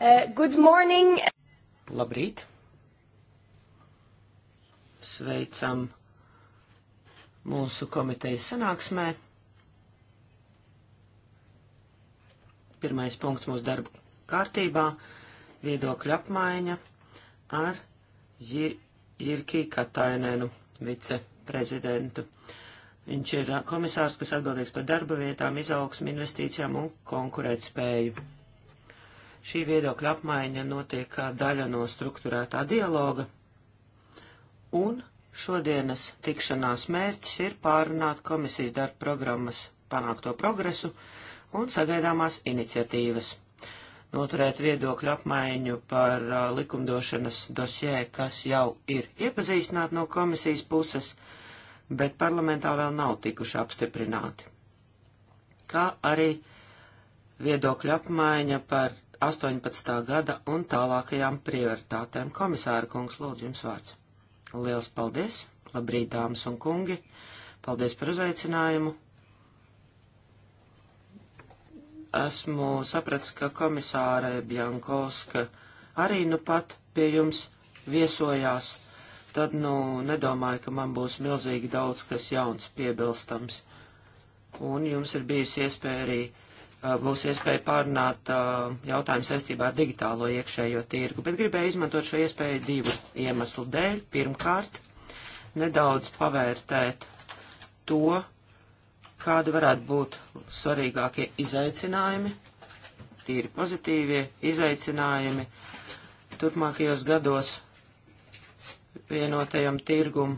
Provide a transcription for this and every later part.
Uh, good morning! Labrīt! Sveicam mūsu komitejas sanāksmē. Pirmais punkts mūsu darba kārtībā - viedokļa apmaiņa ar Jir Jirki Katainenu, viceprezidentu. Viņš ir uh, komisārs, kas atbildīgs par darba vietām, izaugsmu, investīcijām un konkurētspēju. Šī viedokļa apmaiņa notiek kā daļa no struktūrētā dialoga, un šodienas tikšanās mērķis ir pārunāt komisijas darba programmas panākto progresu un sagaidāmās iniciatīvas. Noturēt viedokļu apmaiņu par uh, likumdošanas dosjē, kas jau ir iepazīstināti no komisijas puses, bet parlamentā vēl nav tikuši apstiprināti. Kā arī viedokļu apmaiņa par 2018. gada un tālākajām prioritātēm. Komisāra kungs, lūdzu, jums vārds. Liels paldies! Labrīt, dāmas un kungi! Paldies par uzaicinājumu! Esmu sapratis, ka komisāre Bjankovska arī nu pat pie jums viesojās. Tad, nu, nedomāju, ka man būs milzīgi daudz kas jauns piebilstams. Un jums ir bijusi iespēja arī Uh, būs iespēja pārunāt uh, jautājumu saistībā ar digitālo iekšējo tirgu, bet gribēju izmantot šo iespēju divu iemeslu dēļ. Pirmkārt, nedaudz pavērtēt to, kādi varētu būt svarīgākie izaicinājumi, tīri pozitīvie izaicinājumi turpmākajos gados vienotajam tirgum,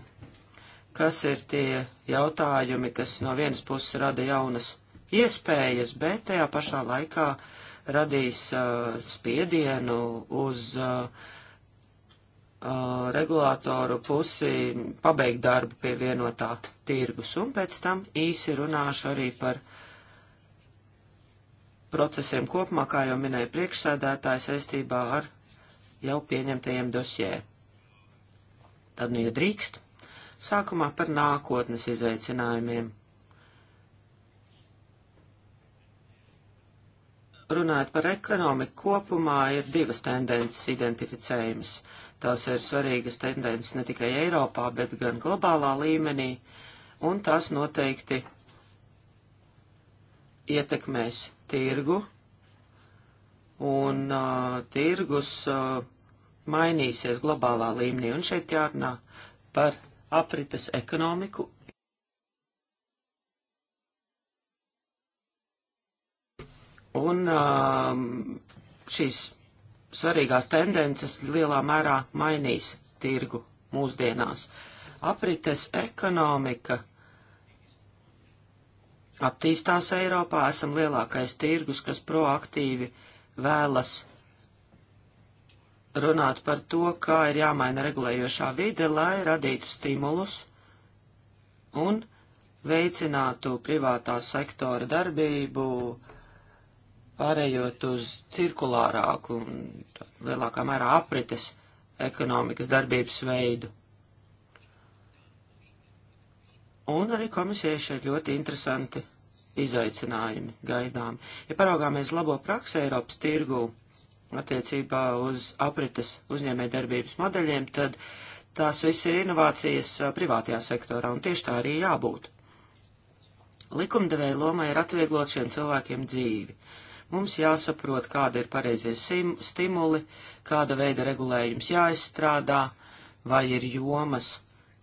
kas ir tie jautājumi, kas no vienas puses rada jaunas iespējas, bet tajā pašā laikā radīs uh, spiedienu uz uh, uh, regulātoru pusi pabeigt darbu pie vienotā tirgus. Un pēc tam īsi runāšu arī par procesiem kopumā, kā jau minēja priekšsēdētāja saistībā ar jau pieņemtajiem dosjē. Tad, nu, ja drīkst, sākumā par nākotnes izaicinājumiem. runājot par ekonomiku kopumā, ir divas tendences identificējamas. Tās ir svarīgas tendences ne tikai Eiropā, bet gan globālā līmenī, un tās noteikti ietekmēs tirgu, un uh, tirgus uh, mainīsies globālā līmenī, un šeit jārunā par aprites ekonomiku Un um, šīs svarīgās tendences lielā mērā mainīs tirgu mūsdienās. Aprites ekonomika attīstās Eiropā, esam lielākais tirgus, kas proaktīvi vēlas runāt par to, kā ir jāmaina regulējošā vide, lai radītu stimulus un veicinātu privātā sektora darbību Pārējot uz cirkulārāku un lielākā mērā aprites ekonomikas darbības veidu. Un arī komisijai šeit ļoti interesanti izaicinājumi gaidām. Ja paraugāmies labo praksi Eiropas tirgū attiecībā uz aprites uzņēmē darbības modeļiem, tad tās viss ir inovācijas privātajā sektorā, un tieši tā arī jābūt. Likumdevēja loma ir atvieglot šiem cilvēkiem dzīvi. Mums jāsaprot, kāda ir pareizie stimuli, kāda veida regulējums jāizstrādā, vai ir jomas,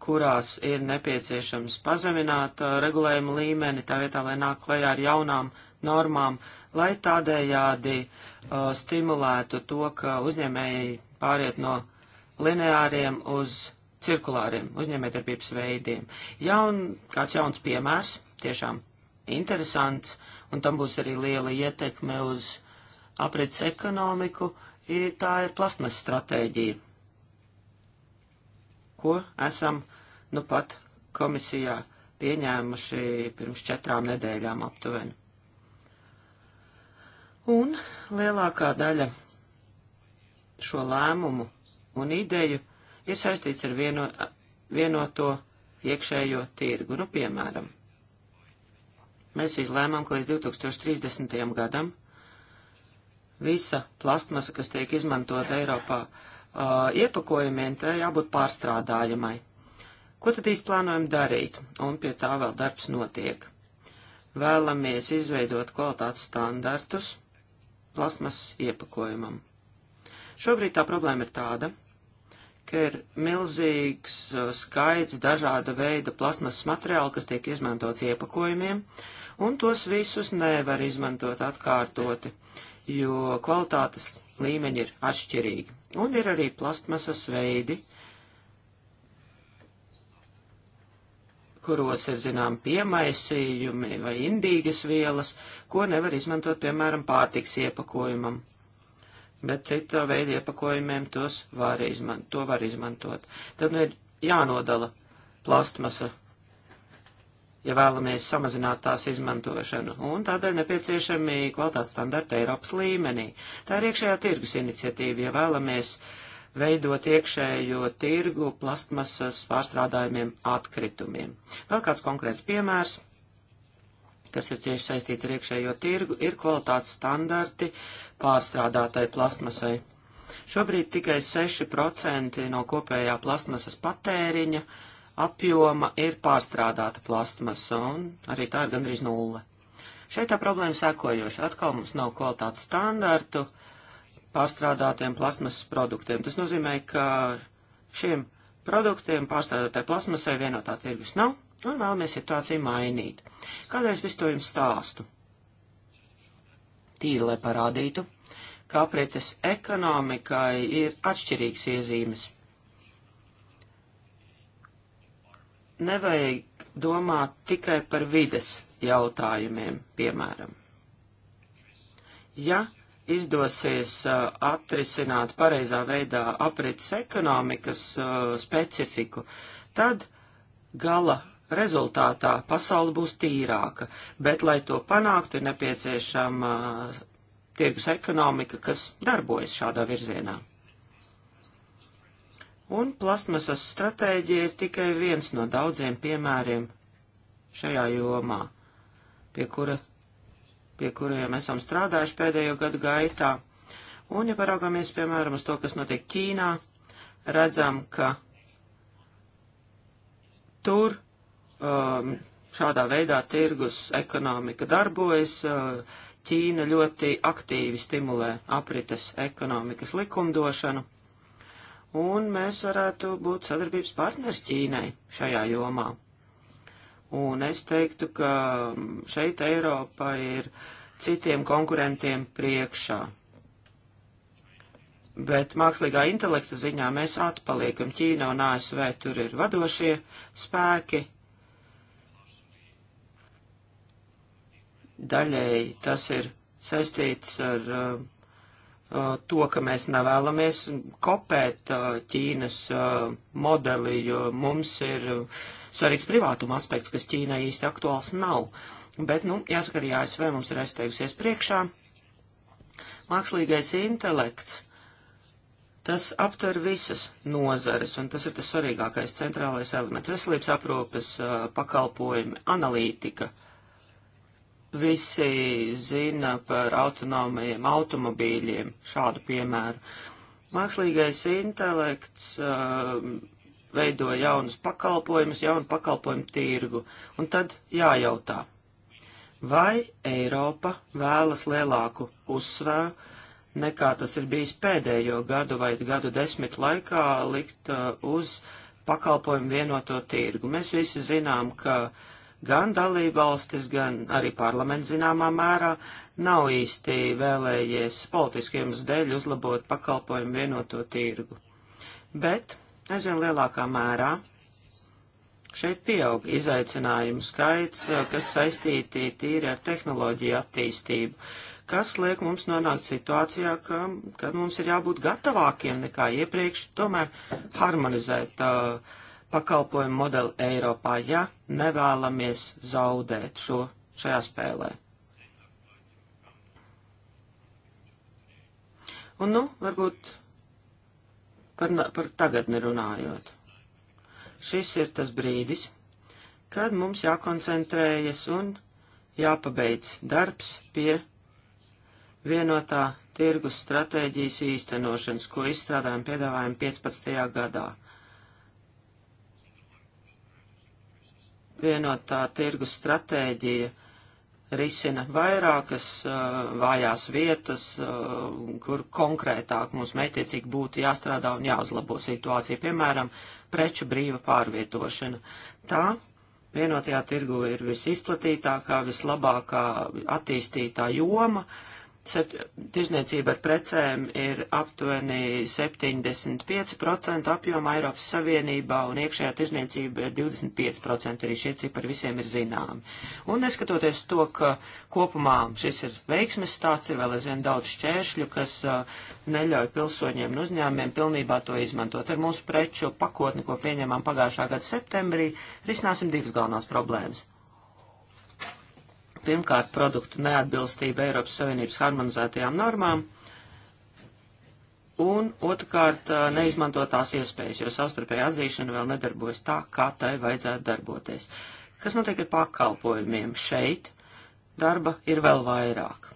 kurās ir nepieciešams pazemināt uh, regulējumu līmeni, tā vietā, lai nāk klajā ar jaunām normām, lai tādējādi uh, stimulētu to, ka uzņēmēji pāriet no lineāriem uz cirkulāriem uzņēmējdarbības veidiem. Jaun, kāds jauns piemērs, tiešām interesants. Uh, un tam būs arī liela ietekme uz aprits ekonomiku, ir, tā ir plasmas stratēģija, ko esam nu pat komisijā pieņēmuši pirms četrām nedēļām aptuveni. Un lielākā daļa šo lēmumu un ideju ir saistīts ar vieno, vienoto iekšējo tirgu, nu, piemēram, Mēs izlēmām, ka līdz 2030. gadam visa plastmasa, kas tiek izmantota Eiropā uh, iepakojumiem, tai jābūt pārstrādājamai. Ko tad īsti plānojam darīt? Un pie tā vēl darbs notiek. Vēlamies izveidot kvalitātes standartus plasmasas iepakojumam. Šobrīd tā problēma ir tāda, ka ir milzīgs skaits dažāda veida plasmasas materiāla, kas tiek izmantots iepakojumiem, uh, un tos visus nevar izmantot atkārtoti, jo kvalitātes līmeņi ir atšķirīgi. Un ir arī plastmasas veidi, kuros ir, zinām, piemaisījumi vai indīgas vielas, ko nevar izmantot, piemēram, pārtiks iepakojumam. Bet cita veida iepakojumiem tos var izman to var izmantot. Tad nu ir jānodala plastmasa ja vēlamies samazināt tās izmantošanu, un tādēļ nepieciešami kvalitātes standarti Eiropas līmenī. Tā ir iekšējā tirgus iniciatīva, ja vēlamies veidot iekšējo tirgu plastmasas pārstrādājumiem atkritumiem. Vēl kāds konkrēts piemērs, kas ir cieši saistīti ar iekšējo tirgu, ir kvalitātes standarti pārstrādātai plastmasai. Šobrīd tikai 6% no kopējā plastmasas patēriņa uh, apjoma ir pārstrādāta plastmasa, un arī tā ir gandrīz nulle. Šeit tā problēma sekojoša. Atkal mums nav kvalitātes standartu pārstrādātiem plasmasas produktiem. Tas nozīmē, ka šiem produktiem pārstrādātai plasmasai vienotā tirgus nav, un vēlamies situāciju mainīt. Kādēļ es visu to jums stāstu? Tīri, lai parādītu, ka aprites ekonomikai ir atšķirīgs iezīmes nevajag domāt tikai par vides jautājumiem, piemēram. Ja izdosies uh, atrisināt pareizā veidā aprits ekonomikas uh, specifiku, tad gala rezultātā pasaule būs tīrāka, bet, lai to panāktu, ir nepieciešama uh, tirgus ekonomika, kas darbojas šādā virzienā. Un plastmasas stratēģija ir tikai viens no daudziem piemēriem šajā jomā, pie, kura, pie kuriem esam strādājuši pēdējo gadu gaitā. Un, ja paraugāmies, piemēram, uz to, kas notiek Ķīnā, redzam, ka tur um, šādā veidā tirgus ekonomika darbojas. Uh, Ķīna ļoti aktīvi stimulē aprites ekonomikas likumdošanu un mēs varētu būt sadarbības partners Ķīnai šajā jomā. Un es teiktu, ka šeit Eiropa ir citiem konkurentiem priekšā. Bet mākslīgā intelekta ziņā mēs atpaliekam. Ķīna un ASV tur ir vadošie spēki. Daļēji tas ir saistīts ar uh, to, ka mēs nevēlamies kopēt Ķīnas modeli, jo mums ir svarīgs privātuma aspekts, kas Ķīnai īsti aktuāls nav. Bet, nu, jāsaka, arī ASV mums ir aizsteigusies priekšā. Mākslīgais intelekts, tas aptver visas nozares, un tas ir tas svarīgākais centrālais elements - veselības aprūpes pakalpojumi, analītika, uh, visi zina par autonomajiem automobīļiem, šādu piemēru. Mākslīgais intelekts uh, veido jaunus pakalpojumus, jaunu pakalpojumu tirgu, un tad jājautā, vai Eiropa vēlas lielāku uzsvēru nekā tas ir bijis pēdējo gadu vai gadu desmit laikā likt uh, uz pakalpojumu vienoto tirgu. Mēs visi zinām, ka uh, gan dalībvalstis, gan arī parlaments zināmā mērā nav īsti vēlējies politiskiem dēļ uzlabot pakalpojumu vienoto tirgu. Bet aizvien lielākā mērā šeit pieaug izaicinājumu skaits, eh, kas saistīti tīri ar tehnoloģiju attīstību, kas liek mums nonākt situācijā, ka, kad mums ir jābūt gatavākiem nekā iepriekš, tomēr harmonizēt uh, pakalpojumu modeli Eiropā, ja nevēlamies zaudēt šo šajā spēlē. Un, nu, varbūt par, par tagadni runājot. Šis ir tas brīdis, kad mums jākoncentrējas un jāpabeidz darbs pie vienotā tirgus stratēģijas īstenošanas, ko izstrādājam piedāvājam 15. gadā. vienotā tirgus stratēģija risina vairākas uh, vājās vietas, uh, kur konkrētāk mums mētiecīgi būtu jāstrādā un jāuzlabo situācija, piemēram, preču brīva pārvietošana. Tā vienotajā tirgu ir visizplatītākā, vislabākā attīstītā joma. Uh, Tirzniecība ar precēm ir aptuveni 75% apjoma Eiropas Savienībā un iekšējā tirzniecība ir 25%, arī šie cipari visiem ir zināmi. Un neskatoties to, ka kopumā šis ir veiksmes stāsts, ir vēl aizvien daudz šķēršļu, kas uh, neļauj pilsoņiem un uzņēmumiem pilnībā to izmantot. Ar mūsu preču pakotni, ko pieņemam pagājušā gada septembrī, risināsim divas galvenās problēmas. Pirmkārt, produktu neatbilstība Eiropas Savienības harmonizētajām normām, un otrkārt, neizmantotās iespējas, jo savstarpēja atzīšana vēl nedarbojas tā, kā tai vajadzētu darboties. Kas notiek ar pakalpojumiem? Šeit darba ir vēl vairāk.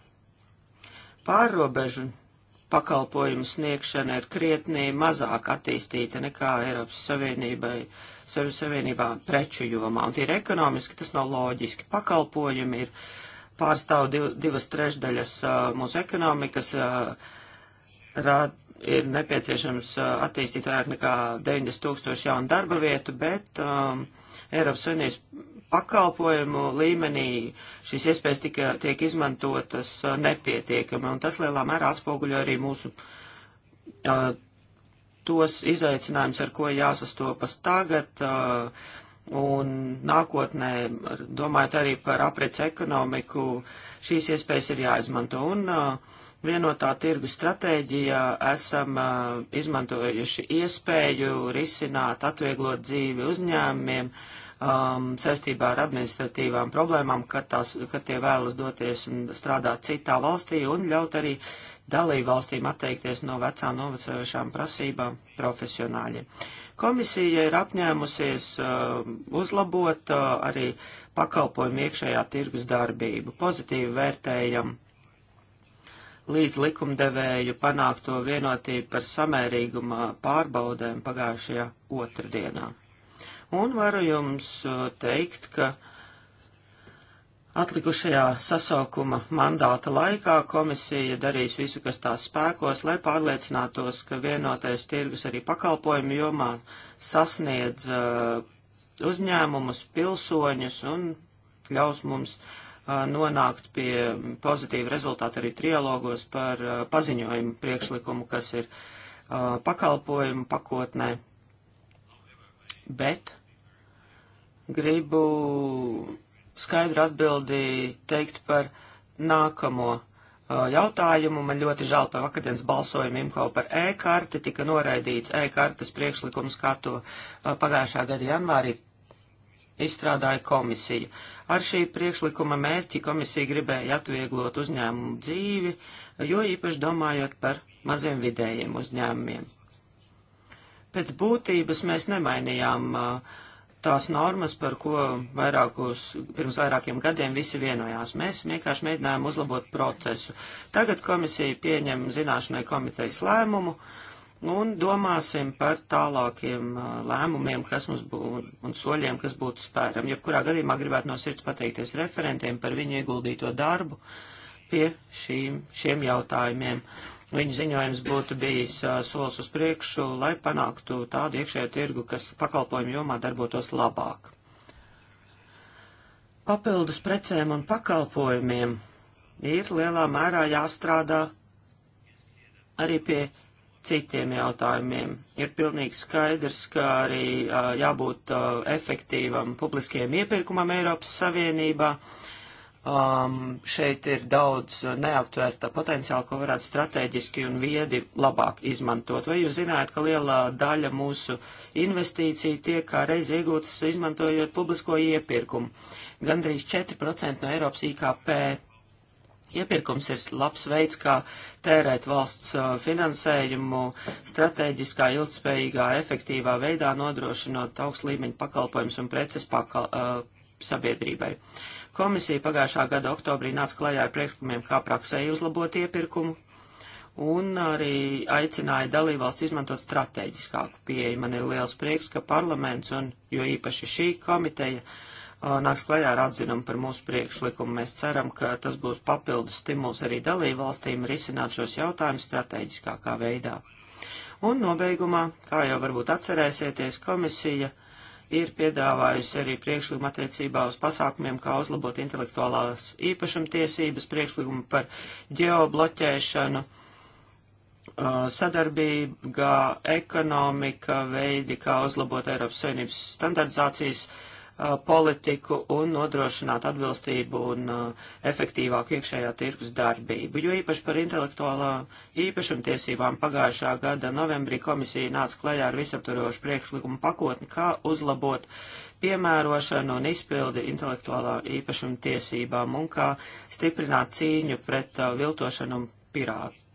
Pārrobežu pakalpojumu sniegšana ir krietnī mazāk attīstīta nekā Eiropas Savienībai uh, savienībā preču jomā. Un tie ir ekonomiski, tas nav loģiski. Pakalpojumi ir pārstāv div, divas trešdaļas uh, mūsu ekonomikas. Uh, rad, ir nepieciešams uh, attīstīt vairāk nekā 90 tūkstoši jaunu darba vietu, bet um, Eiropas Savienības pakalpojumu līmenī šīs iespējas tika, tiek izmantotas nepietiekami, un tas lielā mērā atspoguļo arī mūsu uh, tos izaicinājumus, ar ko jāsastopas tagad. Uh, Un nākotnē, domājot arī par aprits ekonomiku, šīs iespējas ir jāizmanto. Un uh, vienotā tirgus stratēģijā esam uh, izmantojuši iespēju risināt, atvieglot dzīvi uzņēmumiem um, saistībā ar administratīvām problēmām, kad, tās, kad tie vēlas doties un strādāt citā valstī un ļaut arī dalībvalstīm atteikties no vecām novecojušām prasībām profesionāļi. Komisija ir apņēmusies uh, uzlabot uh, arī pakalpojumu iekšējā tirgus darbību. Pozitīvi vērtējam līdz likumdevēju panākto vienotību par samērīguma pārbaudēm pagājušajā otrdienā. Un varu jums uh, teikt, ka Atlikušajā sasaukuma mandāta laikā komisija darīs visu, kas tās spēkos, lai pārliecinātos, ka vienotais tirgus arī pakalpojumu jomā sasniedz uh, uzņēmumus, pilsoņus un ļaus mums uh, nonākt pie pozitīva rezultāta arī trialogos par uh, paziņojumu priekšlikumu, kas ir uh, pakalpojumu pakotnē. Bet gribu skaidru atbildi teikt par nākamo uh, jautājumu. Man ļoti žēl par vakardienas balsojumu IMCO par e-karti. Tika noraidīts e-kartes priekšlikums, kā to uh, pagājušā gada janvārī izstrādāja komisija. Ar šī priekšlikuma mērķi komisija gribēja atvieglot uzņēmumu dzīvi, jo īpaši domājot par maziem vidējiem uzņēmumiem. Pēc būtības mēs nemainījām uh, tās normas, par ko vairākus, pirms vairākiem gadiem visi vienojās. Mēs vienkārši mēģinājām uzlabot procesu. Tagad komisija pieņem zināšanai komitejas lēmumu un domāsim par tālākiem uh, lēmumiem, kas mums būtu un soļiem, kas būtu spēram. Jebkurā gadījumā gribētu no sirds pateikties referentiem par viņu ieguldīto darbu pie šīm, šiem jautājumiem. Viņa ziņojums būtu bijis uh, solis uz priekšu, lai panāktu tādu iekšējo tirgu, kas pakalpojumu jomā darbotos labāk. Papildus precēm un pakalpojumiem ir lielā mērā jāstrādā arī pie citiem jautājumiem. Ir pilnīgi skaidrs, ka arī uh, jābūt uh, efektīvam publiskajam iepirkumam Eiropas Savienībā. Uh, um, šeit ir daudz neaptvērta potenciāla, ko varētu strateģiski un viedi labāk izmantot. Vai jūs zināt, ka lielā daļa mūsu investīciju tiek kā reiz iegūtas izmantojot publisko iepirkumu? Gandrīz 4% no Eiropas IKP. Iepirkums ir labs veids, kā tērēt valsts uh, finansējumu strateģiskā, ilgspējīgā, efektīvā veidā, nodrošinot augst līmeņa pakalpojumus un preces pakal, uh, sabiedrībai. Komisija pagājušā gada oktobrī nāca klajā ar priekšlikumiem, kā praksēji uzlabot iepirkumu, un arī aicināja dalībvalsts izmantot strateģiskāku pieeju. Man ir liels prieks, ka parlaments un jo īpaši šī komiteja uh, nāks klajā ar atzinumu par mūsu priekšlikumu. Mēs ceram, ka tas būs papildus stimuls arī dalībvalstīm risināt šos jautājumus strateģiskākā veidā. Un nobeigumā, kā jau varbūt atcerēsieties, komisija ir piedāvājusi arī priekšlikumu attiecībā uz pasākumiem, kā uzlabot intelektuālās īpašumtiesības, priekšlikumu par ģeobloķēšanu, uh, sadarbība, ekonomika, veidi, kā uzlabot Eiropas Savienības standardizācijas uh, Uh, politiku un nodrošināt atbilstību un uh, efektīvāku iekšējā tirgus darbību. Jo īpaši par intelektuālā īpašumtiesībām pagājušā gada novembrī komisija nāca klajā ar visaptvarošu priekšlikumu pakotni, kā uzlabot piemērošanu un izpildi intelektuālā īpašumtiesībām un kā stiprināt cīņu pret uh, viltošanu un pirātu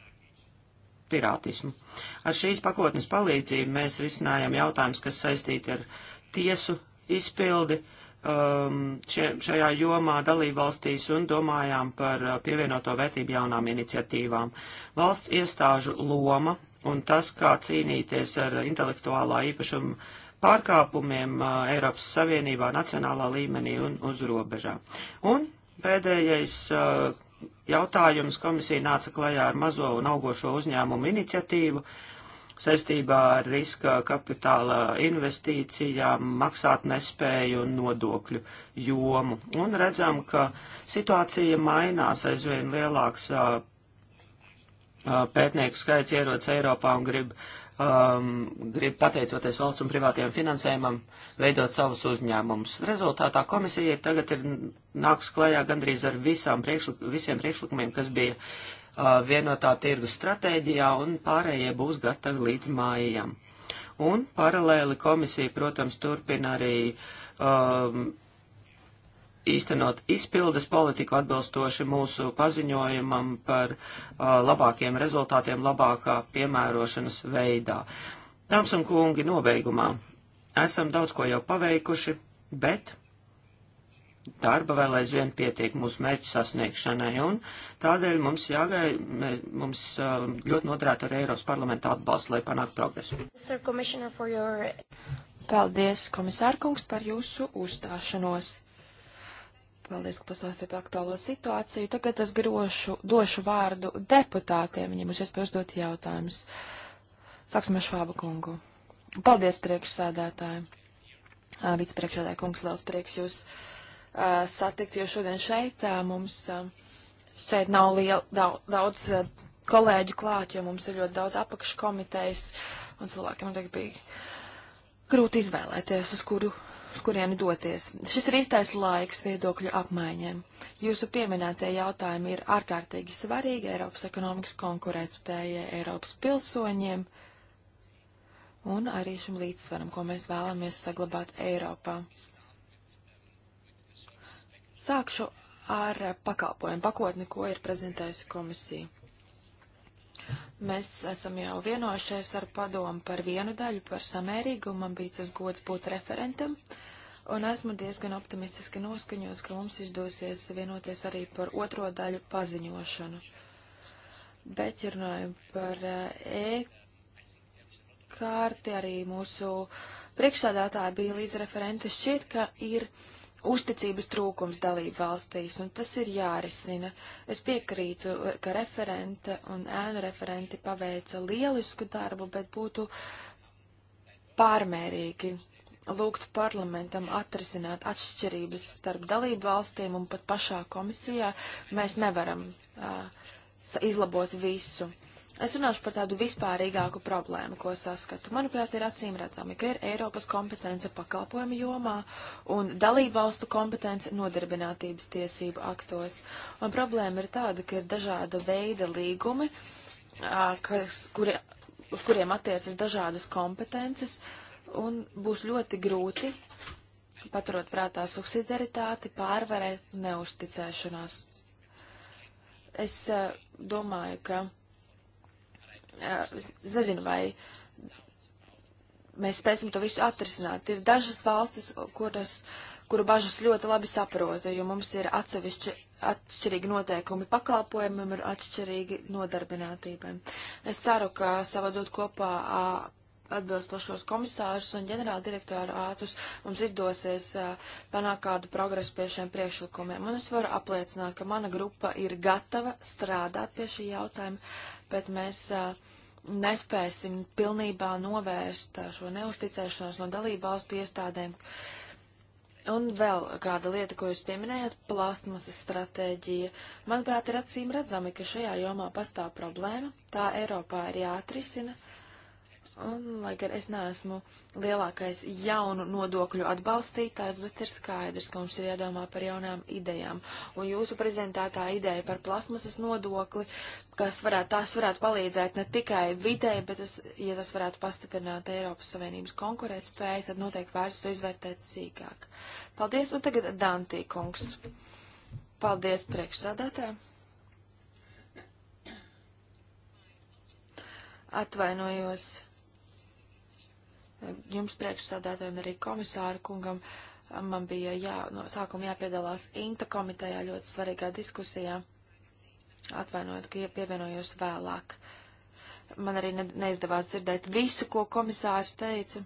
pirātismu. Ar šīs pakotnes palīdzību mēs risinājam jautājumus, kas saistīti ar tiesu izpildi um, šie, šajā jomā dalībvalstīs un domājām par uh, pievienoto vērtību jaunām iniciatīvām. Valsts iestāžu loma un tas, kā cīnīties ar intelektuālā īpašuma pārkāpumiem uh, Eiropas Savienībā, nacionālā līmenī un uz robežām. Un pēdējais uh, jautājums komisija nāca klajā ar mazo un augošo uzņēmumu iniciatīvu. Uh, saistībā ar riska kapitāla investīcijām, maksāt nespēju un nodokļu jomu. Un redzam, ka situācija mainās aizvien lielāks a, a, pētnieku skaits ierodas Eiropā un grib, um, grib pateicoties valsts un privātajam finansējumam, veidot savus uzņēmumus. Rezultātā komisija tagad ir nāks klajā gandrīz ar visām priekšlik visiem priekšlikumiem, kas bija Uh, vienotā tirgus stratēģijā un pārējie būs gatavi līdz mājām. Un paralēli komisija, protams, turpina arī um, īstenot izpildes politiku atbilstoši mūsu paziņojumam par uh, labākiem rezultātiem labākā piemērošanas veidā. Dāmas un kungi, nobeigumā esam daudz ko jau paveikuši, bet darba vēl aizvien pietiek mūsu mērķu sasniegšanai, un tādēļ mums jāgai, mums ļoti noderētu ar Eiropas parlamentu atbalstu, lai panāktu progresu. Paldies, komisārkungs, par jūsu uzstāšanos. Paldies, ka pastāstījāt par aktuālo situāciju. Tagad es grošu, došu vārdu deputātiem, viņiem būs iespēja uzdot jautājumus. Sāksim ar Švāba kungu. Paldies, priekšsādātāji. Vicepriekšsādātāji kungs, liels prieks jūs. Uh, Uh, satikt, jo šodien šeit uh, mums uh, šeit nav liel, daudz, daudz kolēģu klāt, jo mums ir ļoti daudz apakškomitejas, un cilvēkiem tagad bija grūti izvēlēties, uz kuru uz kurieni doties. Šis ir īstais laiks viedokļu apmaiņiem. Jūsu pieminētie jautājumi ir ārkārtīgi svarīgi Eiropas ekonomikas konkurētspējai, Eiropas pilsoņiem un arī šim līdzsvaram, ko mēs vēlamies saglabāt Eiropā. Sākšu ar pakāpojumu pakotni, ko ir prezentējusi komisija. Mēs esam jau vienojušies ar padomu par vienu daļu par samērīgumu, man bija tas gods būt referentam, un esmu diezgan optimistiski noskaņots, ka mums izdosies vienoties arī par otro daļu paziņošanu. Bet, ja runājam par eh, e-kārti, arī mūsu priekšsādātāji bija līdz referenti, šķiet, ka ir. Uh, uzticības trūkums dalību valstīs, un tas ir jārisina. Es piekrītu, ka referente un ēnu referenti paveica lielisku darbu, bet būtu pārmērīgi lūgt parlamentam atrisināt atšķirības starp dalību valstīm un pat pašā komisijā. Mēs nevaram uh, izlabot visu. Uh, Es runāšu par tādu vispārīgāku problēmu, ko saskatu. Manuprāt, ir acīm redzami, ka ir Eiropas kompetence pakalpojuma jomā un dalību valstu kompetence nodarbinātības tiesību aktos. Un problēma ir tāda, ka ir dažāda veida līgumi, kas, kuri, uz kuriem attiecas dažādas kompetences, un būs ļoti grūti, paturot prātā subsidiaritāti, pārvarēt neusticēšanās. Es domāju, ka Es nezinu, vai mēs spēsim to visu atrisināt. Ir dažas valstis, kuras, kuru bažas ļoti labi saprotu, jo mums ir atsevišķi atšķirīgi noteikumi pakalpojumiem, ir atšķirīgi nodarbinātībai. Es ceru, ka savādot kopā atbilstošos komisārus un ģenerāldirektoru ātrus mums izdosies panākt kādu progresu pie šiem priekšlikumiem. Un es varu apliecināt, ka mana grupa ir gatava strādāt pie šī jautājuma, bet mēs nespēsim pilnībā novērst šo neusticēšanos no dalību valstu iestādēm. Un vēl kāda lieta, ko jūs pieminējat, plastmasas stratēģija. Manuprāt, ir acīm redzami, ka šajā jomā pastāv problēma, tā Eiropā ir jāatrisina. Uh, Un, lai gan es neesmu lielākais jaunu nodokļu atbalstītājs, bet ir skaidrs, ka mums ir jādomā par jaunām idejām. Un jūsu prezentētā ideja par plasmasas nodokli, kas varētu, tās varētu palīdzēt ne tikai videi, bet tas, ja tas varētu pastiprināt Eiropas Savienības konkurētspēju, tad noteikti vērts to izvērtēt sīkāk. Paldies, un tagad Dantī kungs. Paldies priekšsādātājai. Atvainojos jums priekšsādātāju un arī komisāru kungam. Man bija jā, no sākuma jāpiedalās INTA komitejā ļoti svarīgā diskusijā. Atvainojiet, ka pievienojos vēlāk. Man arī ne, neizdevās dzirdēt visu, ko komisārs teica,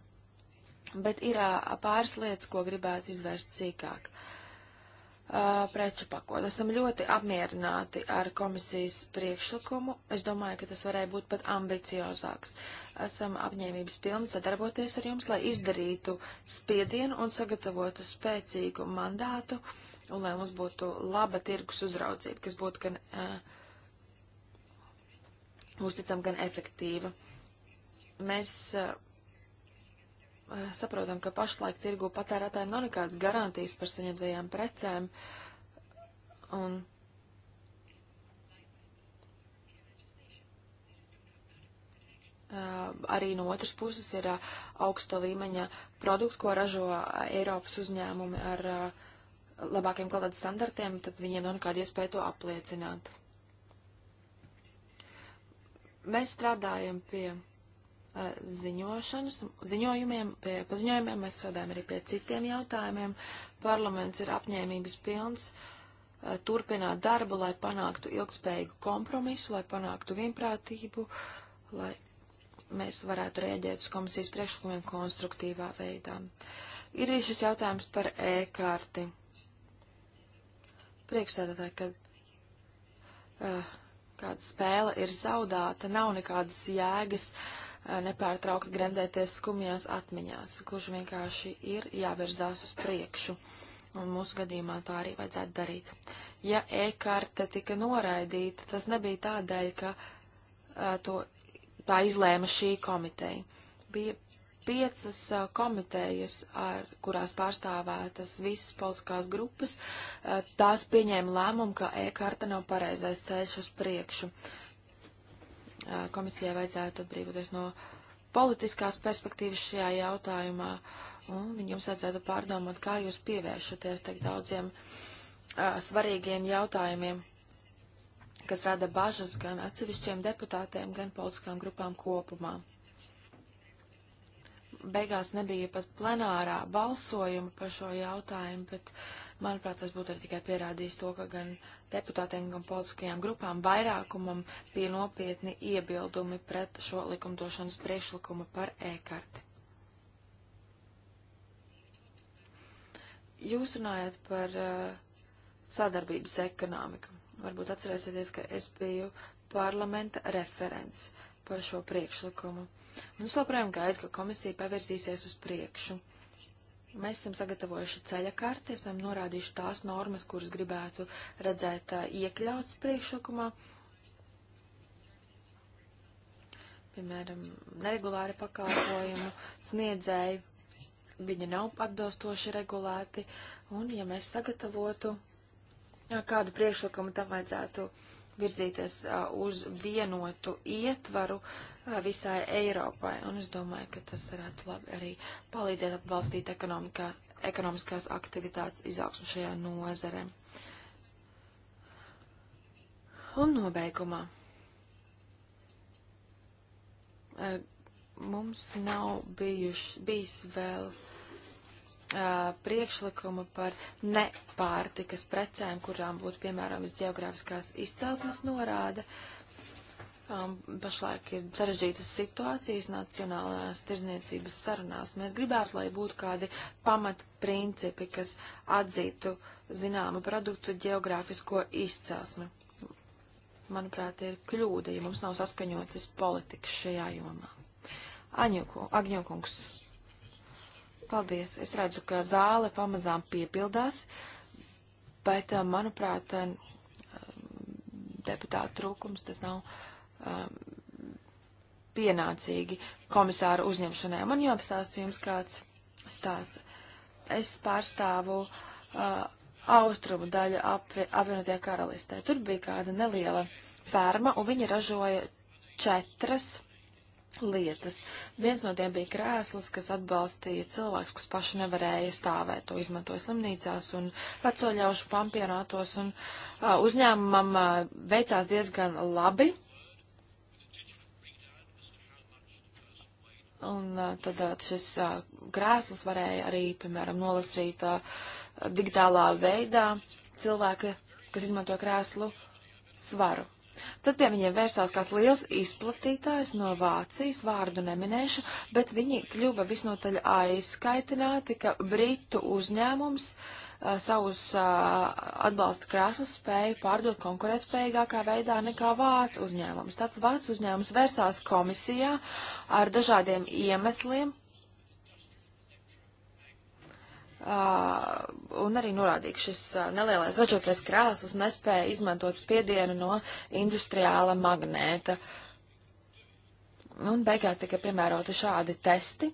bet ir pāris lietas, ko gribētu izvērst sīkāk. Uh, uh, preču pakotni. Esam ļoti apmierināti ar komisijas priekšlikumu. Es domāju, ka tas varēja būt pat ambiciozāks. Esam apņēmības pilni sadarboties ar jums, lai izdarītu spiedienu un sagatavotu spēcīgu mandātu, un lai mums būtu laba tirgus uzraudzība, kas būtu gan uh, uzticam, gan efektīva. Mēs uh, Eh, saprotam, ka pašlaik tirgu patērētājiem nav nekādas garantijas par saņemtajām precēm. Un Uh, arī no otras puses ir uh, augsta līmeņa produkti, ko ražo uh, Eiropas uzņēmumi ar labākiem kvalitātes standartiem, tad viņiem nav nekāda iespēja to apliecināt. Mēs strādājam pie ziņošanas, ziņojumiem, pie paziņojumiem, mēs sēdējam arī pie citiem jautājumiem. Parlaments ir apņēmības pilns turpināt darbu, lai panāktu ilgspējīgu kompromisu, lai panāktu vienprātību, lai mēs varētu rēģēt uz komisijas priekšlikumiem konstruktīvā veidā. Ir arī šis jautājums par e-kārti. Priekšsēdētāji, kad uh, kāda spēle ir zaudāta, nav nekādas jēgas uh, nepārtraukt grendēties skumjās atmiņās. Gluži vienkārši ir jāvirzās uz priekšu. Un mūsu gadījumā tā arī vajadzētu darīt. Ja e-karte tika noraidīta, tas nebija tādēļ, ka a, to, tā izlēma šī komiteja. Bija piecas a, komitejas, ar, kurās pārstāvētas visas politiskās grupas, a, tās pieņēma lēmumu, ka e-karte nav pareizais ceļš uz priekšu. Uh, komisijai vajadzētu brīvoties no politiskās perspektīvas šajā jautājumā, un jums vajadzētu pārdomāt, kā jūs pievēršaties tik daudziem a, svarīgiem jautājumiem, kas rada bažas gan atsevišķiem deputātiem, gan politiskām grupām kopumā. Beigās nebija pat plenārā balsojuma par šo jautājumu, bet uh, Manuprāt, tas būtu arī tikai pierādījis to, ka gan deputātiem, gan politiskajām grupām vairākumam bija nopietni iebildumi pret šo likumdošanas priekšlikumu par e-karti. Jūs runājat par uh, sadarbības ekonomiku. Varbūt atcerēsieties, ka es biju parlamenta referents par šo priekšlikumu. Un es labprājām gaidu, ka komisija pavirzīsies uz priekšu. Uh, Mēs esam sagatavojuši ceļa karti, esam norādījuši tās normas, kuras gribētu redzēt iekļautas priekšlikumā. Piemēram, neregulāri pakalpojumu sniedzēji, viņi nav atbilstoši regulēti, un ja mēs sagatavotu kādu priekšlikumu, tam vajadzētu virzīties uz vienotu ietvaru, uh, visai Eiropai, un es domāju, ka tas varētu labi arī palīdzēt atbalstīt ekonomikā, ekonomiskās aktivitātes izaugsmu šajā nozarē. Un nobeigumā. Mums nav bijuši, bijis vēl priekšlikumu par nepārtikas precēm, kurām būtu, piemēram, uz geogrāfiskās izcelsmes norāda. Uh, Um, pašlaik ir sarežģītas situācijas nacionālās tirzniecības sarunās. Mēs gribētu, lai būtu kādi pamatprincipi, kas atzītu zināmu produktu geogrāfisko izcelsmi. Manuprāt, ir kļūda, ja mums nav saskaņotas politikas šajā jomā. Aņuku, Agņokungs. Paldies. Es redzu, ka zāle pamazām piepildās, bet, uh, manuprāt, uh, deputātu trūkums tas nav Um, pienācīgi komisāru uzņemšanai. Man jāapstāsta jums kāds stāsts. Es pārstāvu uh, austrumu daļu apvienotajā karalistē. Tur bija kāda neliela ferma, un viņi ražoja četras lietas. Viens no tiem bija krēsls, kas atbalstīja cilvēkus, kas paši nevarēja stāvēt, to izmantoja slimnīcās un veco ļaušu pampionātos, un uh, uzņēmumam uh, veicās diezgan labi Un tad šis krēsls varēja arī, piemēram, nolasīt digitālā veidā cilvēka, kas izmanto krēslu, svaru. Tad pie viņiem vērsās kāds liels izplatītājs no Vācijas, vārdu neminēšu, bet viņi kļuva visnotaļ aizskaitināti, ka Britu uzņēmums uh, savus atbalsta krāsus spēja pārdot konkurētspējīgākā veidā nekā vācu uzņēmums. Tātad vācu uzņēmums versās komisijā ar dažādiem iemesliem un arī norādīja, ka šis nelielais ražotais krāsas nespēja izmantot spiedienu no industriāla magnēta. Un beigās tika piemēroti šādi testi.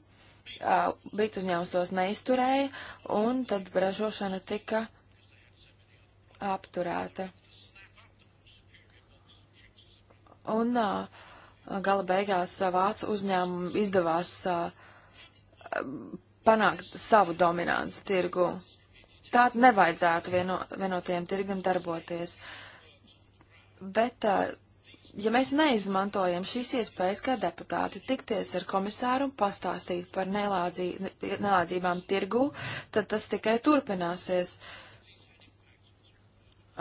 Britu uzņēmums tos neizturēja, un tad ražošana tika apturēta. Un a, gala beigās vācu uzņēmumu izdevās a, panākt savu dominanci tirgu. Tā nevajadzētu vieno, vienotiem tirgam darboties. Bet uh, ja mēs neizmantojam šīs iespējas kā deputāti tikties ar komisāru un pastāstīt par nelādzī, nelādzībām tirgu, tad tas tikai turpināsies.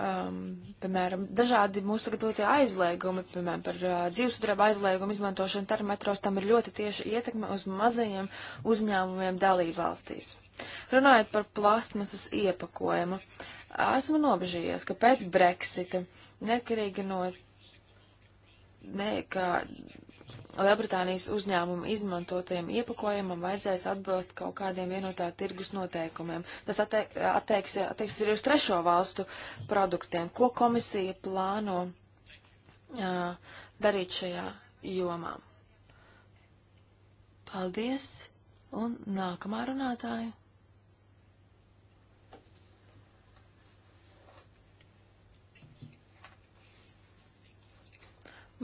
Um, piemēram, dažādi mūsu sagatavotie aizliegumi, piemēram, par uh, dzīvesudraba aizliegumu izmantošanu termetros, tam ir ļoti tieši ietekme uz mazajiem uzņēmumiem dalībvalstīs. Runājot par plastmasas iepakojumu, esmu nobežījies, ka pēc Brexita, nekarīgi no ka Lielbritānijas uzņēmumu izmantotajam iepakojumam vajadzēs atbilst kaut kādiem vienotā tirgus noteikumiem. Tas attieks, attieks, attieks arī uz trešo valstu produktiem. Ko komisija plāno uh, darīt šajā jomā? Paldies! Un nākamā runātāja.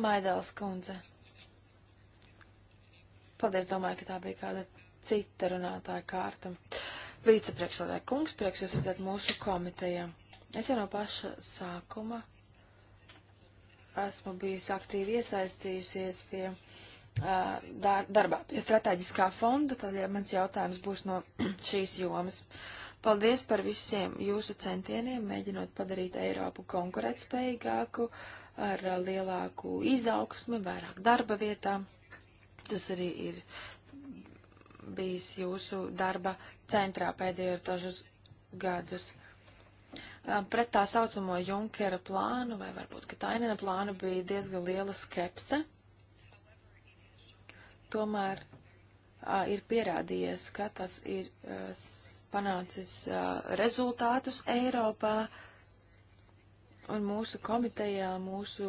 Maidēls kundze. Paldies, domāju, ka tā bija kāda cita runātāja kārta. Vicepriekšsēdē kungs, prieks jūs esat mūsu komitejā. Es jau no paša sākuma esmu bijusi aktīvi iesaistījusies pie dar darbā pie strateģiskā fonda, tad ja mans jautājums būs no šīs jomas. Paldies par visiem jūsu centieniem, mēģinot padarīt Eiropu konkurētspējīgāku. Uh, ar lielāku izaugsmi, vairāk darba vietām. Tas arī ir bijis jūsu darba centrā pēdējos dažus gadus. Pret tā saucamo Junkera plānu, vai varbūt Katainena plānu, bija diezgan liela skepse. Tomēr a, ir pierādījies, ka tas ir a, panācis a, rezultātus Eiropā. A, Un mūsu komitejā, mūsu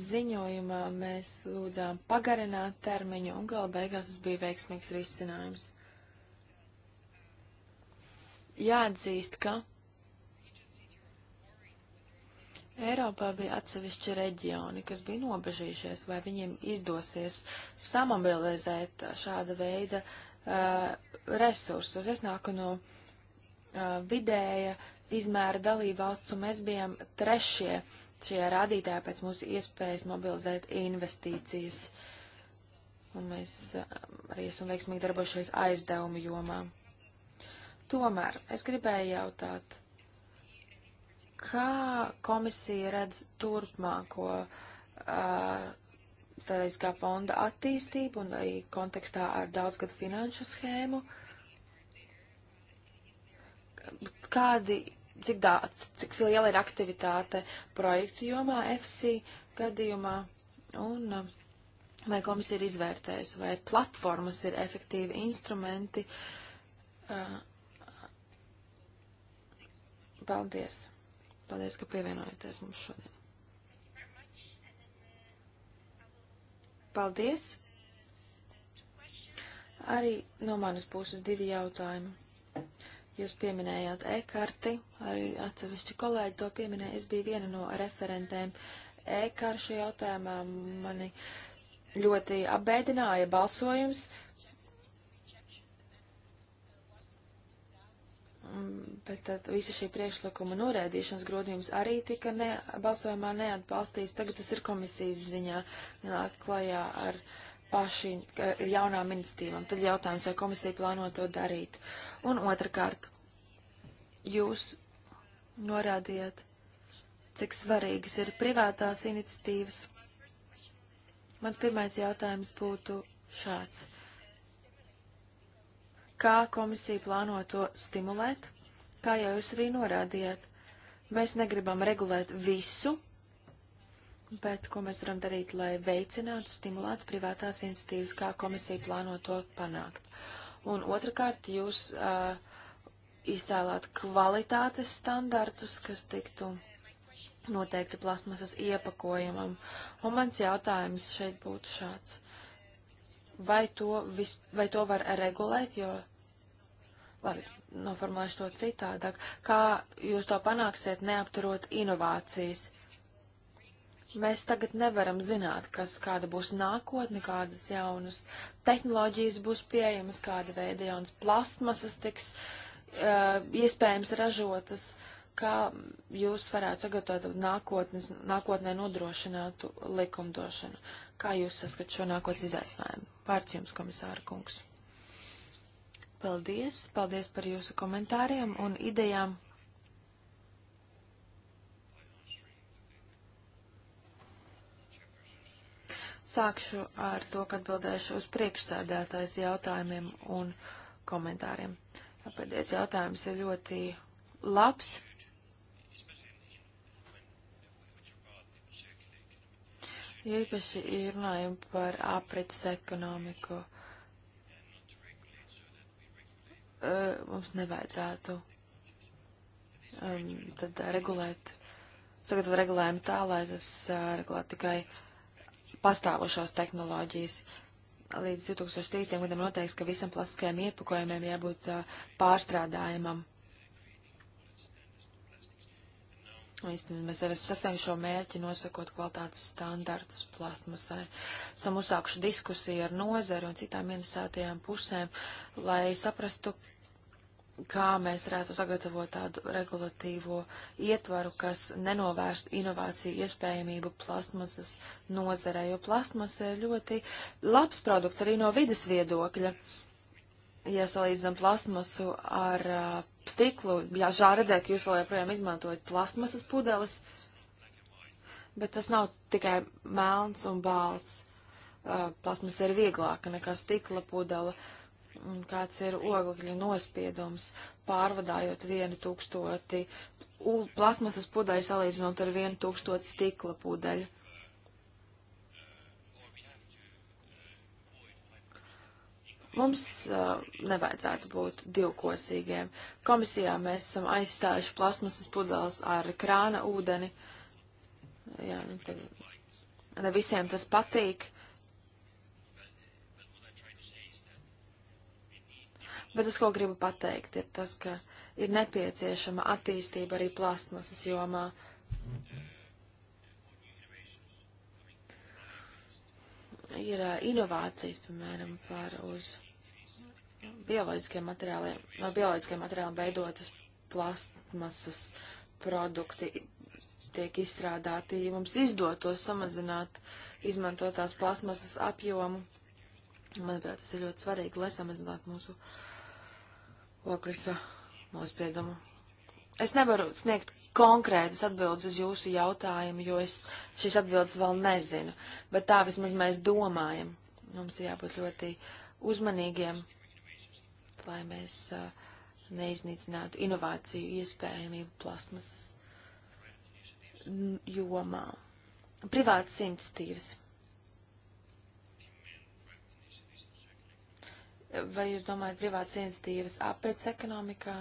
ziņojumā mēs lūdzām pagarināt termiņu, un gala beigās tas bija veiksmīgs risinājums. Jāatzīst, ka Eiropā bija atsevišķi reģioni, kas bija nobežījušies, vai viņiem izdosies samobilizēt šāda veida uh, resursus. Es nāku no uh, vidēja izmēra dalībvalsts, un mēs bijām trešie šajā rādītājā pēc mūsu iespējas mobilizēt investīcijas. Un mēs eh, arī esam veiksmīgi darbojušies aizdevumu jomā. Tomēr es gribēju jautāt, kā komisija redz turpmāko uh, eh, strateģiskā fonda attīstību un arī kontekstā ar daudzgadu finanšu schēmu? Kādi cik, dā, cik liela ir aktivitāte projektu jomā FC gadījumā un um, vai komisija ir izvērtējusi, vai platformas ir efektīvi instrumenti. Uh, paldies. Paldies, ka pievienojaties mums šodien. Paldies. Arī no manas puses divi jautājumi. Jūs pieminējāt e-karti, arī atsevišķi kolēģi to pieminēja. Es biju viena no referentēm e-karšu jautājumā. Mani ļoti apbēdināja balsojums. Mm, bet tad visi šī priekšlikuma norēdīšanas grozījums arī tika ne, balsojumā neatbalstīts. Tagad tas ir komisijas ziņā, nāk klajā ar uh, paši jaunām iniciatīvām. Tad jautājums, vai komisija plāno to darīt. Un otrkārt, jūs norādījāt, cik svarīgas ir privātās iniciatīvas. Mans pirmais jautājums būtu šāds. Kā komisija plāno to stimulēt? Kā jau jūs arī norādījāt, mēs negribam regulēt visu, Bet ko mēs varam darīt, lai veicinātu, stimulētu privātās iniciatīvas, kā komisija plāno to panākt? Un otrkārt, jūs uh, iztēlāt kvalitātes standartus, kas tiktu noteikti plasmasas iepakojumam. Un mans jautājums šeit būtu šāds. Vai to, vis, vai to var regulēt, jo labi, noformulēšu to citādāk, kā jūs to panāksiet neapturot inovācijas? Uh, Mēs tagad nevaram zināt, kas, kāda būs nākotne, kādas jaunas tehnoloģijas būs pieejamas, kāda veida jaunas plastmasas tiks uh, iespējams ražotas, kā jūs varētu sagatavot nākotnes, nākotnē nodrošinātu likumdošanu. Kā jūs saskat šo nākotnes izaicinājumu? Vārds jums, komisāra kungs. Paldies, paldies par jūsu komentāriem un idejām. Sākšu ar to, ka atbildēšu uz priekšsēdētājs jautājumiem un komentāriem. Pēdējais jautājums ir ļoti labs. Ja īpaši ir runājumi par aprits ekonomiku, eh, mums nevajadzētu um, tad regulēt, sagatavot regulējumu tā, lai tas uh, regulētu tikai pastāvošās tehnoloģijas. Līdz 2030. gadam noteikts, ka visam plastiskajam iepakojumiem jābūt pārstrādājumam. Īstenībā mēs arī sasniegšu šo mērķi, nosakot kvalitātes standartus plastmasai. Esam uzsākuši diskusiju ar nozari un citām interesētajām pusēm, lai saprastu, kā mēs varētu sagatavot tādu regulatīvo ietvaru, kas nenovērst inovāciju iespējamību plasmasas nozarē, jo plasmasa ir ļoti labs produkts arī no vidas viedokļa. Ja salīdzinām plasmasu ar uh, stiklu, jā, žā redzēt, ka jūs vēl joprojām izmantojat plasmasas pudeles, bet tas nav tikai melns un balts. Uh, plasmasa ir vieglāka nekā stikla pudele. Uh, un kāds ir oglekļa nospiedums pārvadājot vienu tūkstoti plasmasas pudeļu salīdzinot ar vienu tūkstotu stikla pudeļu. Mums uh, nevajadzētu būt divkosīgiem. Komisijā mēs esam aizstājuši plasmasas pudeles ar krāna ūdeni. Jā, nu, tad ne visiem tas patīk. Bet es ko gribu pateikt, ir tas, ka ir nepieciešama attīstība arī plastmasas jomā. Ir uh, inovācijas, piemēram, par uz bioloģiskiem materiāliem, no bioloģiskiem materiāliem veidotas plastmasas produkti tiek izstrādāti, ja mums izdotos samazināt izmantotās plasmasas apjomu. Manuprāt, tas ir ļoti svarīgi, lai samazinātu mūsu uh, oglika nospiedumu. Es nevaru sniegt konkrētas atbildes uz jūsu jautājumu, jo es šīs atbildes vēl nezinu, bet tā vismaz mēs domājam. Mums ir jābūt ļoti uzmanīgiem, lai mēs uh, neiznīcinātu inovāciju iespējamību plasmasas jomā. Privātas iniciatīvas. vai jūs domājat privātas iniciatīvas aprits ekonomikā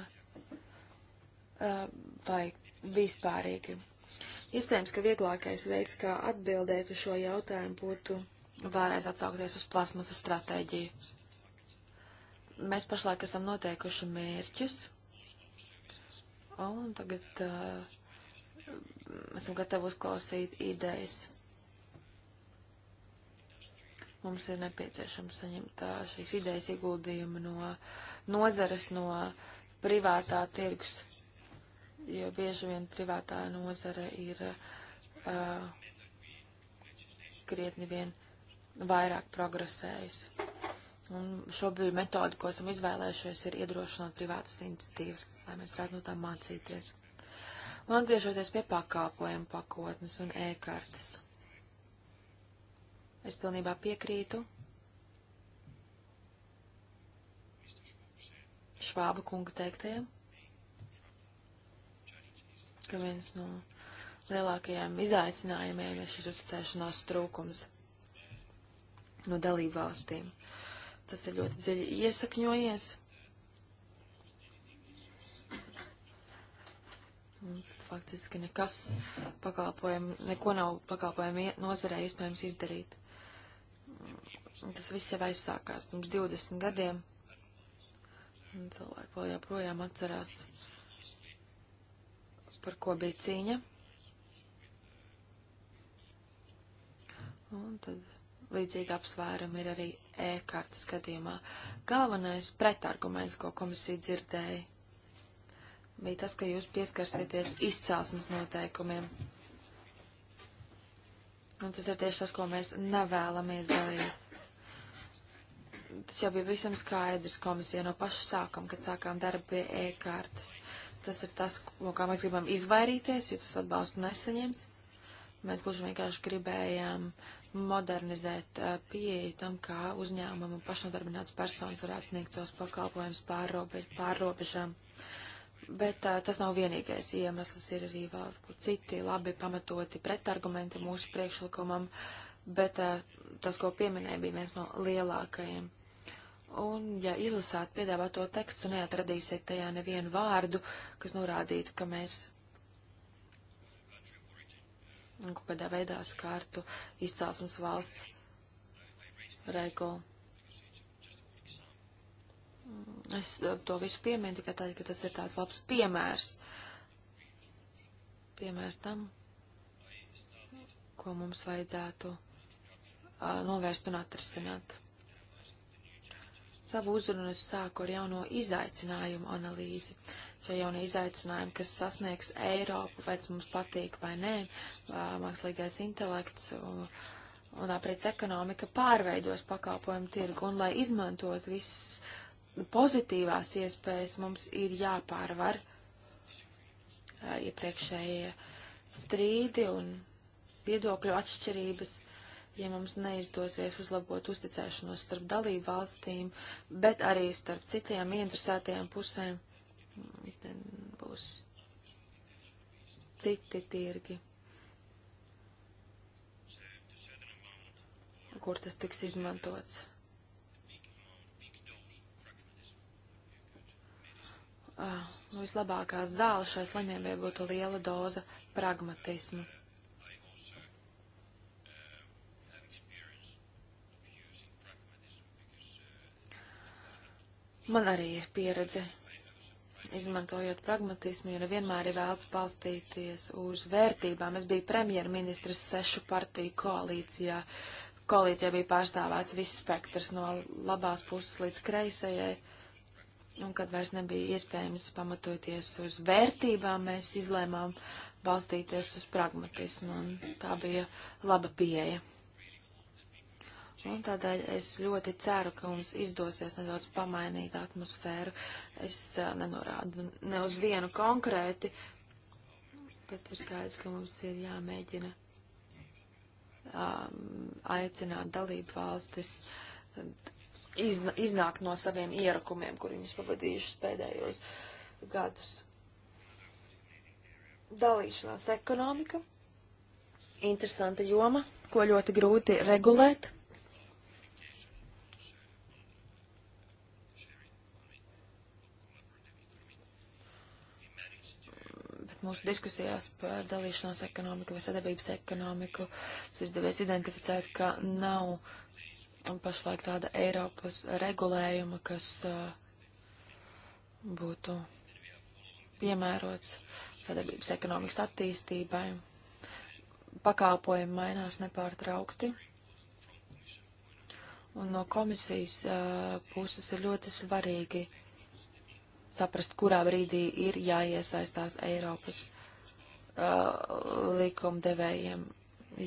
vai vispārīgi? Iespējams, ka vieglākais veids, kā atbildēt uz šo jautājumu, būtu vēlreiz atsaukties uz plasmasas stratēģiju. Mēs pašlaik esam noteikuši mērķus, un tagad uh, esam gatavi uzklausīt idejas. Mums ir nepieciešams saņemt šīs idejas ieguldījumu no nozares, no privātā tirgus, jo bieži vien privātā nozare ir uh, krietni vien vairāk progresējusi. Un šobrīd metodi, ko esam izvēlējušies, ir iedrošināt privātas iniciatīvas, lai mēs varētu no tām mācīties. Un atgriežoties pie pakāpojumu pakotnes un e-kartes. Es pilnībā piekrītu. Švāba kunga teiktajam, ka viens no lielākajiem izaicinājumiem ir šis uzticēšanās trūkums no dalību valstīm. Tas ir ļoti dziļi iesakņojies. Faktiski nekas pakalpojumu, neko nav pakalpojumu nozarē iespējams izdarīt. Tas viss jau aizsākās pirms 20 gadiem. Un cilvēki vēl joprojām atcerās, par ko bija cīņa. Un tad līdzīgi apsvērumi ir arī e-kartas gadījumā. Galvenais pretarguments, ko komisija dzirdēja, bija tas, ka jūs pieskarsieties izcelsmes noteikumiem. Un tas ir tieši tas, ko mēs nevēlamies darīt tas jau bija visam skaidrs komisija no paša sākuma, kad sākām darbu pie e-kārtas. Tas ir tas, no kā mēs gribam izvairīties, jo tas atbalstu nesaņems. Mēs gluži vienkārši gribējām modernizēt uh, pieeju tam, kā uzņēmumi un pašnodarbināts personas varētu sniegt savus pakalpojumus pārrobež, pārrobežām. Bet uh, tas nav vienīgais iemesls, ir arī vēl citi labi pamatoti pretargumenti mūsu priekšlikumam, bet uh, tas, ko pieminēja, bija viens no lielākajiem Un, ja izlasāt piedāvāto tekstu, neatradīsiet tajā nevienu vārdu, kas norādītu, ka mēs kaut kādā veidā skārtu izcelsmes valsts reikolu. Es to visu pieminu tikai tādēļ, ka tas ir tāds labs piemērs. Piemērs tam, ko mums vajadzētu uh, novērst un atrisināt. Savu uzrunu es sāku ar jauno izaicinājumu analīzi. Šie jaunie izaicinājumi, kas sasniegs Eiropu, vai tas mums patīk vai nē, mākslīgais intelekts un, un aprits ekonomika pārveidos pakalpojumu tirgu. Un, lai izmantot visas pozitīvās iespējas, mums ir jāpārvar iepriekšējie strīdi un viedokļu atšķirības ja mums neizdosies uzlabot uzticēšanos starp dalību valstīm, bet arī starp citām interesētajām pusēm, tad būs citi tirgi, kur tas tiks izmantots. Ah, vislabākā zāle šai slimībai būtu liela doza pragmatismu. Man arī ir pieredze izmantojot pragmatismu, jo vienmēr ir vēlas balstīties uz vērtībām. Es biju premjerministrs sešu partiju koalīcijā. Koalīcijā bija pārstāvēts viss spektrs no labās puses līdz kreisajai. Un, kad vairs nebija iespējams pamatoties uz vērtībām, mēs izlēmām balstīties uz pragmatismu, un tā bija laba pieeja. Un tādēļ es ļoti ceru, ka mums izdosies nedaudz pamainīt atmosfēru. Es uh, nenorādu ne uz vienu konkrēti, bet ir skaidrs, ka mums ir jāmēģina um, aicināt dalību valstis izn iznākt no saviem ierakumiem, kur viņas pavadījušas pēdējos gadus. Dalīšanās ekonomika. Interesanta joma, ko ļoti grūti regulēt mūsu diskusijās par dalīšanos ekonomiku vai sadarbības ekonomiku. Mums ir devies identificēt, ka nav pašlaik tāda Eiropas regulējuma, kas uh, būtu piemērots sadarbības ekonomikas attīstībai. Pakāpojumi mainās nepārtraukti. Un no komisijas uh, puses ir ļoti svarīgi uh, saprast, kurā brīdī ir jāiesaistās Eiropas uh, likumdevējiem,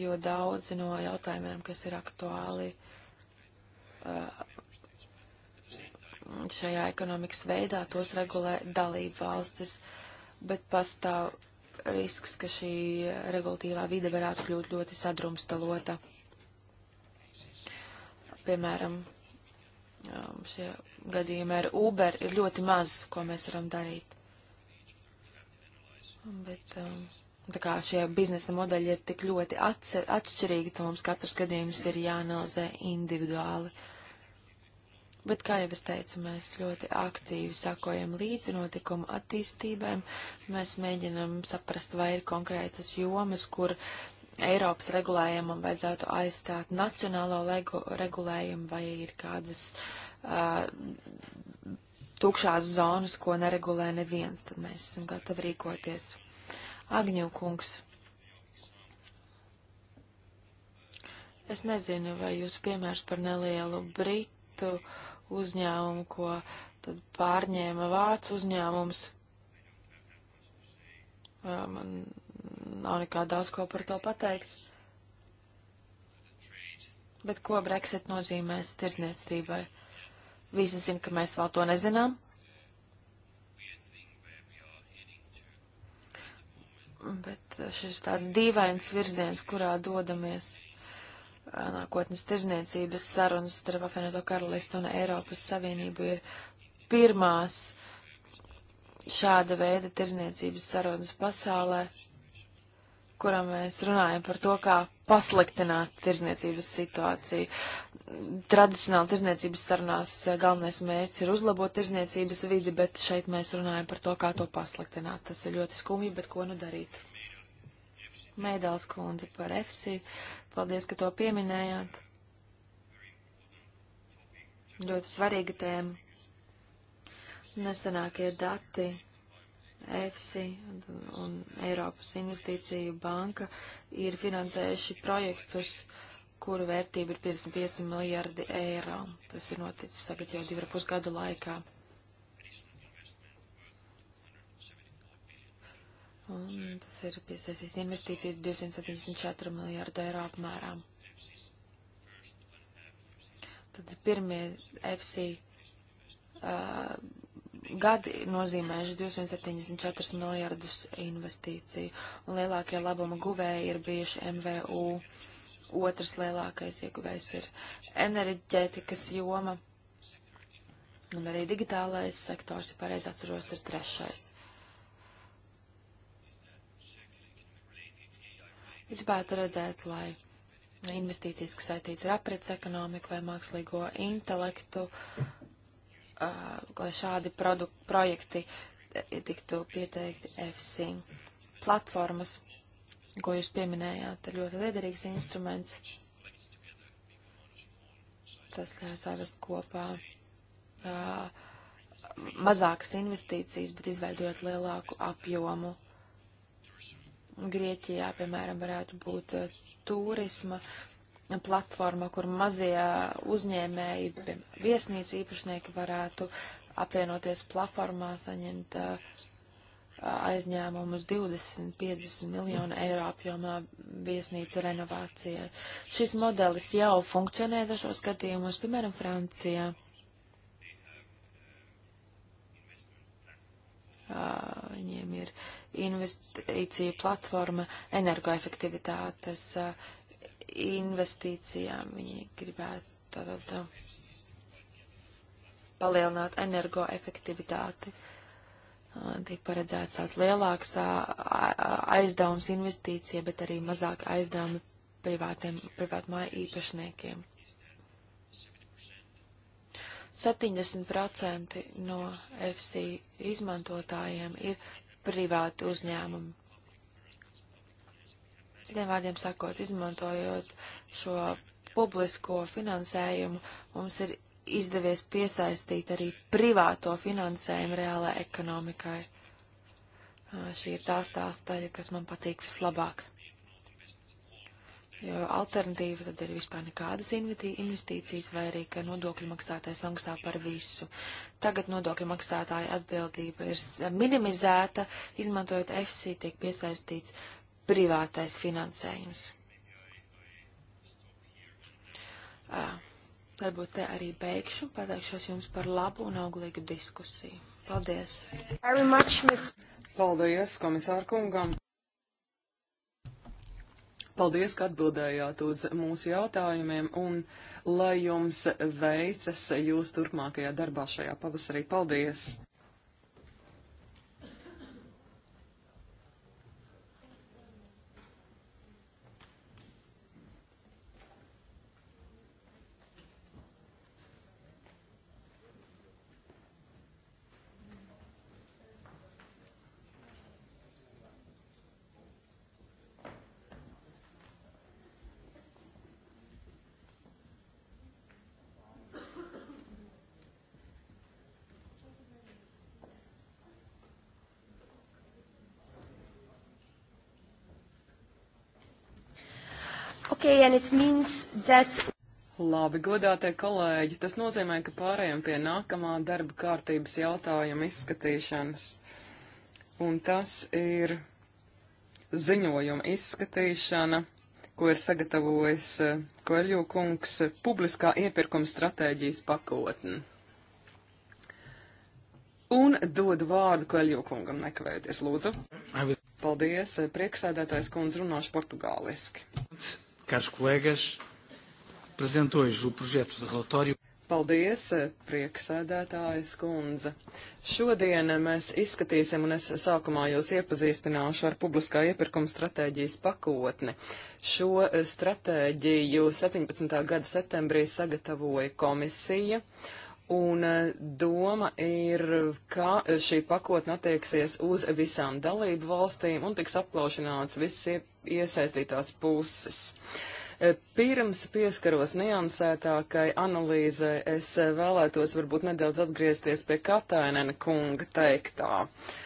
jo daudzi no jautājumiem, kas ir aktuāli uh, šajā ekonomikas veidā, tos regulē dalību valstis, bet pastāv risks, ka šī regulatīvā vide varētu kļūt ļoti sadrumstalota. Piemēram, um, šie gadījumā ar Uber ir ļoti maz, ko mēs varam darīt. Bet um, tā kā šie biznesa modeļi ir tik ļoti atse, atšķirīgi, to mums katrs gadījums ir jāanalizē individuāli. Bet, kā jau es teicu, mēs ļoti aktīvi sakojam līdzi notikumu attīstībām. Mēs mēģinam saprast, vai ir konkrētas jomas, kur Eiropas regulējumam vajadzētu aizstāt nacionālo legu, regulējumu, vai ir kādas uh, uh, tukšās zonas, ko neregulē neviens, tad mēs esam gatavi rīkoties. Agņukungs. Es nezinu, vai jūs piemērs par nelielu britu uzņēmumu, ko tad pārņēma vācu uzņēmums. Man nav nekā daudz ko par to pateikt. Bet ko Brexit nozīmēs tirzniecībai? Uh, Visi zin, ka mēs vēl to nezinām. Bet eh, šis tāds dīvains virziens, kurā dodamies eh, nākotnes tirzniecības sarunas starp apvienoto karalistu un Eiropas Savienību ir pirmās šāda veida tirzniecības sarunas pasaulē, kurā mēs runājam par to, kā pasliktināt tirzniecības situāciju. Tradicionāli tirzniecības sarunās eh, galvenais mērķis ir uzlabot tirzniecības vidi, bet šeit mēs runājam par to, kā to pasliktināt. Tas ir ļoti skumji, bet ko nu darīt? Mēdāls kundze par EFSI. Paldies, ka to pieminējāt. Ļoti svarīga tēma. Nesenākie dati EFSI un, un Eiropas investīciju banka ir finansējuši projektus, kuru vērtība ir 55 miljardi eiro. Tas ir noticis tagad jau divu ar pus gadu laikā. Un tas ir piesaistīts investīcijas 274 miljārdu eiro apmērā. Tad pirmie FC uh, gadi nozīmējuši 274 miljardus investīciju, un lielākie labuma guvēji ir bijuši MVU. Otrs lielākais ieguvējs ir enerģētikas joma, un arī digitālais sektors, ja pareizi atceros, ir trešais. Es gribētu redzēt, lai investīcijas, kas saistīts ar aprits ekonomiku vai mākslīgo intelektu, uh, uh, lai šādi projekti e, tiktu pieteikti FC. Platformas, ko jūs pieminējāt, ir ļoti liederīgs instruments. Tas ļauj savest kopā uh, mazākas investīcijas, bet izveidot lielāku apjomu. Grieķijā, piemēram, varētu būt uh, turisma uh, platforma, kur mazie uzņēmēji, piemēram, viesnīcu īpašnieki varētu apvienoties platformā, saņemt aizņēmumus 20-50 miljonu eiro apjomā viesnīcu renovācijai. Šis modelis jau funkcionē dažos gadījumos, piemēram, Francijā. Uh, viņiem ir investīcija platforma energoefektivitātes uh, investīcijām. Viņi gribētu tātad tā, uh, palielināt energoefektivitāti. Uh, tiek paredzēts tāds lielāks uh, aizdevums investīcija, bet arī mazāk aizdevumi privātiem, privātmāju īpašniekiem. 70% no FC izmantotājiem ir privāti uzņēmumi. Citiem vārdiem sakot, izmantojot šo publisko finansējumu, mums ir izdevies piesaistīt arī privāto finansējumu reālajai ekonomikai. Šī ir tā stāsta daļa, kas man patīk vislabāk. Jo alternatīva tad ir vispār nekādas investīcijas, vai arī, ka nodokļu maksātājs maksā par visu. Tagad nodokļu maksātāja atbildība ir minimizēta, izmantojot FC, tiek piesaistīts privātais finansējums. À, varbūt te arī beigšu, pateikšos jums par labu un auglīgu diskusiju. Paldies! Much, miss... Paldies komisāru kungam! Paldies, ka atbildējāt uz mūsu jautājumiem un lai jums veicas jūs turpmākajā darbā šajā pavasarī. Paldies! and it means that Labi, godātie kolēģi, tas nozīmē, ka pārējām pie nākamā darba kārtības jautājuma izskatīšanas. Un tas ir ziņojuma izskatīšana, ko ir sagatavojis eh, Koeļu kungs publiskā iepirkuma stratēģijas pakotne. Un dodu vārdu Koeļu kungam nekavēties, lūdzu. Paldies, eh, prieksēdētājs kundze runāšu portugāliski. Caros colegas, apresento hoje o projeto de relatório. Paldies, prieksēdētājas kundze. Šodien mēs izskatīsim, un es sākumā jūs iepazīstināšu ar publiskā iepirkuma stratēģijas pakotni. Šo eh, stratēģiju 17. gada septembrī sagatavoja komisija. Uh, Un e, doma ir, ka šī pakotne attieksies uz visām dalību valstīm un tiks aplaušanāts visas iesaistītās puses. E, pirms pieskaros niansētākai analīzē, es vēlētos varbūt nedaudz atgriezties pie Katainena kunga teiktā. Uh,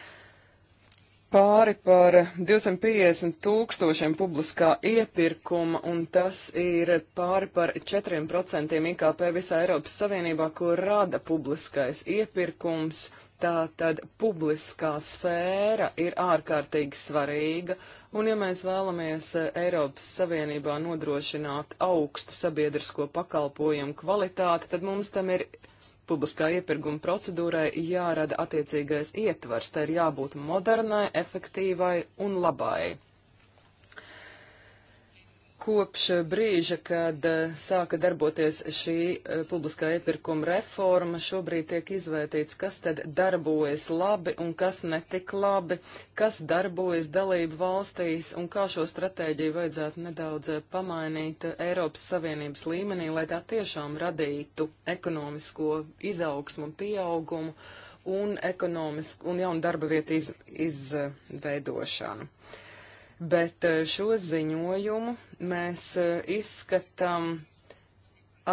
pāri par 250 tūkstošiem publiskā iepirkuma, un tas ir pāri par 4% IKP visā Eiropas Savienībā, ko rada publiskais iepirkums. Tātad publiskā sfēra ir ārkārtīgi svarīga, un ja mēs vēlamies Eiropas Savienībā nodrošināt augstu sabiedrisko pakalpojumu kvalitāti, tad mums tam ir publiskā iepirkuma procedūrai jārada attiecīgais ietvars. Tā ir jābūt modernai, efektīvai un labai. Kopš brīža, kad eh, sāka darboties šī eh, publiskā iepirkuma reforma, šobrīd tiek izvērtīts, kas tad darbojas labi un kas netik labi, kas darbojas dalību valstīs un kā šo stratēģiju vajadzētu nedaudz eh, pamainīt Eiropas Savienības līmenī, lai tā tiešām radītu ekonomisko izaugsmu un pieaugumu un, un jaunu darba vietu iz, izveidošanu. Iz, bet eh, šo ziņojumu mēs eh, izskatām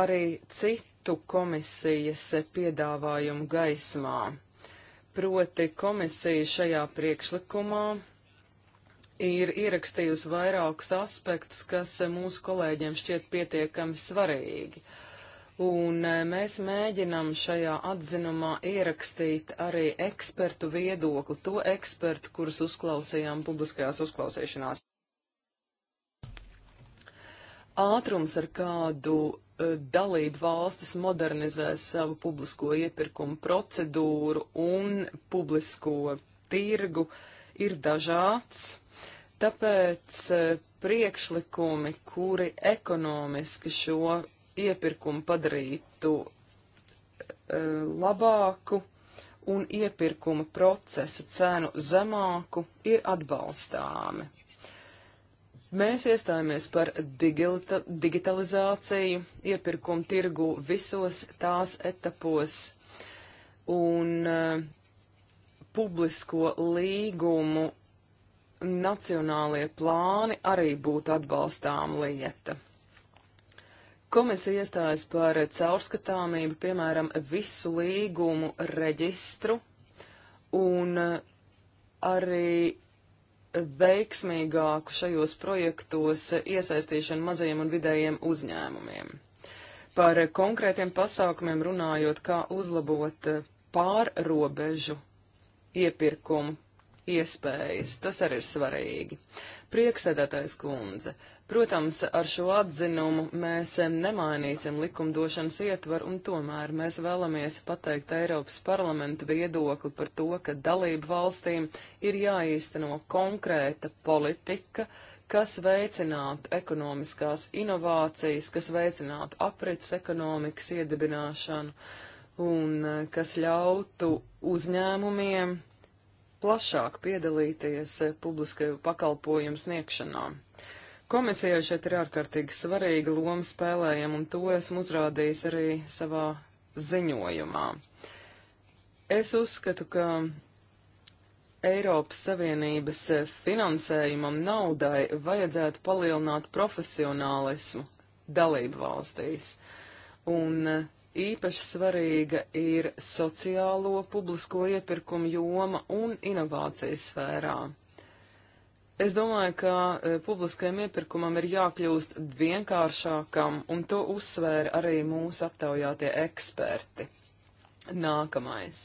arī citu komisijas piedāvājumu gaismā. Proti komisija šajā priekšlikumā ir ierakstījusi vairākus aspektus, kas eh, mūsu kolēģiem šķiet pietiekami svarīgi. Uh, Un eh, mēs mēģinam šajā atzinumā ierakstīt arī ekspertu viedokli, to ekspertu, kurus uzklausījām publiskajās uzklausīšanās. Ātrums, ar kādu eh, dalību valstis modernizē savu publisko iepirkumu procedūru un publisko tirgu, ir dažāds. Tāpēc eh, priekšlikumi, kuri ekonomiski šo iepirkumu padarītu e, labāku un iepirkuma procesa cenu zemāku, ir atbalstāmi. Mēs iestājāmies par digilta, digitalizāciju iepirkumu tirgu visos tās etapos un e, publisko līgumu nacionālie plāni arī būtu atbalstām lieta. Komisija iestājas par caurskatāmību, piemēram, visu līgumu reģistru un arī veiksmīgāku šajos projektos iesaistīšanu mazajiem un vidējiem uzņēmumiem. Par konkrētiem pasākumiem runājot, kā uzlabot pārrobežu iepirkumu iespējas. Tas arī ir svarīgi. Prieksēdētais kundze. Protams, ar šo atzinumu mēs nemainīsim likumdošanas ietvaru, un tomēr mēs vēlamies pateikt Eiropas parlamenta viedokli par to, ka dalību valstīm ir jāīsteno konkrēta politika, kas veicinātu ekonomiskās inovācijas, kas veicinātu aprits ekonomikas iedibināšanu un eh, kas ļautu uzņēmumiem plašāk piedalīties eh, publiskajā pakalpojumu sniegšanā. Komisijai šeit ir ārkārtīgi svarīga loma spēlējama, un to esmu uzrādījis arī savā ziņojumā. Es uzskatu, ka Eiropas Savienības eh, finansējumam naudai vajadzētu palielināt profesionālismu dalību valstīs. Un eh, Īpaši svarīga ir sociālo publisko iepirkumu joma un inovācijas sfērā. Es domāju, ka e, publiskajam iepirkumam ir jākļūst vienkāršākam, un to uzsvēra arī mūsu aptaujātie eksperti. Nākamais.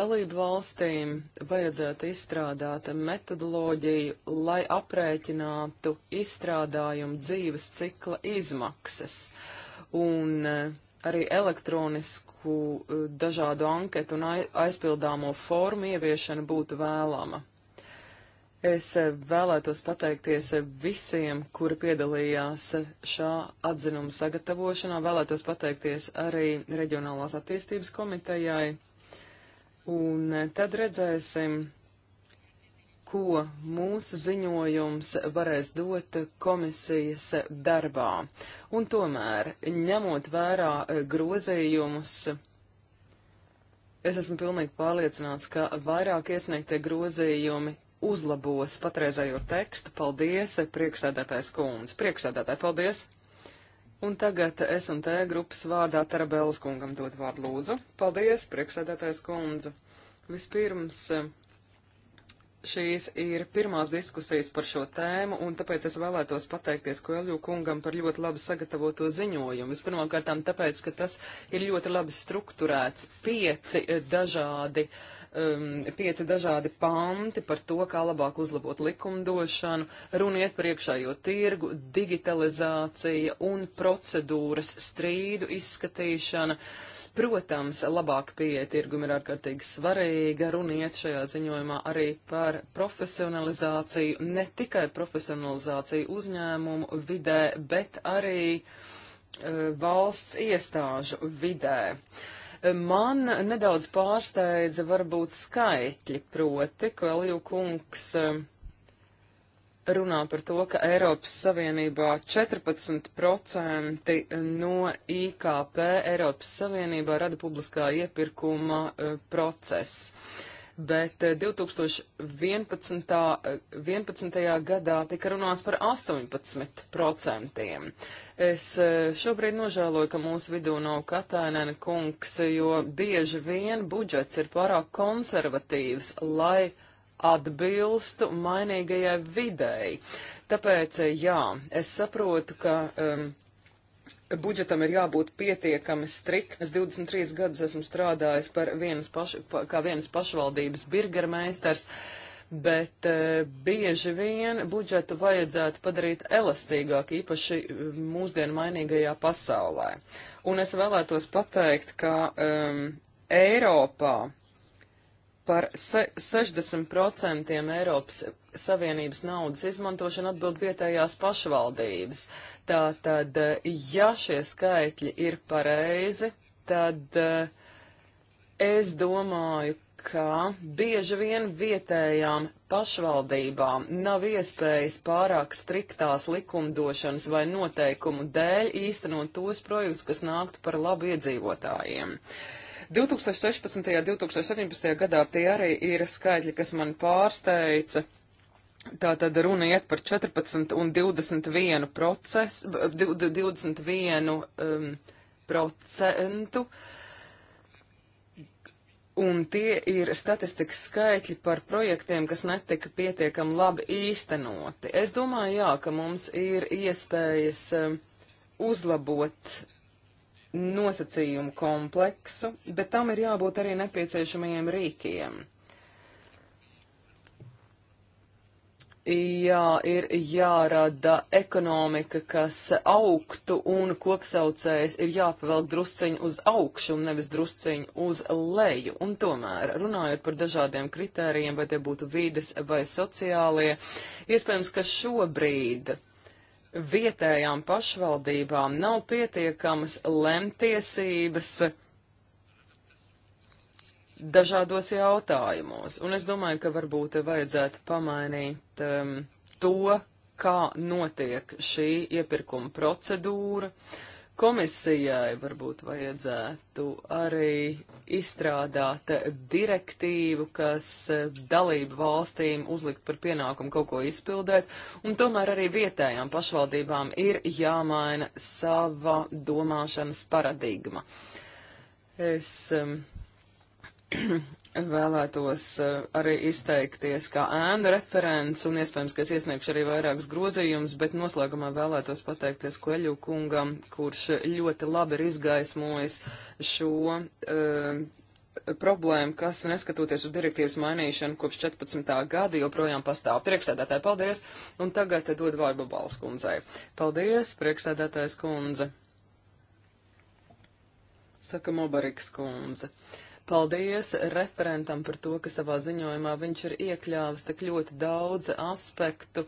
Dalību valstīm vajadzētu izstrādāt metodoloģiju, lai aprēķinātu izstrādājumu dzīves cikla izmaksas. Un e, arī elektronisku eh, dažādu anketu un aizpildāmo formu ieviešana būtu vēlama. Es eh, vēlētos pateikties eh, visiem, kuri piedalījās šā atzinuma sagatavošanā, vēlētos pateikties arī Reģionālās attīstības komitejai, un tad redzēsim, ko mūsu ziņojums varēs dot komisijas darbā. Un tomēr, ņemot vērā e, grozījumus, es esmu pilnīgi pārliecināts, ka vairāk iesniegtie grozījumi uzlabos patreizējo tekstu. Paldies, priekšsēdētājs kundze. Priekšsēdētāji, paldies! Un tagad es un T grupas vārdā Tarabēlas kungam dod vārdu lūdzu. Paldies, priekšsēdētājs kundze. Vispirms e, šīs ir pirmās diskusijas par šo tēmu, un tāpēc es vēlētos pateikties Koelju kungam par ļoti labi sagatavoto ziņojumu. Vispirmkārt, tāpēc, ka tas ir ļoti labi strukturēts, pieci eh, dažādi, um, pieci dažādi panti par to, kā labāk uzlabot likumdošanu, runiet par iekšējo tirgu, digitalizācija un procedūras strīdu izskatīšana. Uh, Protams, labāka pieeja tirgum ir ārkārtīgi svarīga. Runiet šajā ziņojumā arī par profesionalizāciju, ne tikai profesionalizāciju uzņēmumu vidē, bet arī uh, valsts iestāžu vidē. Man nedaudz pārsteidza varbūt skaitļi, proti, ka Elju kungs uh, runā par to, ka Eiropas Savienībā 14% no IKP Eiropas Savienībā rada publiskā iepirkuma uh, eh, process. Bet 2011. Eh, 11. Eh, gadā tika runās par 18%. Es šobrīd nožēloju, ka mūsu vidū nav Katainēna kungs, jo bieži vien budžets ir pārāk konservatīvs, lai uh, atbilstu mainīgajai videi. Tāpēc, eh, jā, es saprotu, ka um, budžetam ir jābūt pietiekami strikt. Es 23 gadus esmu strādājis par vienas paš, pa, kā vienas pašvaldības birgermeistars, bet uh, bieži vien budžetu vajadzētu padarīt elastīgāk, īpaši eh, mūsdienu mainīgajā pasaulē. Un es vēlētos pateikt, ka um, Eiropā par 60% Eiropas Savienības naudas izmantošanu atbild vietējās pašvaldības. Tātad, ja šie skaitļi ir pareizi, tad eh, es domāju, ka bieži vien vietējām pašvaldībām nav iespējas pārāk striktās likumdošanas vai noteikumu dēļ īstenot tos projektus, kas nāktu par labu iedzīvotājiem. Uh, 2016. un 2017. gadā tie arī ir skaitļi, kas man pārsteidza. Tātad runa iet par 14 un 21 procesu, 21 um, procentu, un tie ir statistikas skaitļi par projektiem, kas netika pietiekam labi īstenoti. Es domāju, jā, ka mums ir iespējas um, uzlabot nosacījumu kompleksu, bet tam ir jābūt arī nepieciešamajiem rīkiem. Jā, ir jārada ekonomika, kas augtu un kopsaucējs ir jāpavelk drusciņu uz augšu un nevis drusciņu uz leju. Un tomēr, runājot par dažādiem kritērijiem, vai tie būtu vīdes vai sociālie, iespējams, ka šobrīd vietējām pašvaldībām nav pietiekamas lemtiesības dažādos jautājumos. Un es domāju, ka varbūt vajadzētu pamainīt um, to, kā notiek šī iepirkuma procedūra. Uh, Komisijai varbūt vajadzētu arī izstrādāt direktīvu, kas dalību valstīm uzlikt par pienākumu kaut ko izpildēt, un tomēr arī vietējām pašvaldībām ir jāmaina sava domāšanas paradigma. Es um, vēlētos eh, arī izteikties kā ēnu referents, un iespējams, ka es iesniegšu arī vairākus grozījumus, bet noslēgumā vēlētos pateikties Koeļu kungam, kurš ļoti labi ir izgaismojis šo uh, problēmu, kas, neskatoties uz direktīvas mainīšanu kopš 14. gada, joprojām pastāv. Priekšsēdētāji, paldies! Un tagad dod vārdu Bals kundzei. Paldies, priekšsēdētājs kundze! Saka Mobariks kundze. Uh, Paldies referentam par to, ka savā ziņojumā viņš ir iekļāvis tik ļoti daudz aspektu,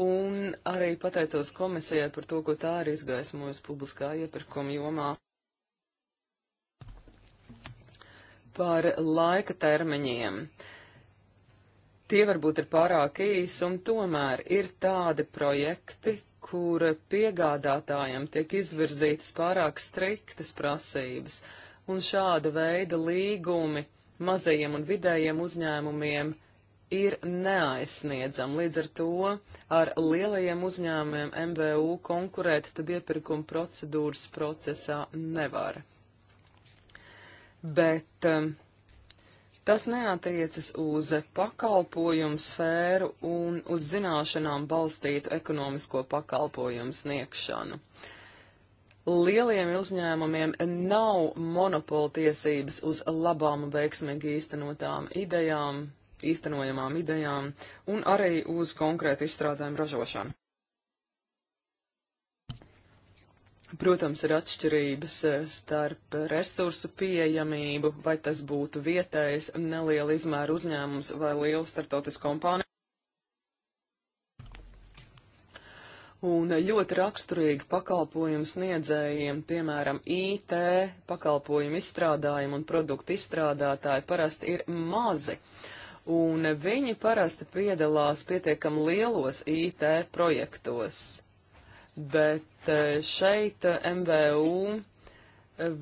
un arī pateicos komisijai par to, ko tā ir izgaismojusi publiskā iepirkuma jomā. Par laika termiņiem. Tie varbūt ir pārāk īsi, un tomēr ir tādi projekti, kur piegādātājiem tiek izvirzītas pārāk striktas prasības un šāda veida līgumi mazajiem un vidējiem uzņēmumiem ir neaizsniedzami. Līdz ar to ar lielajiem uzņēmumiem MVU konkurēt, tad iepirkuma procedūras procesā nevar. Bet um, tas neatiecas uz pakalpojumu sfēru un uz zināšanām balstītu ekonomisko pakalpojumu sniegšanu. Uh, Lieliem uzņēmumiem nav monopola tiesības uz labām un veiksmīgi īstenotām idejām, īstenojamām idejām un arī uz konkrētu izstrādājumu ražošanu. Protams, ir atšķirības eh, starp resursu pieejamību, vai tas būtu vietējs neliela izmēra uzņēmums vai liela startautiska kompānija. un ļoti raksturīgi pakalpojumu sniedzējiem, piemēram, IT pakalpojumu izstrādājumu un produktu izstrādātāji parasti ir mazi. Un viņi parasti piedalās pietiekam lielos IT projektos. Bet e, šeit e, MVU e,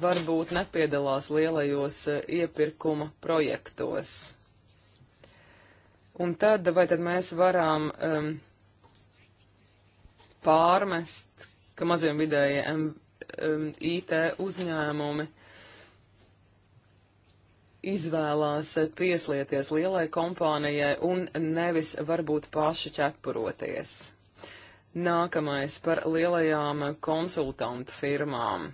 varbūt nepiedalās lielajos iepirkuma projektos. Un tad, vai tad mēs varam um, pārmest, ka maziem vidējie M, um, IT uzņēmumi izvēlās pieslieties lielai kompānijai un nevis varbūt paši ķepuroties. Nākamais par lielajām konsultantu firmām.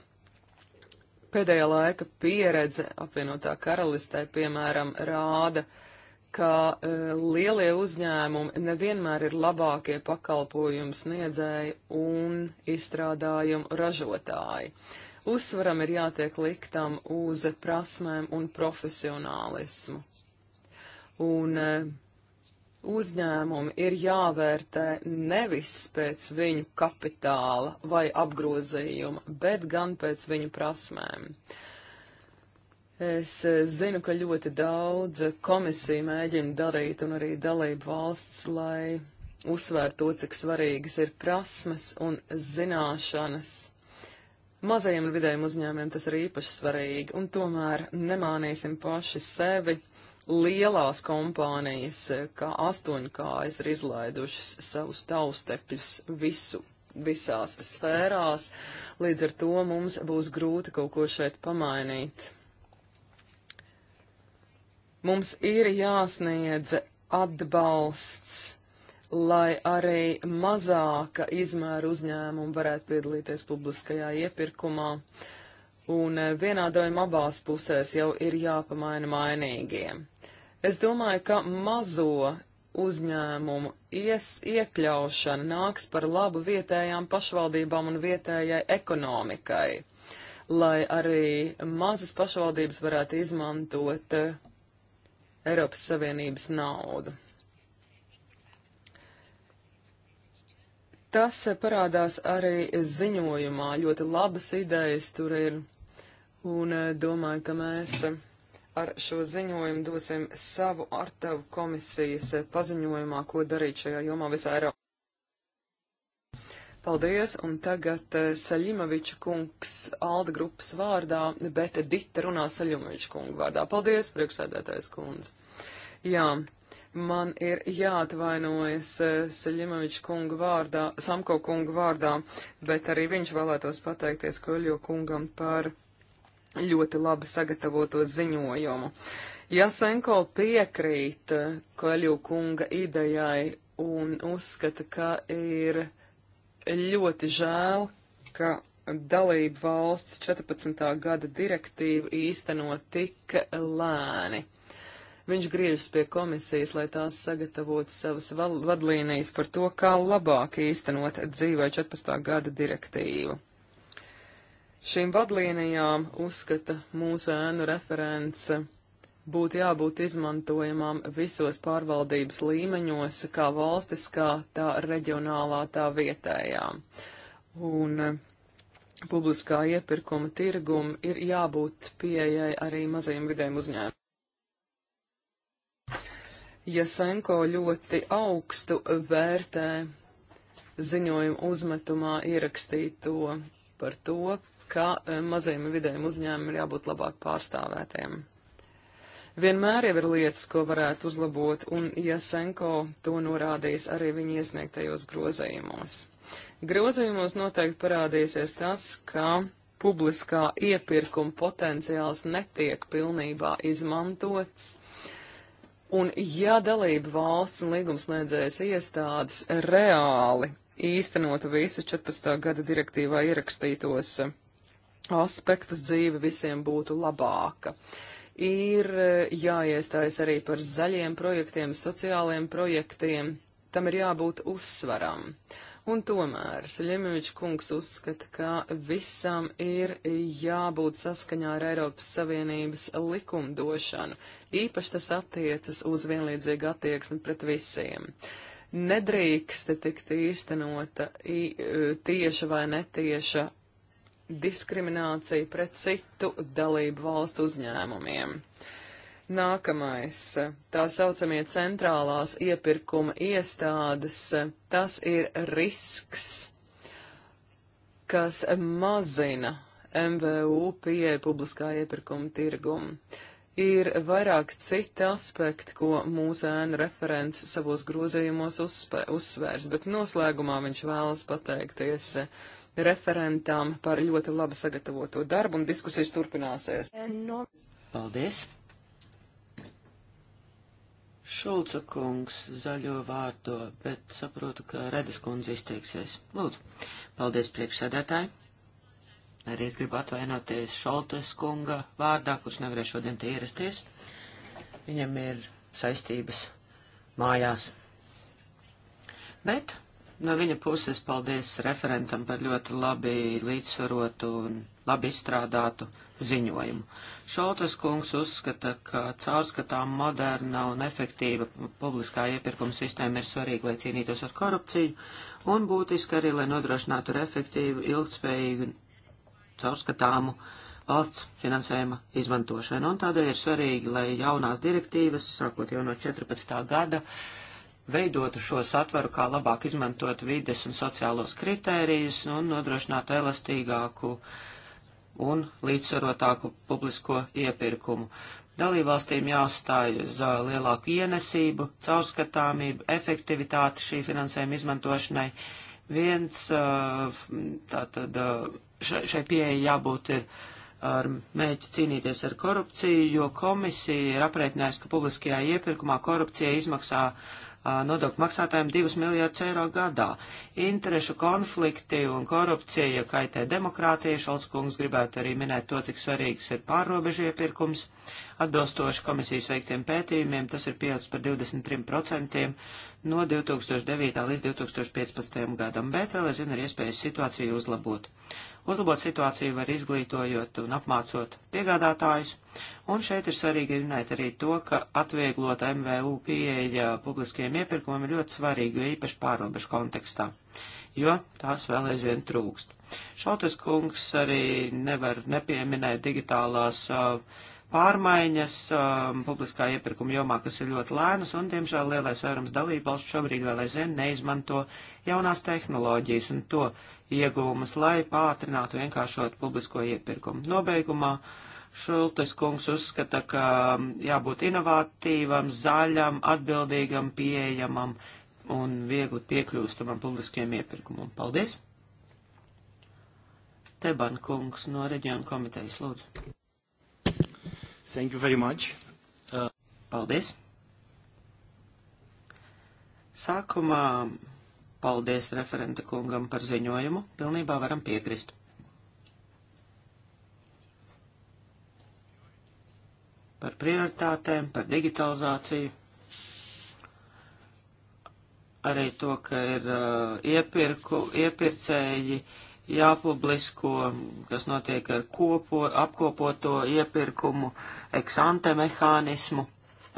Pēdējā laika pieredze apvienotā karalistē, piemēram, rāda, uh, ka e, lielie uzņēmumi nevienmēr ir labākie pakalpojumu sniedzēji un izstrādājumu ražotāji. Uzsvaram ir jātiek liktam uz prasmēm un profesionālismu. Un e, uzņēmumi ir jāvērtē nevis pēc viņu kapitāla vai apgrozījuma, bet gan pēc viņu prasmēm. Uh, Es eh, zinu, ka ļoti daudz komisija mēģina darīt un arī dalību valsts, lai uzsvērt to, cik svarīgas ir prasmes un zināšanas. Mazajiem un vidējiem uzņēmiem tas ir īpaši svarīgi, un tomēr nemānīsim paši sevi. Lielās kompānijas, eh, kā astoņkājas, ir izlaidušas savus taustepļus visu, visās sfērās, līdz ar to mums būs grūti kaut ko šeit pamainīt. Mums ir jāsniedz atbalsts, lai arī mazāka izmēra uzņēmuma varētu piedalīties publiskajā iepirkumā. Un eh, vienādojuma abās pusēs jau ir jāpamaina mainīgiem. Es domāju, ka mazo uzņēmumu ies, iekļaušana nāks par labu vietējām pašvaldībām un vietējai ekonomikai, lai arī mazas pašvaldības varētu izmantot eh, Eiropas Savienības naudu. Tas parādās arī ziņojumā. Ļoti labas idejas tur ir. Un eh, domāju, ka mēs ar šo ziņojumu dosim savu artavu komisijas eh, paziņojumā, ko darīt šajā jomā visā Eiropā. Paldies, un tagad eh, Saļimoviča kungs Alda grupas vārdā, bet Dita runā Saļimoviča kungu vārdā. Paldies, priekšsēdētājs kundze. Jā, man ir jāatvainojas eh, Seļimoviča kunga vārdā, Samko kunga vārdā, bet arī viņš vēlētos pateikties Koļo kungam par ļoti labi sagatavoto ziņojumu. Jasenko piekrīt eh, Koļo kunga idejai un uzskata, ka ir ļoti žēl, ka dalību valsts 14. gada direktīva īstenot tik lēni. Viņš griežas pie komisijas, lai tās sagatavotu savas vadlīnijas par to, kā labāk īstenot dzīvē 14. gada direktīvu. Šīm vadlīnijām uzskata mūsu ēnu referents būtu jābūt izmantojamām visos pārvaldības līmeņos, kā valstiskā, tā reģionālā, tā vietējā. Un eh, publiskā iepirkuma tirguma ir jābūt pieejai arī mazajiem vidējiem uzņēmumiem. Jasenko ļoti augstu vērtē ziņojumu uzmetumā ierakstīto par to, ka e, mazajiem un vidējiem uzņēmumiem ir jābūt labāk pārstāvētiem. Vienmēr jau ir lietas, ko varētu uzlabot, un Jasenko to norādīs arī viņa iesniegtajos grozējumos. Grozījumos noteikti parādīsies tas, ka publiskā iepirkuma potenciāls netiek pilnībā izmantots. Uh, Un ja dalība valsts un līgumslēdzējas iestādes reāli īstenotu visu 14. gada direktīvā ierakstītos aspektus, dzīve visiem būtu labāka. Ir e, jāiestājas arī par zaļiem projektiem, sociāliem projektiem, tam ir jābūt uzsvaram. Un tomēr Suļemovičs kungs uzskata, ka visam ir jābūt saskaņā ar Eiropas Savienības likumdošanu. Īpaši tas attiecas uz vienlīdzīgu attieksmi pret visiem. Nedrīkst tikt īstenota e, tieša vai netieša diskriminācija pret citu dalību valstu uzņēmumiem. Nākamais - tā saucamie centrālās iepirkuma iestādes. Tas ir risks, kas mazina MVU pieeja publiskā iepirkuma tirgumu ir vairāk citi aspekti, ko mūsu ēna referents savos grozījumos uzsvērs, bet noslēgumā viņš vēlas pateikties referentām par ļoti labi sagatavoto darbu un diskusijas turpināsies. Eh, paldies! Šulca kungs zaļo vārdo, bet saprotu, ka Redis kundze izteiksies. Lūdzu, paldies priekšsēdētāji! Arī es gribu atvainoties Šoltes kunga vārdā, kurš nevarēja šodien te ierasties. Viņam ir saistības mājās. Bet no viņa puses paldies referentam par ļoti labi līdzsvarotu un labi izstrādātu ziņojumu. Šoltes kungs uzskata, ka caurskatām modernā un efektīva publiskā iepirkuma sistēma ir svarīga, lai cīnītos ar korupciju, un būtiski arī, lai nodrošinātu ar efektīvu, ilgspējīgu caurskatāmu valsts finansējuma izmantošanu. Un tādēļ ir svarīgi, lai jaunās direktīvas, sākot jau no 14. gada, veidotu šo satvaru, kā labāk izmantot vides un sociālos kritērijus un nodrošinātu elastīgāku un līdzsvarotāku publisko iepirkumu. Dalībvalstīm jāuzstāj uz uh, lielāku ienesību, caurskatāmību, efektivitāti šī finansējuma izmantošanai. Viens uh, tātad uh, šai, šai pieeja jābūt ir eh, ar mēģi cīnīties ar korupciju, jo komisija ir aprēķinājusi, ka publiskajā iepirkumā korupcija izmaksā eh, nodokļu maksātājiem 2 miljārdus eiro gadā. Interešu konflikti un korupcija kaitē demokrātijai. Šalts kungs gribētu arī minēt to, cik svarīgs ir pārrobežu iepirkums. Atbilstoši komisijas veiktiem pētījumiem, tas ir pieaudzis par 23% no 2009. līdz 2015. gadam, bet vēl aizvien ir iespējas situāciju uzlabot. Uzlabot situāciju var izglītojot un apmācot piegādātājus, un šeit ir svarīgi runāt arī to, ka atvieglot MVU pieeja publiskiem iepirkumiem ir ļoti svarīgi, jo īpaši pārobežu kontekstā, jo tās vēl aizvien trūkst. Šautas kungs arī nevar nepieminēt digitālās uh, pārmaiņas um, publiskā iepirkuma jomā, kas ir ļoti lēnas, un, diemžēl, lielais vairums dalībvalstu šobrīd vēl aizvien neizmanto jaunās tehnoloģijas un to ieguvumus, lai pātrinātu vienkāršot publisko iepirkumu. Nobeigumā Šultes kungs uzskata, ka um, jābūt inovatīvam, zaļam, atbildīgam, pieejamam un viegli piekļūstamam publiskiem iepirkumam. Paldies! Teban kungs no reģiona komitejas lūdzu. Thank you very much. Uh... Paldies. Sākumā paldies referenta kungam par ziņojumu. Pilnībā varam piekrist. Par prioritātēm, par digitalizāciju arī to, ka ir uh, iepirku, iepirkēji jāpublisko, kas notiek ar kopo, apkopoto iepirkumu, eksante mehānismu.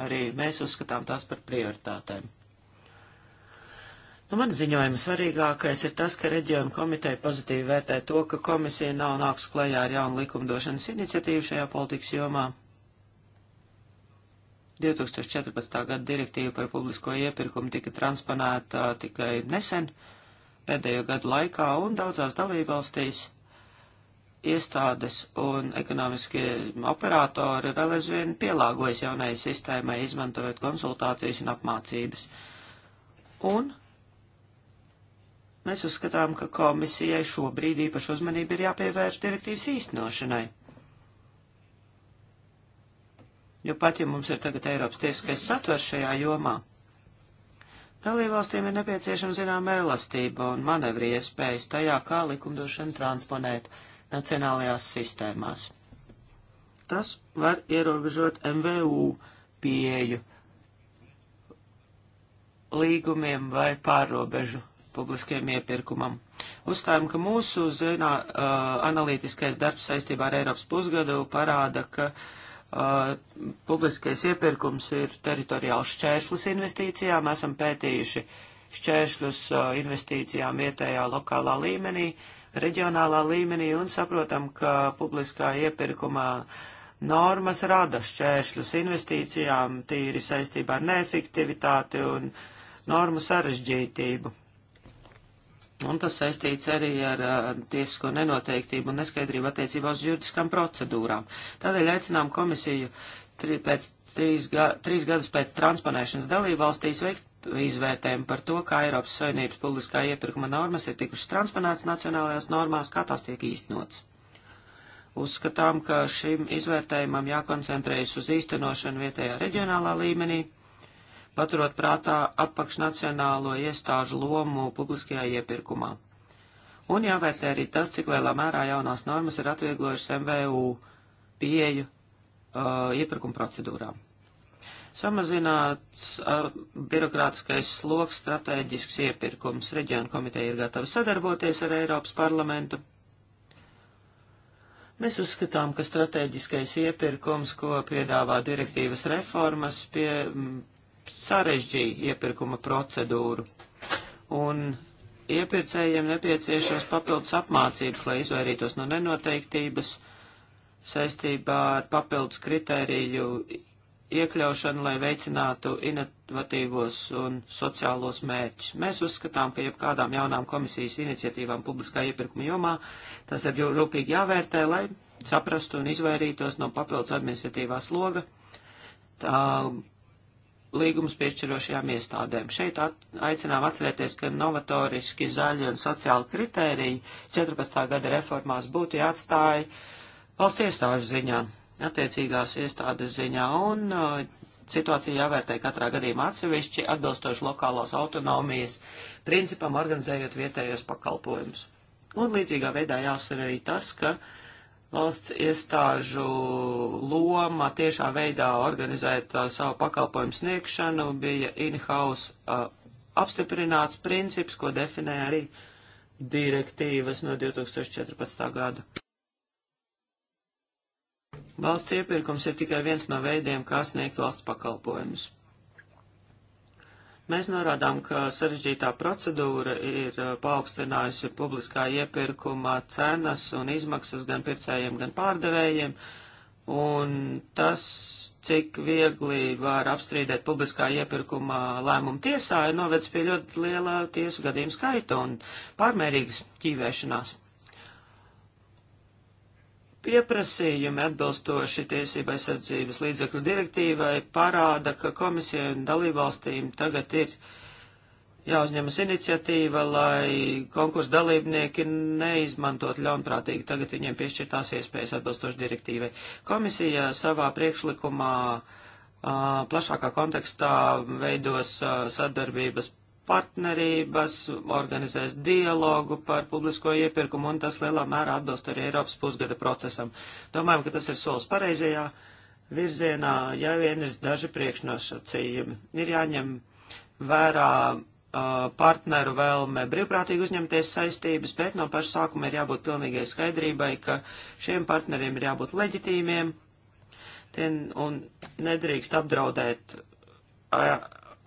Arī mēs uzskatām tās par prioritātēm. Nu, man ziņojuma svarīgākais ir tas, ka reģiona komiteja pozitīvi vērtē to, ka komisija nav nāks klajā ar jaunu likumdošanas iniciatīvu šajā politikas jomā. 2014. gada direktīva par publisko iepirkumu tika transponēta tikai nesen, pēdējo gadu laikā, un daudzās dalībvalstīs iestādes un ekonomiskie operatori vēl aizvien pielāgojas jaunai sistēmai, izmantojot konsultācijas un apmācības. Un mēs uzskatām, ka komisijai šobrīd īpaši uzmanība ir jāpievērš direktīvas īstenošanai. Jo pat, ja mums ir tagad Eiropas tiesiskais satvers šajā jomā, Dalībvalstīm ir nepieciešama zināma elastība un manevri iespējas tajā, kā likumdošanu transponēt nacionālajās sistēmās. Tas var ierobežot MVU pieeju līgumiem vai pārobežu publiskiem iepirkumam. Uzstājam, ka mūsu zinā, uh, analītiskais darbs saistībā ar Eiropas pusgadu parāda, ka uh, publiskais iepirkums ir teritoriāls šķērslis investīcijām. Esam pētījuši uh, šķēršļus uh, investīcijām vietējā lokālā līmenī, reģionālā līmenī un saprotam, ka publiskā iepirkumā normas rada šķēršļus investīcijām tīri saistībā ar neefektivitāti un normu sarežģītību. Un tas saistīts arī ar, ar uh, tiesisko nenoteiktību un neskaidrību attiecībā uz juridiskām procedūrām. Tādēļ aicinām komisiju tri, pēc trīs, ga, trīs gadus pēc transponēšanas dalībvalstīs veikt izvērtējumu par to, kā Eiropas Savienības publiskā iepirkuma normas ir tikušas transponētas nacionālajās normās, kā tās tiek īstenotas. Uzskatām, ka šim izvērtējumam jākoncentrējas uz īstenošanu vietējā reģionālā līmenī, paturot prātā apakšnacionālo iestāžu lomu publiskajā iepirkumā. Un jāvērtē arī tas, cik lielā mērā jaunās normas ir atvieglojušas MVU pieeju uh, iepirkuma procedūrām. Samazināts uh, birokrātiskais sloks, strateģisks iepirkums. Reģiona komiteja ir gatava sadarboties ar Eiropas parlamentu. Mēs uzskatām, ka strateģiskais iepirkums, ko piedāvā direktīvas reformas, pie, sarežģīja iepirkuma procedūru. Un iepircējiem nepieciešams papildus apmācības, lai izvairītos no nenoteiktības saistībā ar papildus kritēriju iekļaušanu, lai veicinātu inovatīvos un sociālos mērķus. Mēs uzskatām, ka jebkādām jaunām komisijas iniciatīvām publiskā iepirkuma jomā tas ir rūpīgi jāvērtē, lai saprastu un izvairītos no papildus administratīvā sloga tā, līgums piešķirošajām iestādēm. Šeit at, aicinām atcerēties, ka novatoriski zaļi un sociāli kritēriji 14. gada reformās būtu jāatstāja valsts iestāžu ziņā attiecīgās iestādes ziņā un uh, situācija jāvērtē katrā gadījumā atsevišķi atbilstoši lokālās autonomijas principam organizējot vietējos pakalpojumus. Un līdzīgā veidā jāsver arī tas, ka valsts iestāžu loma tiešā veidā organizēt uh, savu pakalpojumu sniegšanu bija in-house uh, apstiprināts princips, ko definē arī direktīvas no 2014. gada. Valsts iepirkums ir tikai viens no veidiem, kā sniegt valsts pakalpojumus. Mēs norādām, ka sarežģītā procedūra ir uh, paaugstinājusi publiskā iepirkuma cenas un izmaksas gan pircējiem, gan pārdevējiem, un tas, cik viegli var apstrīdēt publiskā iepirkuma lēmumu tiesā, ir novedis pie ļoti liela tiesu gadījumu skaita un pārmērīgas ķīvēšanās. Pieprasījumi atbilstoši tiesībai sardzības līdzekļu direktīvai parāda, ka komisijai un dalībvalstīm tagad ir jāuzņemas iniciatīva, lai konkursu dalībnieki neizmantot ļaunprātīgi tagad viņiem piešķirtās iespējas atbilstoši direktīvai. Komisija savā priekšlikumā plašākā kontekstā veidos sadarbības partnerības, organizēs dialogu par publisko iepirkumu, un tas lielā mērā atbilst arī Eiropas pusgada procesam. Domājam, ka tas ir solis pareizajā virzienā, ja vien ir daži priekšnosacījumi. Ir jāņem vērā partneru vēlme brīvprātīgi uzņemties saistības, bet no paša sākuma ir jābūt pilnīgai skaidrībai, ka šiem partneriem ir jābūt leģitīmiem tie, un nedrīkst apdraudēt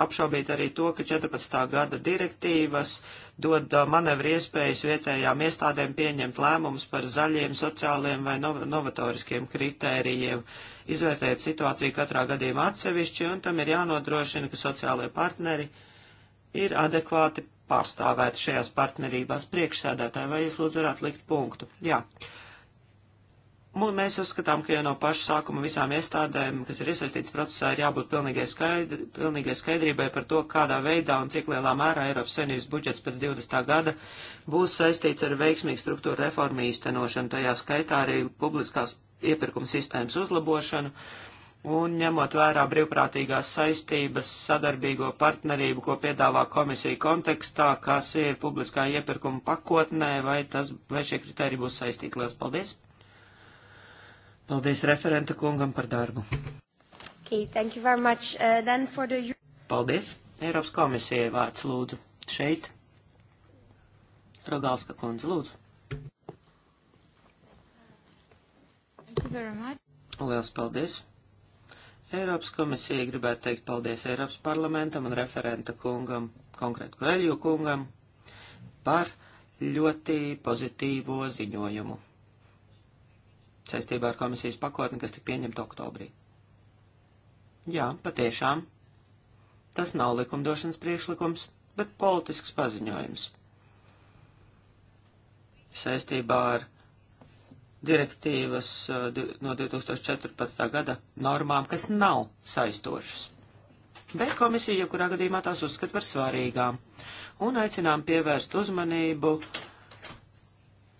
apšaubīt arī to, ka 14. gada direktīvas dod manevri iespējas vietējām iestādēm pieņemt lēmumus par zaļiem, sociāliem vai nov novatoriskiem kritērijiem, izvērtēt situāciju katrā gadījumā atsevišķi, un tam ir jānodrošina, ka sociālai partneri ir adekvāti pārstāvēti šajās partnerībās priekšsēdētāji, vai jūs lūdzu varētu likt punktu. Jā. Uh, Mēs uzskatām, ka jau no paša sākuma visām iestādēm, kas ir iesaistīts procesā, ir jābūt pilnīgai, skaidri, pilnīgai skaidrībai par to, kādā veidā un cik lielā mērā Eiropas Savienības budžets pēc 20. gada būs saistīts ar veiksmīgu struktūru reformu īstenošanu, tajā skaitā arī publiskās iepirkuma sistēmas uzlabošanu un ņemot vērā brīvprātīgās saistības sadarbīgo partnerību, ko piedāvā komisija kontekstā, kas ir publiskā iepirkuma pakotnē, vai, tas, vai šie kriteriji būs saistīti. Lielas paldies! Paldies referenta kungam par darbu. Okay, thank you very much. Uh, then for the... Paldies. Eiropas komisijai vārds lūdzu. Šeit. Rogalska kundze, lūdzu. Lielas paldies! Eiropas komisija gribētu teikt paldies Eiropas parlamentam un referenta kungam, konkrēt Koeļu kungam, par ļoti pozitīvo ziņojumu saistībā ar komisijas pakotni, kas tika pieņemta oktobrī. Jā, patiešām. Tas nav likumdošanas priekšlikums, bet politisks paziņojums. Saistībā ar direktīvas uh, no 2014. gada normām, kas nav saistošas. Bet komisija, kurā gadījumā tās uzskata par svarīgām, un aicinām pievērst uzmanību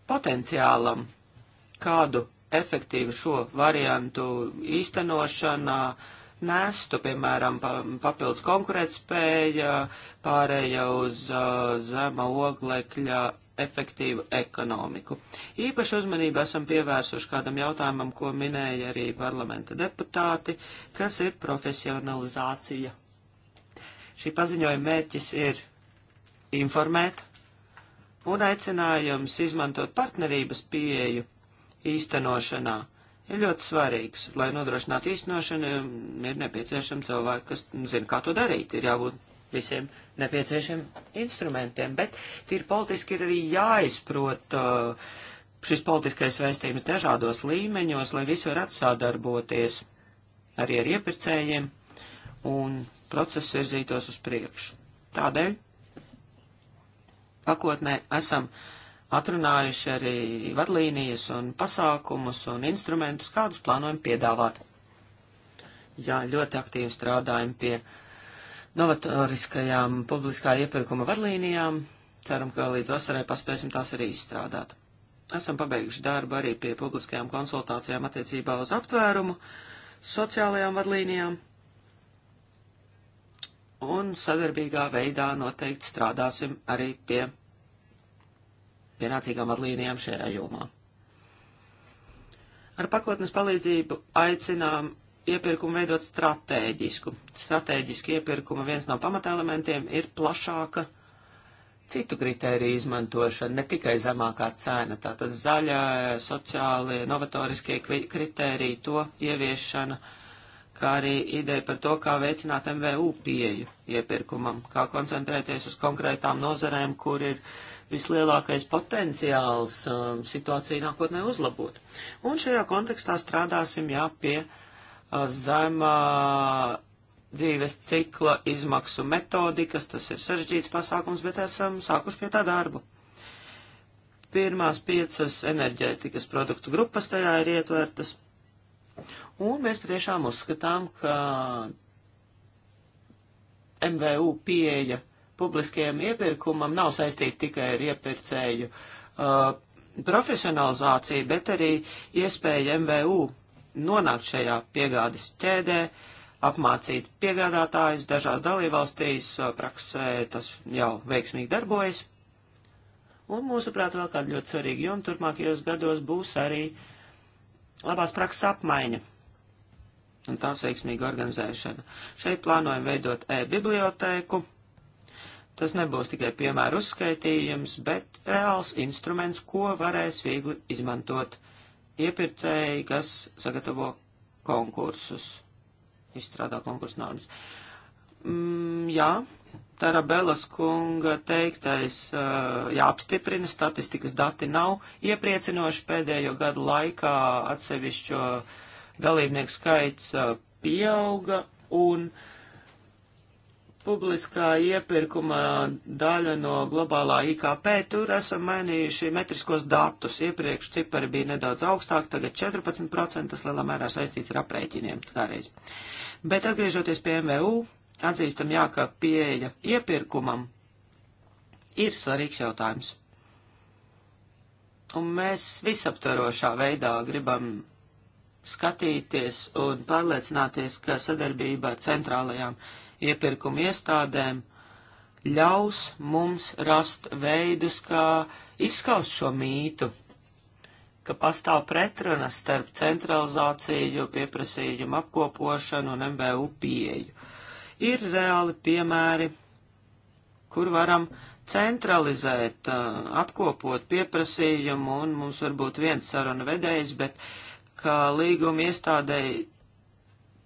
potenciālam, kādu efektīva šo variantu īstenošana nestu, piemēram, papildus konkurētspēja, pārēja uz uh, zema oglekļa efektīvu ekonomiku. Īpaši uzmanību esam pievērsuši kādam jautājumam, ko minēja arī parlamenta deputāti, kas ir profesionalizācija. Šī paziņojuma mērķis ir informēt un aicinājums izmantot partnerības pieeju īstenošanā ir ļoti svarīgs. Lai nodrošinātu īstenošanu, ir nepieciešama cilvēki, kas zina, kā to darīt. Ir jābūt visiem nepieciešamiem instrumentiem, bet tīri politiski ir arī jāizprot uh, šis politiskais vēstījums dažādos līmeņos, lai visi varētu sadarboties arī ar iepirkējiem un process virzītos uz priekšu. Tādēļ pakotnē esam uh, atrunājuši arī vadlīnijas un pasākumus un instrumentus, kādus plānojam piedāvāt. Jā, ļoti aktīvi strādājam pie novatoriskajām publiskā iepirkuma vadlīnijām. Ceram, ka līdz vasarai paspēsim tās arī izstrādāt. Esam pabeiguši darbu arī pie publiskajām konsultācijām attiecībā uz aptvērumu, sociālajām vadlīnijām un sadarbīgā veidā noteikti strādāsim arī pie pienācīgām atlīnijām šajā jomā. Ar pakotnes palīdzību aicinām iepirkumu veidot stratēģisku. Stratēģiski iepirkuma viens no pamatelementiem ir plašāka citu kritēriju izmantošana, ne tikai zemākā cena, tātad zaļa, sociāli, novatoriskie kritēriji, to ieviešana, kā arī ideja par to, kā veicināt MVU pieju iepirkumam, kā koncentrēties uz konkrētām nozarēm, kur ir uh, vislielākais potenciāls um, situāciju nākotnē uzlabot. Un šajā kontekstā strādāsim jā pie uh, zemā dzīves cikla izmaksu metodikas, tas ir sarežģīts pasākums, bet esam sākuši pie tā darbu. Pirmās piecas enerģētikas produktu grupas tajā ir ietvertas. Un mēs patiešām uzskatām, ka MVU pieeja publiskajam iepirkumam nav saistīta tikai ar iepirkēju uh, profesionalizāciju, bet arī iespēja MVU nonākt šajā piegādes ķēdē, apmācīt piegādātājus dažās dalībvalstīs, uh, praksē tas jau veiksmīgi darbojas. Un mūsuprāt, vēl kāda ļoti svarīga joma turpmākajos gados būs arī labās prakses apmaiņa un tās veiksmīga organizēšana. Šeit plānojam veidot e-bibliotēku, Tas nebūs tikai piemēra uzskaitījums, bet reāls instruments, ko varēs viegli izmantot iepirkēji, kas sagatavo konkursus, izstrādā konkursu normas. Mm, jā, Tarabellas kunga teiktais uh, jāapstiprina, statistikas dati nav iepriecinoši pēdējo gadu laikā atsevišķo dalībnieku skaits uh, pieauga un uh, publiskā iepirkuma daļa no globālā IKP, tur esam mainījuši metriskos datus. Iepriekš cipari bija nedaudz augstāk, tagad 14%, tas lielā mērā saistīts ar aprēķiniem kādreiz. Bet atgriežoties pie MVU, atzīstam jā, ka pieeja iepirkumam ir svarīgs jautājums. Un mēs visaptvarošā veidā gribam skatīties un pārliecināties, ka sadarbība ar centrālajām uh, iepirkuma iestādēm ļaus mums rast veidus, kā izskaust šo mītu, ka pastāv pretrunas starp centralizāciju, pieprasījumu apkopošanu un MVU pieeju. Ir reāli piemēri, kur varam centralizēt, apkopot pieprasījumu, un mums varbūt viens saruna vedējs, bet kā līguma iestādēji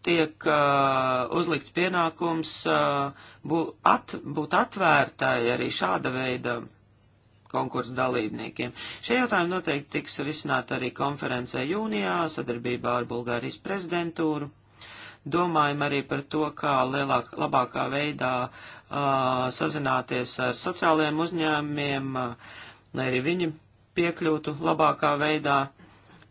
tiek uh, uzlikts pienākums uh, bū, at, būt atvērtai arī šāda veida konkursu dalībniekiem. Šie jautājumi noteikti tiks risināti arī konferencē jūnijā sadarbībā ar Bulgārijas prezidentūru. Domājam arī par to, kā lielāk, labākā veidā uh, sazināties ar sociālajiem uzņēmumiem, uh, lai arī viņi piekļūtu labākā veidā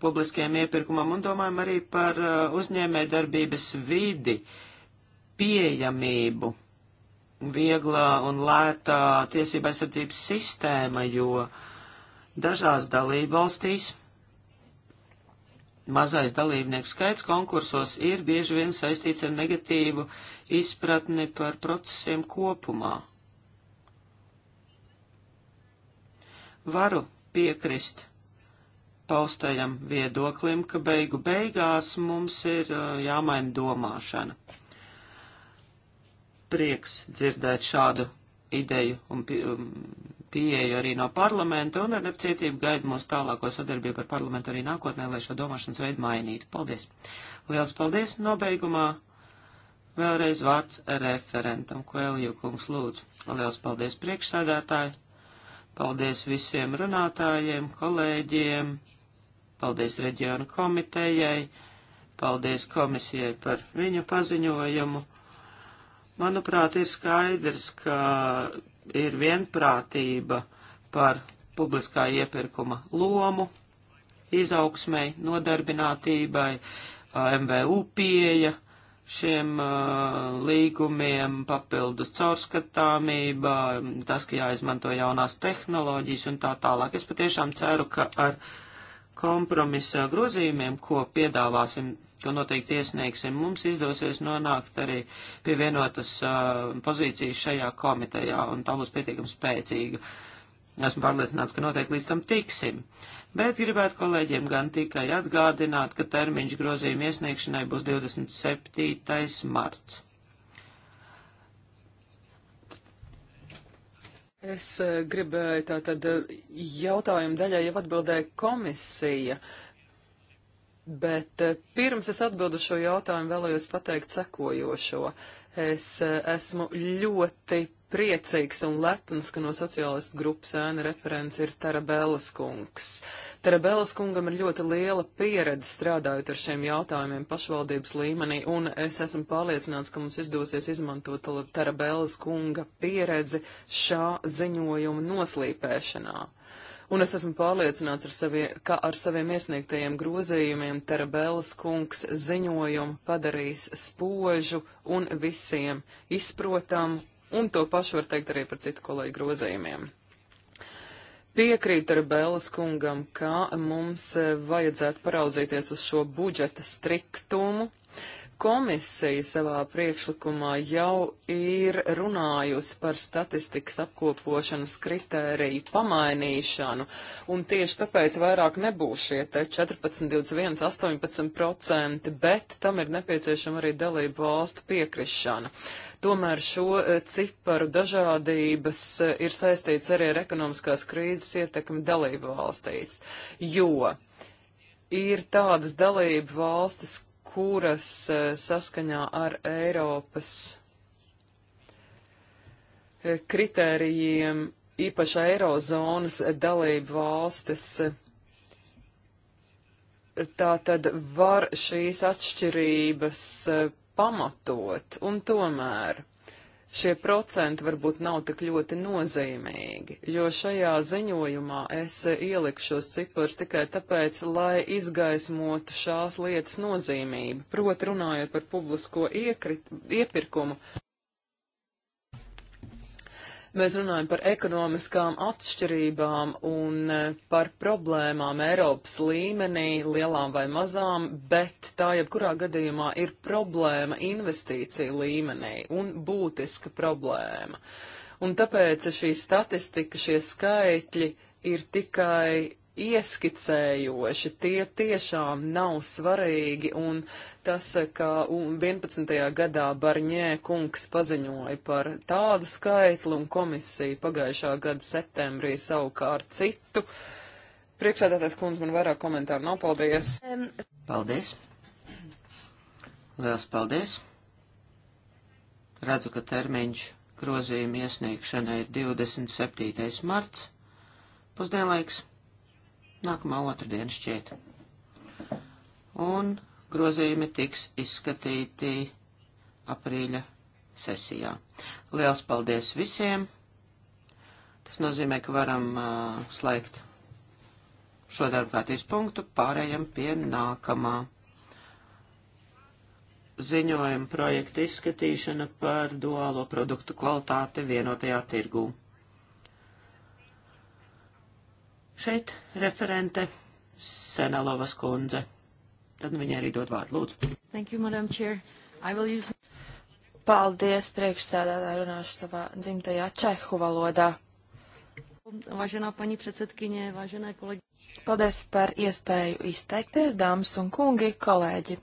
publiskajam iepirkumam un domājam arī par uh, uzņēmē darbības vidi, pieejamību, vieglā un lētā tiesība aizsardzības sistēma, jo dažās dalībvalstīs mazais dalībnieku skaits konkursos ir bieži vien saistīts ar negatīvu izpratni par procesiem kopumā. Varu piekrist paustajam viedoklim, ka beigu beigās mums ir uh, jāmaina domāšana. Prieks dzirdēt šādu ideju un um, pieeju arī no parlamenta un ar nepcietību gaidu mūsu tālāko sadarbību ar parlamentu arī nākotnē, lai šo domāšanas veidu mainītu. Paldies! Liels paldies! Nobeigumā vēlreiz vārds referentam, ko Eliju kungs lūdzu. Liels paldies priekšsēdētāji! Paldies visiem runātājiem, kolēģiem! Paldies reģionu komitejai, paldies komisijai par viņu paziņojumu. Manuprāt, ir skaidrs, ka ir vienprātība par publiskā iepirkuma lomu, izaugsmai, nodarbinātībai, MVU pieeja šiem uh, līgumiem, papildus caurskatāmība, tas, ka jāizmanto jaunās tehnoloģijas un tā tālāk. Es patiešām ceru, ka ar kompromisa grozījumiem, ko piedāvāsim, ko noteikti iesniegsim, mums izdosies nonākt arī pie vienotas uh, pozīcijas šajā komitejā, un tā būs pietiekami spēcīga. Esmu pārliecināts, ka noteikti līdz tam tiksim. Bet gribētu kolēģiem gan tikai atgādināt, ka termiņš grozījuma iesniegšanai būs 27. marts. Es eh, gribēju tātad eh, jautājumu daļai jau atbildēja komisija, bet eh, pirms es atbildu šo jautājumu vēlējos pateikt sekojošo. Es esmu ļoti priecīgs un lepns, ka no sociālistu grupas ēna referents ir Tarabellas kungs. Tarabellas kungam ir ļoti liela pieredze strādājot ar šiem jautājumiem pašvaldības līmenī, un es esmu pārliecināts, ka mums izdosies izmantot Tarabellas kunga pieredzi šā ziņojuma noslīpēšanā. Un es esmu pārliecināts, ar savie, ka ar saviem iesniegtajiem grozījumiem Terabēlas kungs ziņojumu padarīs spožu un visiem izprotamu un to pašu var teikt arī par citu kolēģu grozījumiem. Piekrīt ar Bēlas kungam, ka mums eh, vajadzētu paraudzīties uz šo budžeta striktumu, Komisija savā priekšlikumā jau ir runājusi par statistikas apkopošanas kritēriju pamainīšanu, un tieši tāpēc vairāk nebūs šie te 14, 21, 18%, bet tam ir nepieciešama arī dalību valstu piekrišana. Tomēr šo e, ciparu dažādības e, ir saistīts arī ar ekonomiskās krīzes ietekmi dalību valstīs, jo ir tādas dalību valstis, kuras e, saskaņā ar Eiropas e, kritērijiem īpaši Eirozonas dalību valstis. E, Tā tad var šīs atšķirības pamatot, un tomēr šie procenti varbūt nav tik ļoti nozīmīgi, jo šajā ziņojumā es ieliku šos ciprus tikai tāpēc, lai izgaismotu šās lietas nozīmību, proti runājot par publisko iekrit, iepirkumu Mēs runājam par ekonomiskām atšķirībām un e, par problēmām Eiropas līmenī, lielām vai mazām, bet tā jebkurā gadījumā ir problēma investīciju līmenī un būtiska problēma. Un tāpēc šī statistika, šie skaitļi ir tikai ieskicējoši, tie tiešām nav svarīgi, un tas, ka 11. gadā Barņē kungs paziņoja par tādu skaitli un komisija pagājušā gada septembrī savukārt citu. Priekšsēdētais kundze man vairāk komentāru nav, paldies. Paldies. Liels paldies. Redzu, ka termiņš grozījuma iesniegšanai ir 27. marts. Pusdienlaiks nākamā otrdiena šķiet. Un grozījumi tiks izskatīti aprīļa sesijā. Liels paldies visiem! Tas nozīmē, ka varam uh, slēgt šo darbkārtības punktu, pārējam pie nākamā ziņojuma projekta izskatīšana par duālo produktu kvalitāti vienotajā tirgū. Šeit referente Senalovas kundze. Tad nu viņai arī dod vārdu, lūdzu. Thank you, Madam Chair. I will use... Paldies, priekšsēdētāji, runāšu savā dzimtajā čehu valodā. Váženā paņi predsedkiņē, váženai kolēģi. Paldies par iespēju izteikties, dāmas un kungi, kolēģi.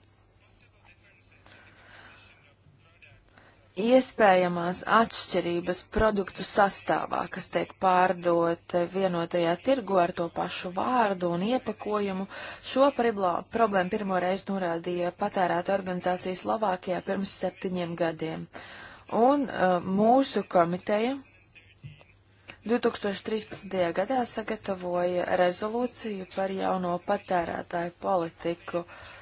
iespējamās atšķirības produktu sastāvā, kas tiek pārdot vienotajā tirgu ar to pašu vārdu un iepakojumu. Šo problēmu pirmoreiz norādīja patērēta organizācija Slovākijā pirms septiņiem gadiem. Un uh, mūsu komiteja 2013. gadā sagatavoja rezolūciju par jauno patērētāju politiku. Uh,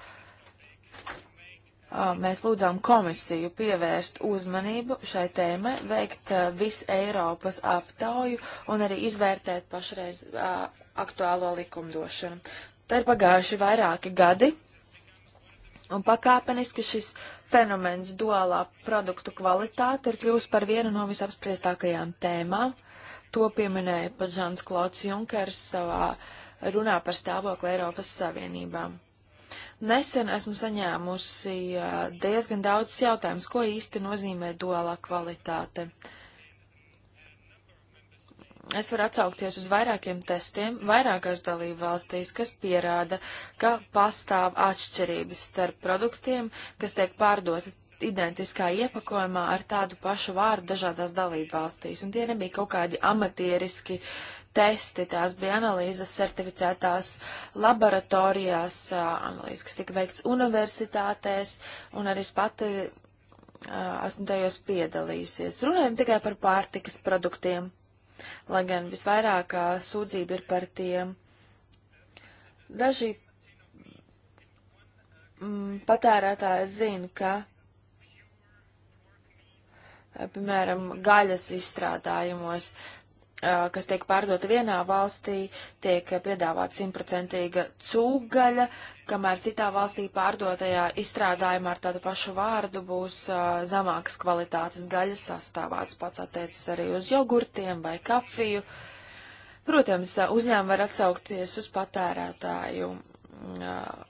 mēs lūdzām komisiju pievērst uzmanību šai tēmai, veikt uh, visu Eiropas aptauju un arī izvērtēt pašreiz uh, aktuālo likumdošanu. Tā ir pagājuši vairāki gadi, un pakāpeniski šis fenomens duālā produktu kvalitāte ir kļūst par vienu no visapspriestākajām tēmām. To pieminēja pat Žans Klots Junkers savā runā par stāvokli Eiropas Savienībām. Nesen esmu saņēmusi diezgan daudz jautājumus, ko īsti nozīmē duālā kvalitāte. Es varu atsaukties uz vairākiem testiem vairākās dalību valstīs, kas pierāda, ka pastāv atšķirības starp produktiem, kas tiek pārdoti identiskā iepakojumā ar tādu pašu vārdu dažādās dalībvalstīs, un tie nebija kaut kādi amatieriski testi, tās bija analīzes certificētās laboratorijās, analīzes, kas tika veikts universitātēs, un arī es pati esmu tajos piedalījusies. Runājam tikai par pārtikas produktiem, lai gan visvairāk sūdzība ir par tiem. Daži mm, patērētāji zina, ka Eh, piemēram, gaļas izstrādājumos, eh, kas tiek pārdota vienā valstī, tiek piedāvāta simtprocentīga cūgaļa, kamēr citā valstī pārdotajā izstrādājumā ar tādu pašu vārdu būs eh, zemākas kvalitātes gaļas sastāvā. Tas pats attiecas arī uz jogurtiem vai kafiju. Protams, uzņēmumi var atsaukties uz patērētāju mm,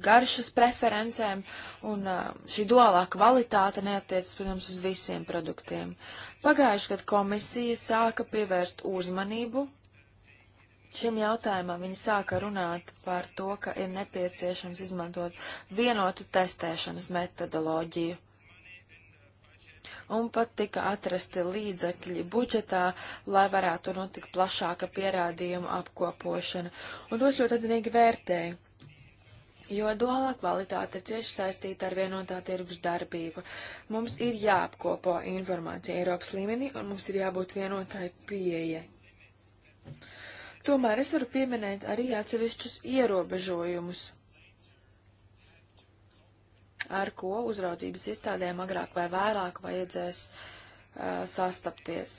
garšas preferencēm, un uh, šī duālā kvalitāte neatiecas, protams, uz visiem produktiem. Pagājuši, kad komisija sāka pievērst uzmanību šim jautājumam, viņi sāka runāt par to, ka ir nepieciešams izmantot vienotu testēšanas metodoloģiju. Un pat tika atrasti līdzekļi budžetā, lai varētu notikt plašāka pierādījuma apkopošana. Un tos ļoti atzinīgi vērtēju jo duālā kvalitāte ir cieši saistīta ar vienotā tirgus darbību. Mums ir jāapkopo informācija Eiropas līmenī, un mums ir jābūt vienotai pieejai. Tomēr es varu pieminēt arī atsevišķus ierobežojumus, ar ko uzraudzības iestādēm agrāk vai vēlāk vajadzēs uh, sastapties.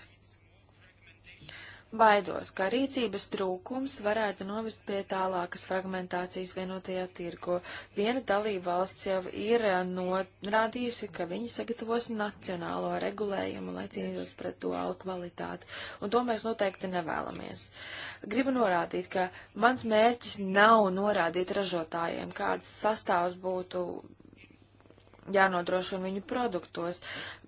Baidos, ka rīcības trūkums varētu novest pie tālākas fragmentācijas vienotajā tirgo. Viena dalība valsts jau ir eh, norādījusi, ka viņi sagatavos nacionālo regulējumu, lai cīnītos pret to alku kvalitāti, un to mēs noteikti nevēlamies. Gribu norādīt, ka mans mērķis nav norādīt ražotājiem, kādas sastāvs būtu jānodrošina viņu produktos.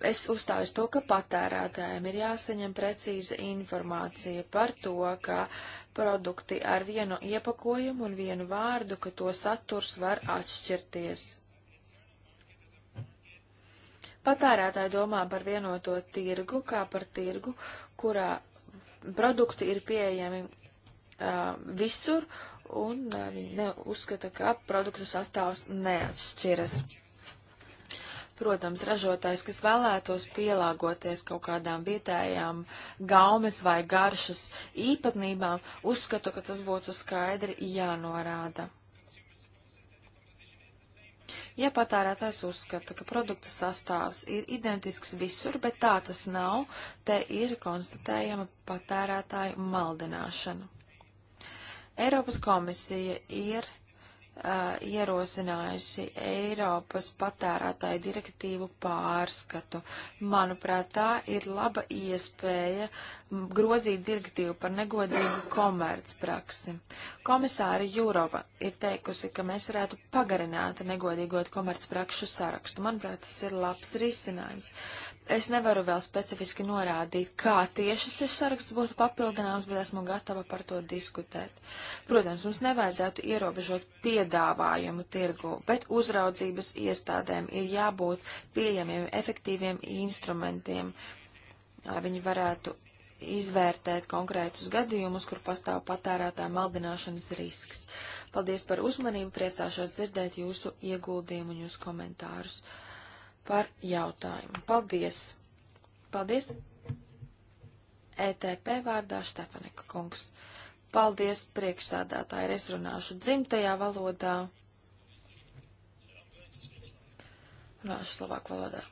Es uzstāju to, ka patērētājiem ir jāsaņem precīza informācija par to, ka produkti ar vienu iepakojumu un vienu vārdu, ka to saturs var atšķirties. Patērētāji domā par vienoto tirgu, kā par tirgu, kurā produkti ir pieejami uh, visur un uh, neuzskata, ka produktu sastāvs neatšķiras. Protams, ražotājs, kas vēlētos pielāgoties kaut kādām vietējām gaumes vai garšas īpatnībām, uzskatu, ka tas būtu skaidri jānorāda. Ja patērētājs uzskata, ka produkta sastāvs ir identisks visur, bet tā tas nav, te ir konstatējama patērētāju maldināšana. Eiropas komisija ir uh, ierosinājusi Eiropas patērētāju direktīvu pārskatu. Manuprāt, tā ir laba iespēja grozīt direktīvu par negodīgu komercpraksi. Komisāra Jurova ir teikusi, ka mēs varētu pagarināt negodīgot komercprakšu sarakstu. Manuprāt, tas ir labs risinājums. Es nevaru vēl specifiski norādīt, kā tieši šis saraksts būtu papildināms, bet esmu gatava par to diskutēt. Protams, mums nevajadzētu ierobežot piedāvājumu tirgu, bet uzraudzības iestādēm ir jābūt pieejamiem efektīviem instrumentiem, lai viņi varētu izvērtēt konkrētus gadījumus, kur pastāv patērētāja maldināšanas risks. Paldies par uzmanību, priecāšos dzirdēt jūsu ieguldījumu un jūsu komentārus. Uh, par jautājumu. Paldies! Paldies! ETP vārdā Štefaneka kungs. Paldies priekšsādātāji, es runāšu dzimtajā valodā. Runāšu slovāku valodā.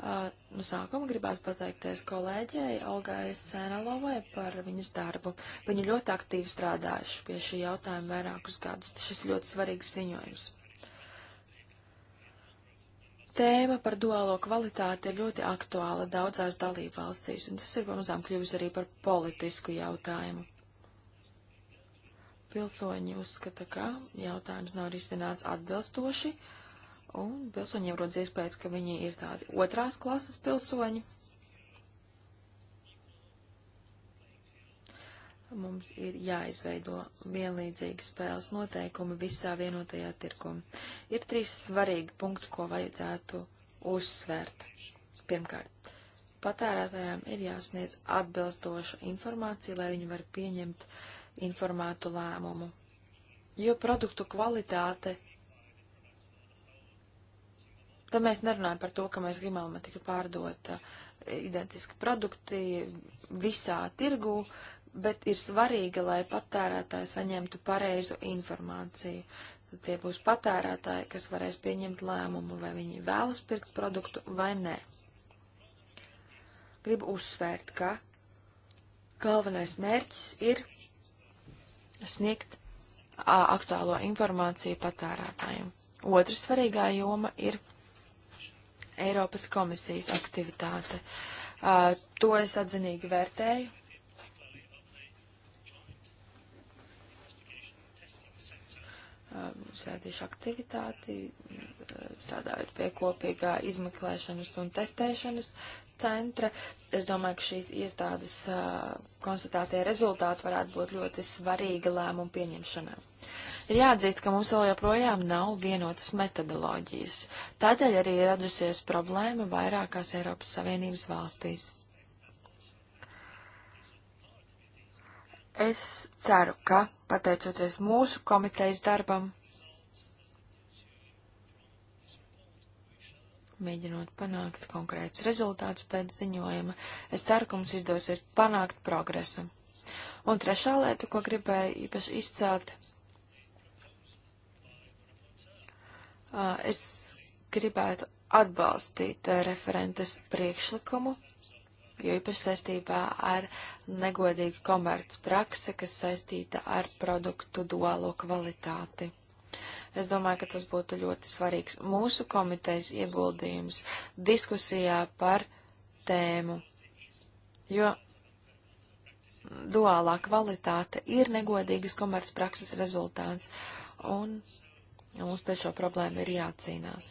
Uh, nu, sākumā gribētu pateikties kolēģei Olgai Sēnalovai par viņas darbu. Viņa ļoti aktīvi strādājuši pie šī jautājuma vairākus gadus. Šis ļoti svarīgs ziņojums. Tēma par duālo kvalitāti ir ļoti aktuāla daudzās dalību valstīs, un tas ir pamazām kļuvis arī par politisku jautājumu. Pilsoņi uzskata, ka jautājums nav risināts atbilstoši, un pilsoņiem rodas iespējas, ka viņi ir tādi otrās klases pilsoņi, mums ir jāizveido vienlīdzīgi spēles noteikumi visā vienotajā tirkumā. Ir trīs svarīgi punkti, ko vajadzētu uzsvērt. Pirmkārt, patērētājiem ir jāsniedz atbilstoša informācija, lai viņi var pieņemt informētu lēmumu. Jo produktu kvalitāte. Tad mēs nerunājam par to, ka mēs gribam, lai tika pārdota identiski produkti visā tirgū, bet ir svarīgi, lai patērētāji saņemtu pareizu informāciju. Tad tie būs patērētāji, kas varēs pieņemt lēmumu, vai viņi vēlas pirkt produktu vai nē. Gribu uzsvērt, ka galvenais mērķis ir sniegt aktuālo informāciju patērētājiem. Otra svarīgā joma ir Eiropas komisijas aktivitāte. A, to es atzinīgi vērtēju. Uh, sēdīšu aktivitāti, uh, strādājot pie kopīgā izmeklēšanas un testēšanas centra. Es domāju, ka šīs iestādes uh, konstatētie rezultāti varētu būt ļoti svarīga lēmuma pieņemšanā. Ir jāatzīst, ka mums vēl joprojām nav vienotas metodoloģijas. Tādēļ arī radusies problēma vairākās Eiropas Savienības valstīs. Es ceru, ka, pateicoties mūsu komitejas darbam, mēģinot panākt konkrētus rezultātus pēc ziņojuma, es ceru, ka mums izdosies panākt progresu. Un trešā lieta, ko gribēju īpaši izcelt, es gribētu atbalstīt referentes priekšlikumu jo īpaši saistībā ar negodīgu komerc praksi, kas saistīta ar produktu duālo kvalitāti. Es domāju, ka tas būtu ļoti svarīgs mūsu komitejas ieguldījums diskusijā par tēmu, jo duālā kvalitāte ir negodīgas komerc prakses rezultāts, un ja mums pret šo problēmu ir jācīnās.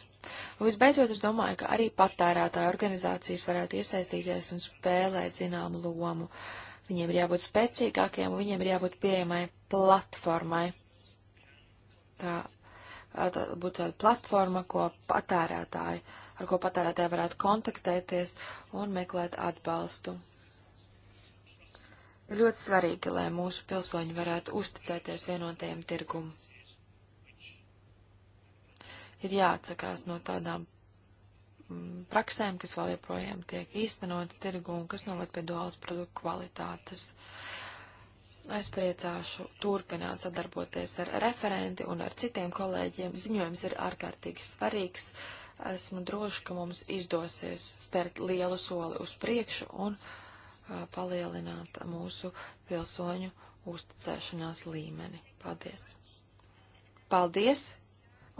Un visbeidzot, es domāju, ka arī patērētāju organizācijas varētu iesaistīties un spēlēt zināmu lomu. Viņiem ir jābūt spēcīgākiem, un viņiem ir jābūt pieejamai platformai. Tā, tā būtu tāda platforma, ko patērētāji, ar ko patērētāji varētu kontaktēties un meklēt atbalstu. Ir ļoti svarīgi, lai mūsu pilsoņi varētu uzticēties vienotajam tirgumam ir jāatsakās no tādām mm, praksēm, kas vēl joprojām tiek īstenotas tirgu un kas noved pie duālas produktu kvalitātes. Es priecāšu turpināt sadarboties ar referenti un ar citiem kolēģiem. Ziņojums ir ārkārtīgi svarīgs. Esmu droši, ka mums izdosies spērt lielu soli uz priekšu un uh, palielināt mūsu pilsoņu uzticēšanās līmeni. Paldies! Paldies!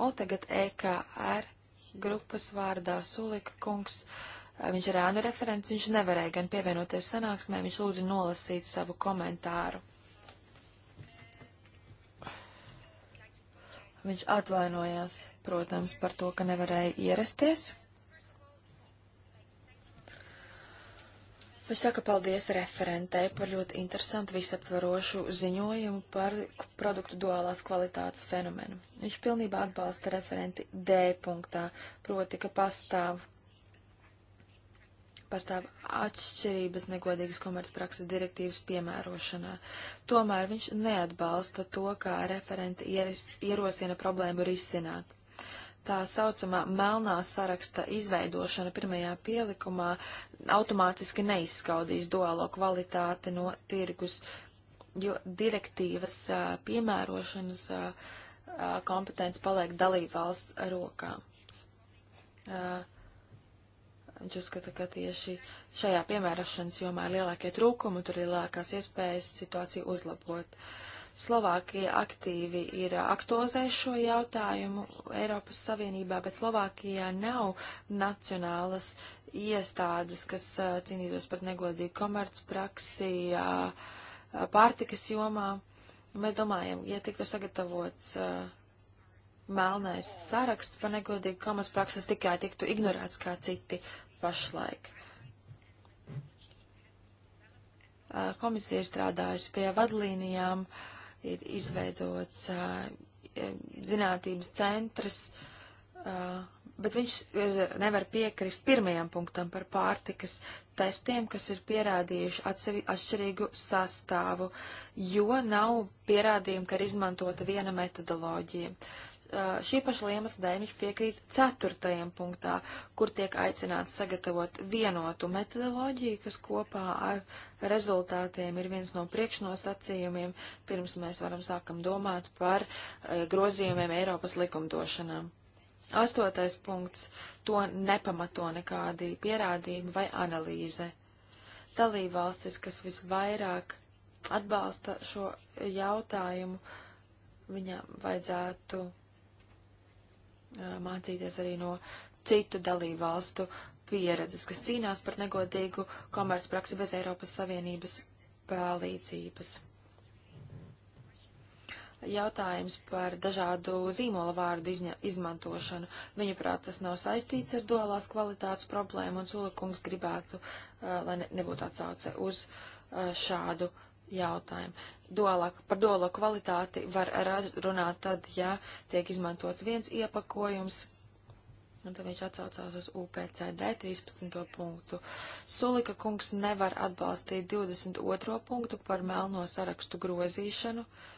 O, tagad EKR grupas vārdā Sulika kungs. Eh, viņš ir ēnu referents, viņš nevarēja gan pievienoties sanāksmē, viņš lūdzu nolasīt savu komentāru. Viņš atvainojās, protams, par to, ka nevarēja ierasties. Es saku paldies referentei par ļoti interesantu visaptvarošu ziņojumu par produktu duālās kvalitātes fenomenu. Viņš pilnībā atbalsta referenti D punktā, proti, ka pastāv, pastāv atšķirības negodīgas komercprakses direktīvas piemērošanā. Tomēr viņš neatbalsta to, kā referenti ierosina problēmu risināt tā saucamā melnā saraksta izveidošana pirmajā pielikumā automātiski neizskaudīs duālo kvalitāti no tirgus, jo direktīvas piemērošanas kompetence paliek dalību valsts rokām. Viņš uzskata, ka tieši šajā piemērošanas jomā ir lielākie trūkumi, tur ir lielākās iespējas situāciju uzlabot. Uh, Slovākija aktīvi ir aktualizējuši šo jautājumu Eiropas Savienībā, bet Slovākijā nav nacionālas iestādes, kas cīnītos pret negodīgu komercpraksi pārtikas jomā. Mēs domājam, ja tiktu sagatavots melnais saraksts par negodīgu komercprakses, tikai tiktu ignorēts kā citi pašlaik komisija ir strādājusi pie vadlīnijām ir izveidots uh, zinātības centrs, uh, bet viņš nevar piekrist pirmajam punktam par pārtikas testiem, kas ir pierādījuši atsevi, atšķirīgu sastāvu, jo nav pierādījumu, ka ir izmantota viena metodoloģija. Uh, šī paša iemesla dēļ viņš piekrīt ceturtajam punktā, kur tiek aicināts sagatavot vienotu metodoloģiju, kas kopā ar rezultātiem ir viens no priekšnosacījumiem, pirms mēs varam sākam domāt par uh, grozījumiem Eiropas likumdošanām. Astotais punkts - to nepamato nekādi pierādījumi vai analīze. Dalībvalstis, kas visvairāk atbalsta šo jautājumu, viņām vajadzētu mācīties arī no citu dalību valstu pieredzes, kas cīnās par negodīgu komercpraksi bez Eiropas Savienības palīdzības. Jautājums par dažādu zīmola vārdu izņa, izmantošanu. Viņuprāt, tas nav saistīts ar dualās kvalitātes problēmu, un Sulikums gribētu, uh, lai ne, nebūtu atsauce uz uh, šādu jautājumu duālā, par duālo kvalitāti var runāt tad, ja tiek izmantots viens iepakojums. Un tad viņš atsaucās uz UPCD 13. punktu. Sulika kungs nevar atbalstīt 22. punktu par melno sarakstu grozīšanu. Uh,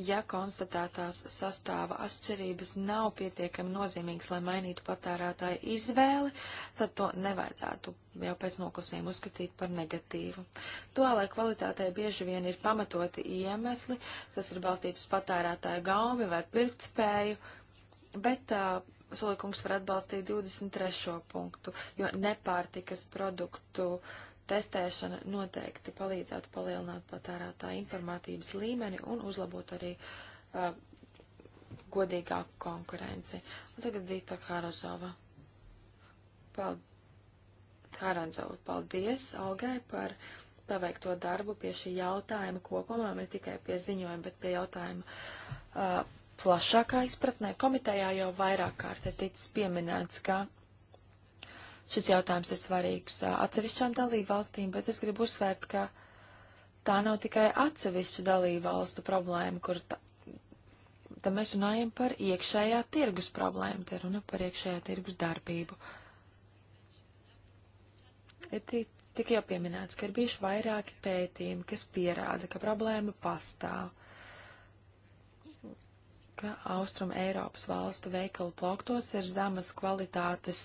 ja konstatētās sastāva atšķirības nav pietiekami nozīmīgas, lai mainītu patērētāju izvēli, tad to nevajadzētu jau pēc noklusiem uzskatīt par negatīvu. To, lai kvalitātei bieži vien ir pamatoti iemesli, tas ir balstīts uz patērētāju gaumi vai pirktspēju, bet uh, Solikums var atbalstīt 23. punktu, jo nepārtikas produktu uh, testēšana noteikti palīdzētu palielināt patērētāja informētības līmeni un uzlabot arī uh, godīgāku konkurenci. Un tagad Dita Harazova. Paldies, Haranzova, paldies Algai par paveikto darbu pie šī jautājuma kopumā, ne tikai pie ziņojuma, bet pie jautājuma uh, plašākā izpratnē. Komitejā jau vairāk kārt ir ticis pieminēts, ka Šis jautājums ir svarīgs atsevišķām dalību valstīm, bet es gribu uzsvērt, ka tā nav tikai atsevišķu dalību valstu problēma, kur ta, ta mēs runājam par iekšējā tirgus problēmu, te runa par iekšējā tirgus darbību. Ir tik jau pieminēts, ka ir bijuši vairāki pētījumi, kas pierāda, ka problēma pastāv ka Austrum Eiropas valstu veikalu plauktos ir zemas kvalitātes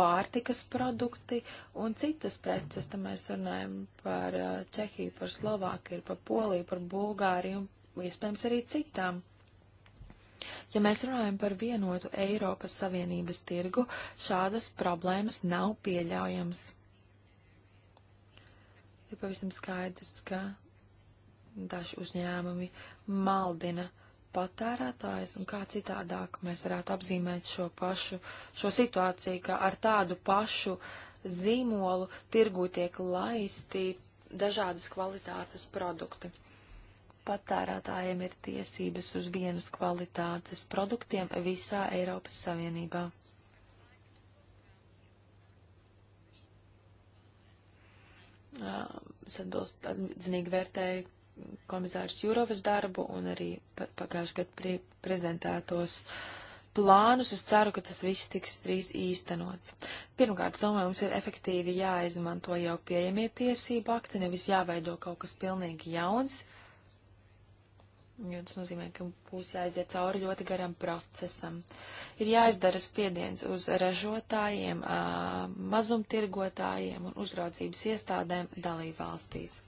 pārtikas produkti un citas preces. Te mēs runājam par uh, Čehiju, par Slovākiju, par Poliju, par Bulgāriju un iespējams arī citām. Ja mēs runājam par vienotu Eiropas Savienības tirgu, šādas problēmas nav pieļaujams. Ir pavisam skaidrs, ka daži uzņēmumi maldina patērētājs un kā citādāk mēs varētu apzīmēt šo pašu, šo situāciju, ka ar tādu pašu zīmolu tirgū tiek laisti dažādas kvalitātes produkti. Patērētājiem ir tiesības uz vienas kvalitātes produktiem visā Eiropas Savienībā. Es atbilst, atzinīgi vērtēju komisārs Jurovas darbu un arī pagājušajā gadu pre prezentētos plānus. Es ceru, ka tas viss tiks drīz īstenots. Pirmkārt, domāju, mums ir efektīvi jāizmanto jau pieejamie tiesību akti, nevis jāveido kaut kas pilnīgi jauns. Jo tas nozīmē, ka būs jāiziet cauri ļoti garam procesam. Ir jāizdara spiediens uz ražotājiem, mazumtirgotājiem un uzraudzības iestādēm dalībvalstīs.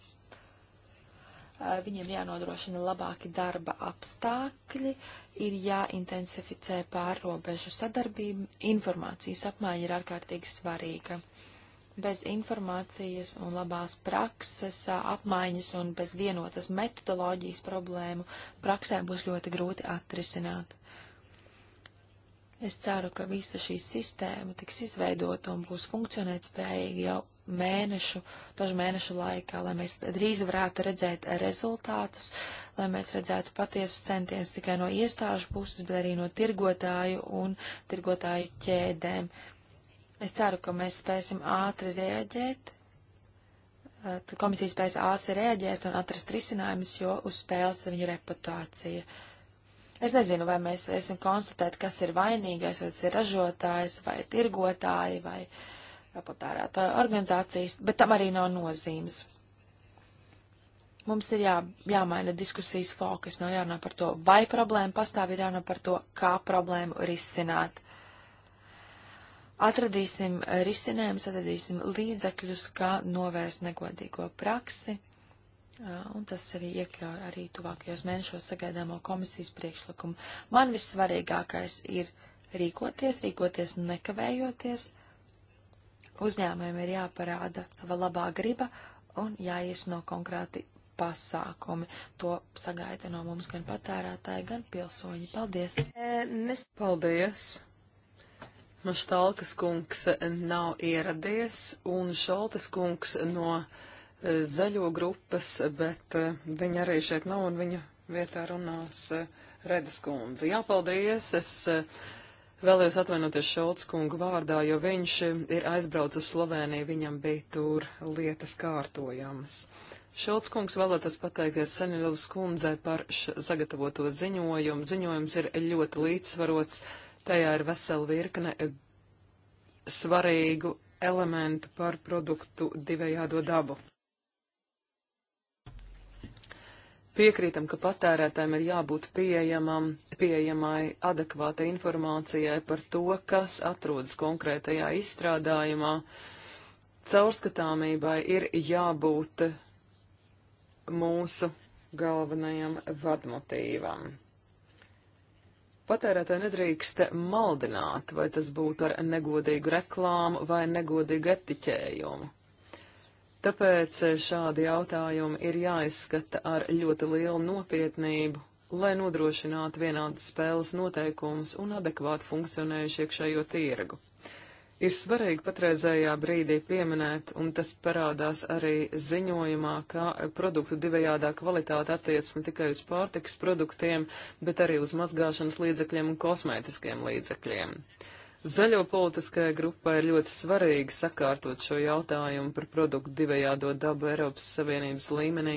Eh, viņiem jānodrošina labāki darba apstākļi, ir jāintensificē pārrobežu sadarbība. Informācijas apmaiņa ir ārkārtīgi svarīga. Bez informācijas un labās prakses eh, apmaiņas un bez vienotas metodoloģijas problēmu praksē būs ļoti grūti atrisināt. Es ceru, ka visa šī sistēma tiks izveidota un būs funkcionēt spējīga jau mēnešu, dažu mēnešu laikā, lai mēs drīz varētu redzēt rezultātus, lai mēs redzētu patiesu centienus tikai no iestāžu puses, bet arī no tirgotāju un tirgotāju ķēdēm. Es ceru, ka mēs spēsim ātri reaģēt, tad komisija spēs āsi reaģēt un atrast risinājumus, jo uz spēles ir viņu reputācija. Es nezinu, vai mēs esam konstatēt, kas ir vainīgais, vai tas ir ražotājs, vai tirgotāji, vai uh, patērētāju organizācijas, bet tam arī nav nozīmes. Mums ir jā, jāmaina diskusijas fokus, nav jārunā par to, vai problēma pastāv, ir jārunā par to, kā problēmu risināt. Atradīsim risinājumus, atradīsim līdzekļus, kā novērst negodīgo praksi, un tas arī iekļauj arī tuvākajos mēnešos sagaidāmo komisijas priekšlikumu. Man vissvarīgākais ir rīkoties, rīkoties nekavējoties Uzņēmējiem ir jāparāda sava labā griba un jāizno konkrēti pasākumi. To sagaida no mums gan patērētāji, gan pilsoņi. Paldies! Eh, Mēs... Paldies! Maštalkas kungs nav ieradies un Šoltes kungs no eh, zaļo grupas, bet eh, viņa arī šeit nav un viņa vietā runās Redas kundze. Jā, paldies! Es, Vēlējos atvainoties Šolts kungu vārdā, jo viņš ir aizbraucis uz Sloveniju, viņam bija tur lietas kārtojamas. Šolts kungs vēlētos pateikties Senilovas kundzei par sagatavoto ziņojumu. Ziņojums ir ļoti līdzsvarots, tajā ir vesela virkne e, svarīgu elementu par produktu divējādo dabu. Piekrītam, ka patērētājiem ir jābūt pieejamam, pieejamai adekvātai informācijai par to, kas atrodas konkrētajā izstrādājumā. Caurskatāmībai ir jābūt mūsu galvenajam vadmotīvam. Patērētāji nedrīkst maldināt, vai tas būtu ar negodīgu reklāmu vai negodīgu etiķējumu. Tāpēc eh, šādi jautājumi ir jāizskata ar ļoti lielu nopietnību, lai nodrošinātu vienādas spēles noteikumus un adekvāti funkcionējuši iekšējo tirgu. Ir svarīgi patreizējā brīdī pieminēt, un tas parādās arī ziņojumā, ka produktu divējādā kvalitāte attiec ne tikai uz pārtiks produktiem, bet arī uz mazgāšanas līdzekļiem un kosmētiskiem līdzekļiem. līdzekļiem. Zaļo politiskajai grupai ir ļoti svarīgi sakārtot šo jautājumu par produktu divējādo dabu Eiropas Savienības līmenī,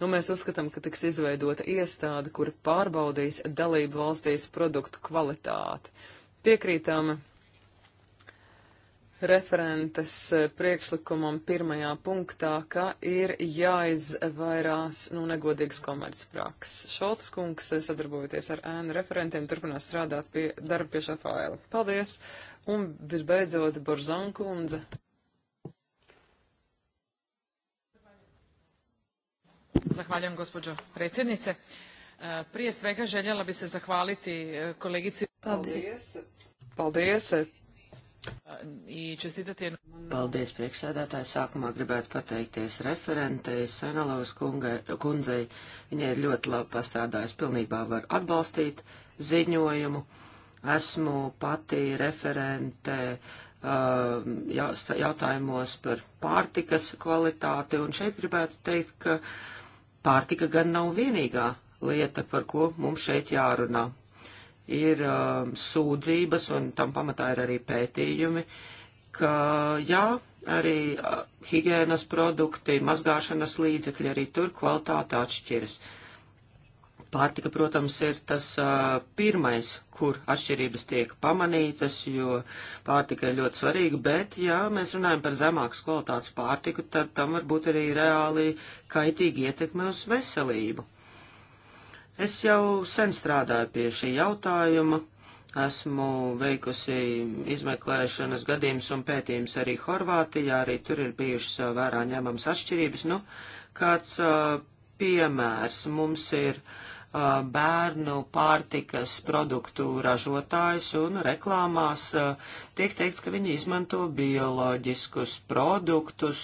un nu, mēs uzskatām, ka tiks izveidota iestāde, kura pārbaudīs dalību valstīs produktu kvalitāti. Piekrītām referentes eh, priekšlikumam pirmajā punktā, ka ir jāizvairās no nu, negodīgas komercprāks. Šoltas kungs, eh, sadarbojoties ar ēnu referentiem, turpinās strādāt pie darba pie šā faila. Paldies! Un visbeidzot, Borzan kundze. Zahvaljujem, gospođo predsjednice. Eh, prije svega željela bi se zahvaliti kolegici... Paldies. Paldies. Paldies, priekšsēdētāji. Sākumā gribētu pateikties referentei Senalovas kundzei. Viņai ir ļoti labi pastrādājusi, pilnībā var atbalstīt ziņojumu. Esmu pati referente jautājumos par pārtikas kvalitāti, un šeit gribētu teikt, ka pārtika gan nav vienīgā lieta, par ko mums šeit jārunā ir um, sūdzības, un tam pamatā ir arī pētījumi, ka jā, arī uh, higienas produkti, mazgāšanas līdzekļi, arī tur kvalitāte atšķiras. Pārtika, protams, ir tas uh, pirmais, kur atšķirības tiek pamanītas, jo pārtika ir ļoti svarīga, bet, ja mēs runājam par zemākas kvalitātes pārtiku, tad tam var būt arī reāli kaitīgi ietekme uz veselību. Es jau sen strādāju pie šī jautājuma. Esmu veikusi izmeklēšanas gadījumus un pētījumus arī Horvātijā, arī tur ir bijušas vērā ņemamas atšķirības. Nu, kāds uh, piemērs mums ir uh, bērnu pārtikas produktu ražotājs un reklāmās uh, tiek teikts, ka viņi izmanto bioloģiskus produktus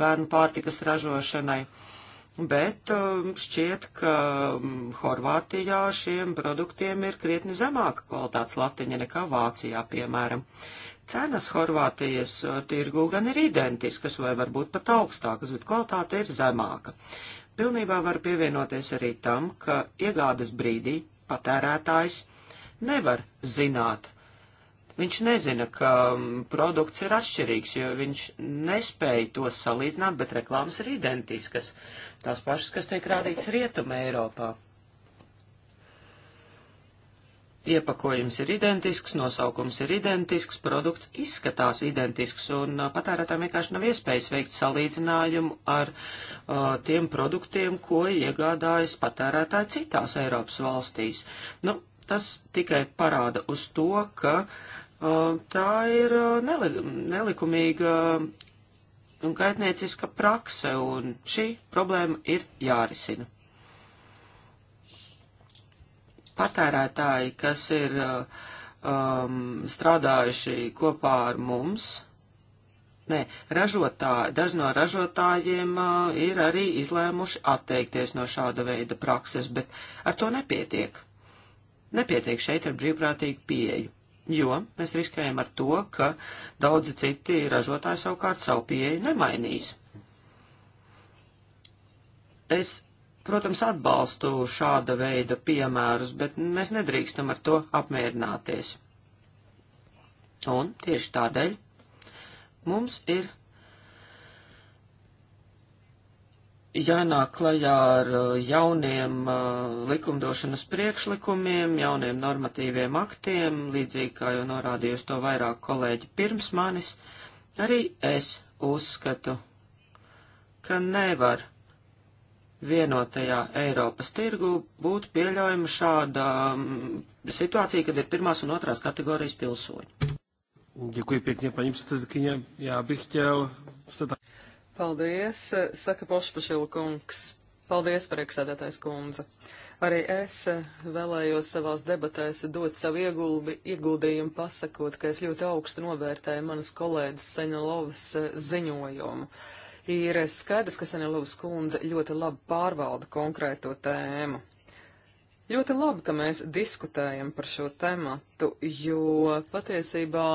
bērnu pārtikas ražošanai. Uh, bet um, šķiet, ka um, Horvātijā šiem produktiem ir krietni zemāka kvalitātes latiņa nekā Vācijā, piemēram. Cenas Horvātijas uh, tirgū gan ir identiskas vai varbūt pat augstākas, bet kvalitāte ir zemāka. Pilnībā var pievienoties arī tam, ka iegādes brīdī patērētājs nevar zināt, Viņš nezina, ka um, produkts ir atšķirīgs, jo viņš nespēja tos salīdzināt, bet reklāmas ir identiskas tās pašas, kas tiek rādīts Rietuma Eiropā. Iepakojums ir identisks, nosaukums ir identisks, produkts izskatās identisks, un patērētājiem vienkārši nav iespējas veikt salīdzinājumu ar uh, tiem produktiem, ko iegādājas patērētāji citās Eiropas valstīs. Nu, tas tikai parāda uz to, ka uh, tā ir uh, nelikumīga un gaitnieciska prakse, un šī problēma ir jārisina. Patērētāji, kas ir uh, um, strādājuši kopā ar mums, Nē, ražotāji, daži no ražotājiem uh, ir arī izlēmuši atteikties no šāda veida prakses, bet ar to nepietiek. Nepietiek šeit ar brīvprātīgu pieeju jo mēs riskējam ar to, ka daudzi citi ražotāji savukārt savu pieeju nemainīs. Es, protams, atbalstu šāda veida piemērus, bet mēs nedrīkstam ar to apmierināties. Un tieši tādēļ mums ir jānāk klajā ar uh, jauniem uh, likumdošanas priekšlikumiem, jauniem normatīviem aktiem, līdzīgi kā jau norādījusi to vairāk kolēģi pirms manis, arī es uzskatu, ka nevar vienotajā Eiropas tirgu būt pieļaujama šāda um, situācija, kad ir pirmās un otrās kategorijas pilsoņi. Děkuji pěkně, paní předsedkyně. Já bych chtěl se tak... Paldies, eh, saka Pošpašilkungs. Paldies, priekšsēdētājs kundze. Arī es eh, vēlējos savās debatēs dot savu iegulbi, ieguldījumu pasakot, ka es ļoti augstu novērtēju manas kolēģis Seņalovas eh, ziņojumu. Ir skaidrs, ka Seņalovas kundze ļoti labi pārvalda konkrēto tēmu. Ļoti labi, ka mēs diskutējam par šo tematu, jo patiesībā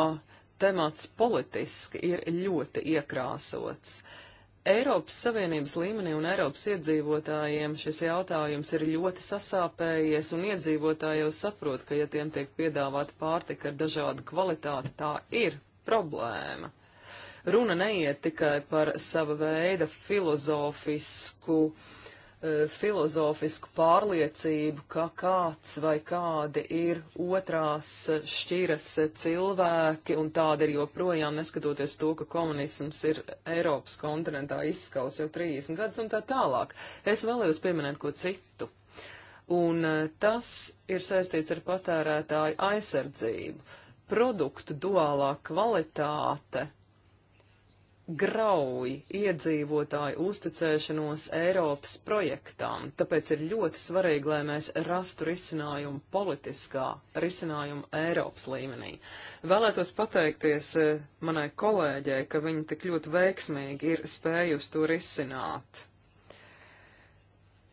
temats politiski ir ļoti iekrāsots. Uh, Eiropas Savienības līmenī un Eiropas iedzīvotājiem šis jautājums ir ļoti sasāpējies, un iedzīvotāji jau saprot, ka, ja tiem tiek piedāvāta pārtika ar dažādu kvalitāti, tā ir problēma. Runa neiet tikai par sava veida filozofisku uh, E, filozofisku pārliecību, ka kāds vai kādi ir otrās šķiras cilvēki, un tāda ir joprojām, neskatoties to, ka komunisms ir Eiropas kontinentā izskaus jau 30 gadus un tā tālāk. Es vēlējos pieminēt ko citu. Un e, tas ir saistīts ar patērētāju aizsardzību. Produktu duālā kvalitāte grauj iedzīvotāju uzticēšanos Eiropas projektām, tāpēc ir ļoti svarīgi, lai mēs rastu risinājumu politiskā, risinājumu Eiropas līmenī. Vēlētos pateikties eh, manai kolēģei, ka viņa tik ļoti veiksmīgi ir spējusi to risināt.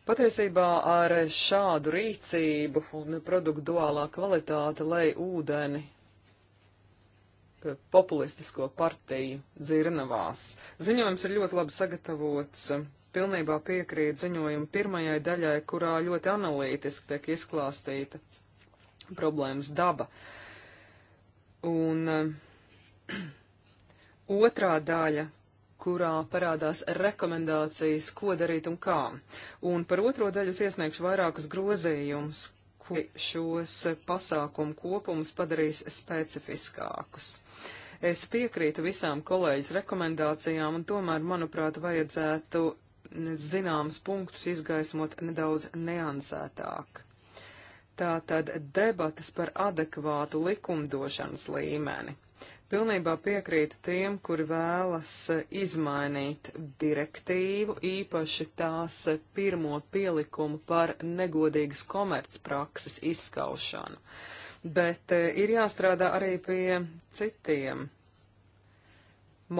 Patiesībā ar šādu rīcību un produktu duālā kvalitāte, lai ūdeni populistisko partiju dzirnavās. Ziņojums ir ļoti labi sagatavots. Pilnībā piekrīt ziņojumu pirmajai daļai, kurā ļoti analītiski tiek izklāstīta problēmas daba. Un eh, otrā daļa, kurā parādās rekomendācijas, ko darīt un kā. Un par otro daļu es iesniegšu vairākus grozījumus, kuri šos pasākumu kopumus padarīs specifiskākus. Es piekrītu visām kolēģis rekomendācijām, un tomēr, manuprāt, vajadzētu zināmas punktus izgaismot nedaudz neansētāk. Tātad debatas par adekvātu likumdošanas līmeni. Pilnībā piekrītu tiem, kuri vēlas eh, izmainīt direktīvu, īpaši tās eh, pirmo pielikumu par negodīgas komercprakses izskaušanu. Bet eh, ir jāstrādā arī pie citiem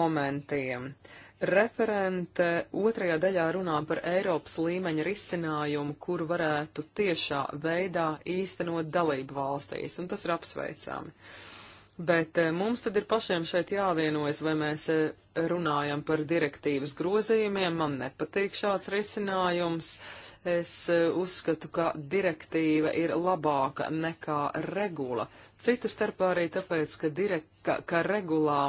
momentiem. Referente otrajā daļā runā par Eiropas līmeņa risinājumu, kuru varētu tiešā veidā īstenot dalību valstīs, un tas ir apsveicami. Uh, Bet eh, mums tad ir pašiem šeit jāvienojas, vai mēs eh, runājam par direktīvas grozījumiem. Man nepatīk šāds risinājums. Es eh, uzskatu, ka direktīva ir labāka nekā regula. Citu starpā arī tāpēc, ka, direk, ka, ka regulā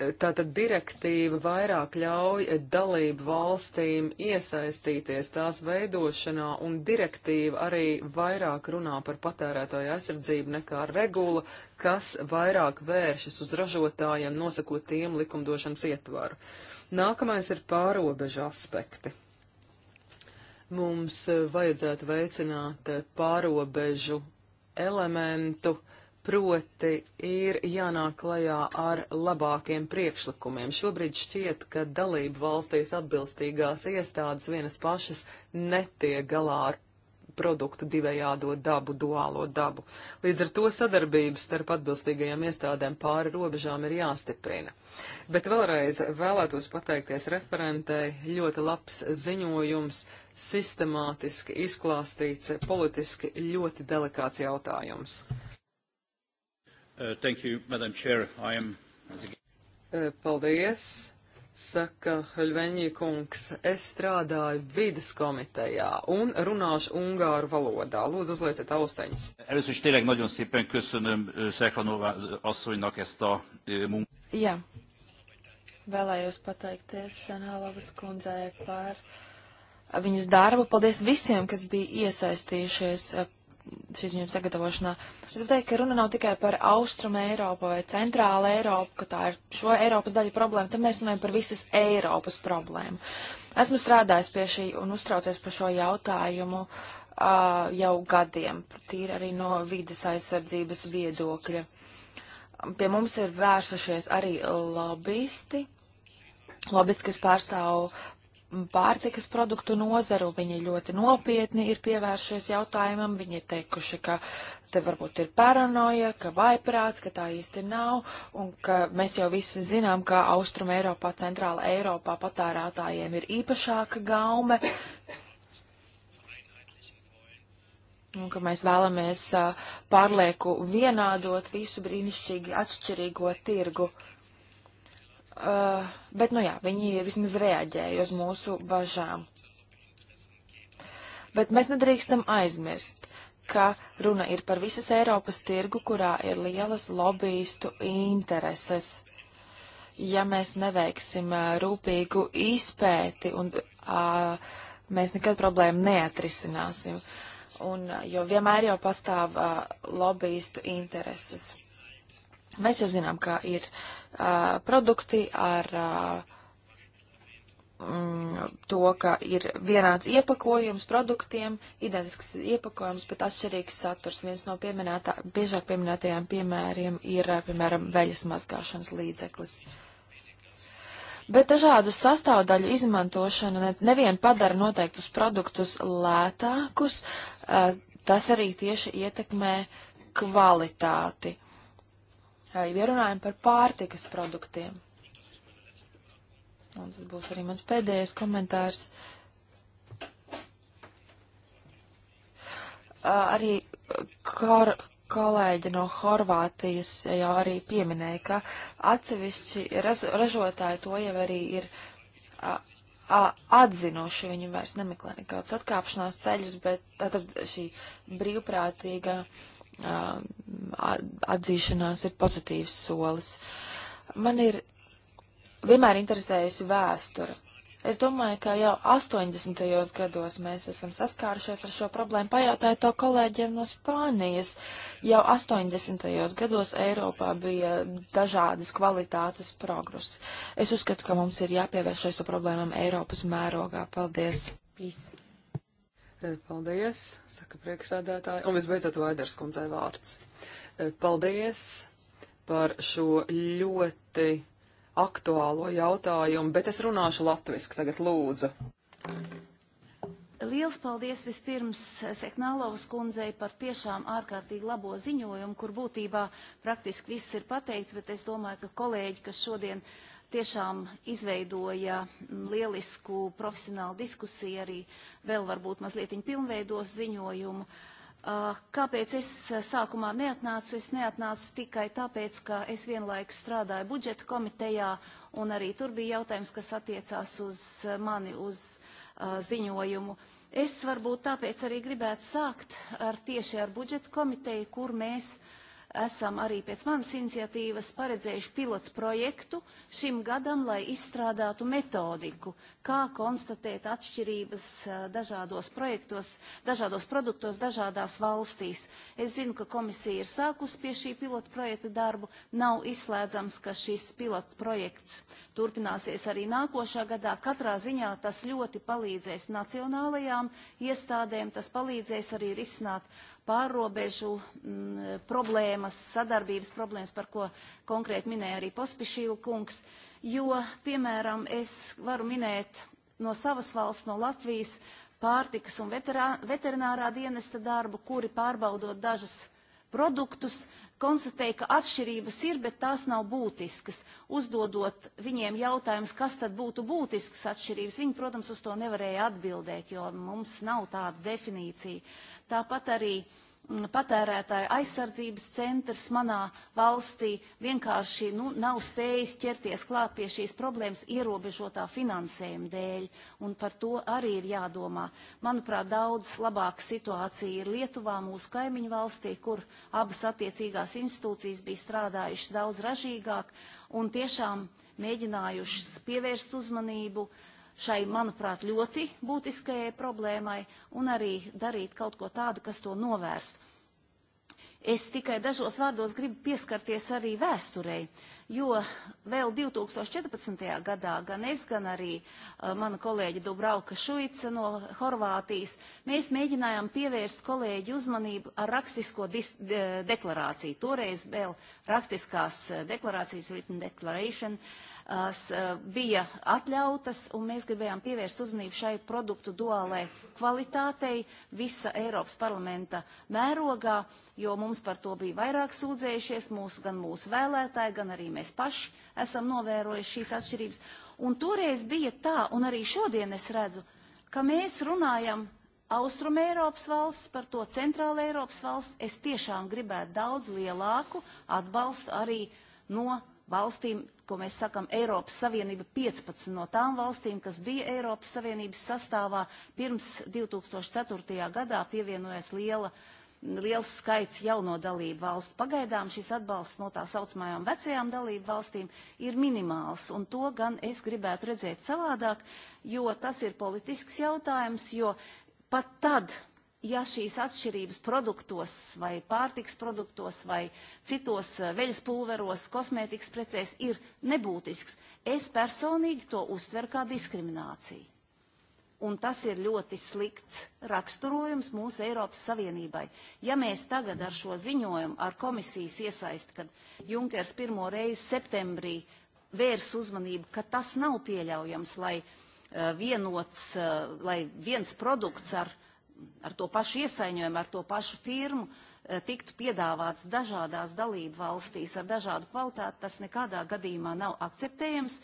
Tātad direktīva vairāk ļauj dalību valstīm iesaistīties tās veidošanā, un direktīva arī vairāk runā par patērētāju aizsardzību nekā regula, kas vairāk vēršas uz ražotājiem, nosakot tiem likumdošanas ietvaru. Nākamais ir pārobežu aspekti. Mums vajadzētu veicināt pārobežu elementu uh, Proti ir jānāk klajā ar labākiem priekšlikumiem. Šobrīd šķiet, ka dalību valstīs atbilstīgās iestādes vienas pašas netiek galā ar produktu divējādo dabu, duālo dabu. Līdz ar to sadarbības starp atbilstīgajām iestādēm pāri robežām ir jāstiprina. Bet vēlreiz vēlētos pateikties referentei, ļoti labs ziņojums, sistemātiski izklāstīts, politiski ļoti delikāts jautājums. Uh, thank you, Madam Chair. I am... Uh, paldies, saka Haļveņī kungs. Es strādāju vidas komitejā un runāšu ungāru valodā. Lūdzu, uzlieciet austeņas. Először is tényleg nagyon szépen köszönöm uh, Seklanova uh, asszonynak ezt a munkát. Jā. Vēlējos pateikties Senhalovas kundzei par viņas darbu. Paldies visiem, kas bija iesaistījušies šīs ziņojuma sagatavošanā. Es gribu teikt, ka runa nav tikai par austrumu Eiropu vai centrālu Eiropu, ka tā ir šo Eiropas daļu problēma, tad mēs runājam par visas Eiropas problēmu. Esmu strādājis pie šī un uztraucies par šo jautājumu uh, jau gadiem, tīri arī no vides aizsardzības viedokļa. Pie mums ir vērsušies arī lobbyisti, lobbyisti, kas pārstāv pārtikas produktu nozaru, viņi ļoti nopietni ir pievēršies jautājumam, viņi ir teikuši, ka te varbūt ir paranoja, ka vaiprāts, ka tā īsti nav, un ka mēs jau visi zinām, ka Austrum Eiropā, Centrāla Eiropā patērētājiem ir īpašāka gaume, Un ka mēs vēlamies pārlieku vienādot visu brīnišķīgi atšķirīgo tirgu. Uh, Uh, bet, nu jā, viņi vismaz reaģēja uz mūsu bažām. Bet mēs nedrīkstam aizmirst, ka runa ir par visas Eiropas tirgu, kurā ir lielas lobbyistu intereses. Ja mēs neveiksim uh, rūpīgu izpēti, un uh, mēs nekad problēmu neatrisināsim, un, jo vienmēr jau pastāv lobbyistu intereses. Mēs jau zinām, kā ir uh, produkti ar mm, to, ka ir vienāds iepakojums produktiem, identisks iepakojums, bet atšķirīgs saturs. Viens no pieminētā, biežāk pieminētajām piemēriem ir, piemēram, veļas mazgāšanas līdzeklis. Bet dažādu sastāvdaļu izmantošana nevien padara noteiktus produktus lētākus, tas arī tieši ietekmē kvalitāti ja runājam par pārtikas produktiem. Un tas būs arī mans pēdējais komentārs. Arī kor, kolēģi no Horvātijas jau arī pieminēja, ka atsevišķi ražotāji to jau arī ir a, a, atzinuši. Viņi vairs nemeklē nekādus atkāpšanās ceļus, bet tātad šī brīvprātīga. Uh, Um, atzīšanās ir pozitīvs solis. Man ir vienmēr interesējusi vēstura. Es domāju, ka jau 80. gados mēs esam saskārušies ar šo problēmu. Pajautāju to kolēģiem no Spānijas. Jau 80. gados Eiropā bija dažādas kvalitātes progress. Es uzskatu, ka mums ir jāpievērš šai problēmām Eiropas mērogā. Paldies! Peace. Eh, paldies, saka priekšsēdētāji. Un visbeidzot Vaidars kundzei vārds. Eh, paldies par šo ļoti aktuālo jautājumu, bet es runāšu latviski tagad lūdzu. Liels paldies vispirms eh, Seknālovas kundzei par tiešām ārkārtīgi labo ziņojumu, kur būtībā praktiski viss ir pateikts, bet es domāju, ka kolēģi, kas šodien uh, tiešām izveidoja mm, lielisku profesionālu diskusiju, arī vēl varbūt mazliet pilnveidos ziņojumu. Kāpēc es sākumā neatnācu? Es neatnācu tikai tāpēc, ka es vienlaikus strādāju budžeta komitejā, un arī tur bija jautājums, kas attiecās uz mani, uz uh, ziņojumu. Es varbūt tāpēc arī gribētu sākt ar tieši ar budžeta komiteju, kur mēs uh, esam arī pēc manas iniciatīvas paredzējuši pilotu projektu šim gadam, lai izstrādātu metodiku, kā konstatēt atšķirības eh, dažādos projektos, dažādos produktos, dažādās valstīs. Es zinu, ka komisija ir sākus pie šī pilotu projekta darbu. Nav izslēdzams, ka šis pilotu projekts turpināsies arī nākošā gadā. Katrā ziņā tas ļoti palīdzēs nacionālajām iestādēm, tas palīdzēs arī risināt pārrobežu m, mm, problēmas, sadarbības problēmas, par ko konkrēti minēja arī Pospišīla kungs, jo, piemēram, es varu minēt no savas valsts, no Latvijas, pārtikas un veterā, veterinārā dienesta darbu, kuri pārbaudot dažas produktus, uh, konstatēja, ka atšķirības ir, bet tās nav būtiskas. Uzdodot viņiem jautājumus, kas tad būtu būtiskas atšķirības, viņi, protams, uz to nevarēja atbildēt, jo mums nav tāda definīcija. Tāpat arī uh, patērētāja aizsardzības centrs manā valstī vienkārši nu, nav spējis ķerties klāt pie šīs problēmas ierobežotā finansējuma dēļ, un par to arī ir jādomā. Manuprāt, daudz labāka situācija ir Lietuvā, mūsu kaimiņu valstī, kur abas attiecīgās institūcijas bija strādājušas daudz ražīgāk un tiešām mēģinājušas pievērst uzmanību uh, šai, manuprāt, ļoti būtiskajai problēmai un arī darīt kaut ko tādu, kas to novērst. Es tikai dažos vārdos gribu pieskarties arī vēsturei, jo vēl 2014. gadā gan es, gan arī uh, mana kolēģa Dubrauka Šuica no Horvātijas, mēs mēģinājām pievērst kolēģi uzmanību ar rakstisko dis, de, deklarāciju. Toreiz vēl rakstiskās uh, deklarācijas, written declaration, uh, Eh, bija atļautas, un mēs gribējām pievērst uzmanību šai produktu duālai kvalitātei visa Eiropas parlamenta mērogā, jo mums par to bija vairāk sūdzējušies, mūsu, gan mūsu vēlētāji, gan arī mēs paši esam novērojuši šīs atšķirības. Un toreiz bija tā, un arī šodien es redzu, ka mēs runājam Austrum Eiropas valsts, par to Centrāla Eiropas valsts, es tiešām gribētu daudz lielāku atbalstu arī no valstīm, ko mēs sakam Eiropas Savienība, 15 no tām valstīm, kas bija Eiropas Savienības sastāvā, pirms 2004. gadā pievienojas liela liels skaits jauno dalību valstu. Pagaidām šis atbalsts no tā saucamajām vecajām dalību valstīm ir minimāls, un to gan es gribētu redzēt savādāk, jo tas ir politisks jautājums, jo pat tad, ja šīs atšķirības produktos vai pārtiks produktos vai citos eh, veļas pulveros, kosmētikas precēs ir nebūtisks, es personīgi to uztveru kā diskrimināciju. Un tas ir ļoti slikts raksturojums mūsu Eiropas Savienībai. Ja mēs tagad ar šo ziņojumu, ar komisijas iesaisti, kad Junkers pirmo reizi septembrī vērs uzmanību, ka tas nav pieļaujams, lai uh, vienots, uh, lai viens produkts ar ar to pašu iesaiņojumu, ar to pašu firmu eh, tiktu piedāvāts dažādās dalību valstīs ar dažādu kvalitāti, tas nekādā gadījumā nav akceptējams.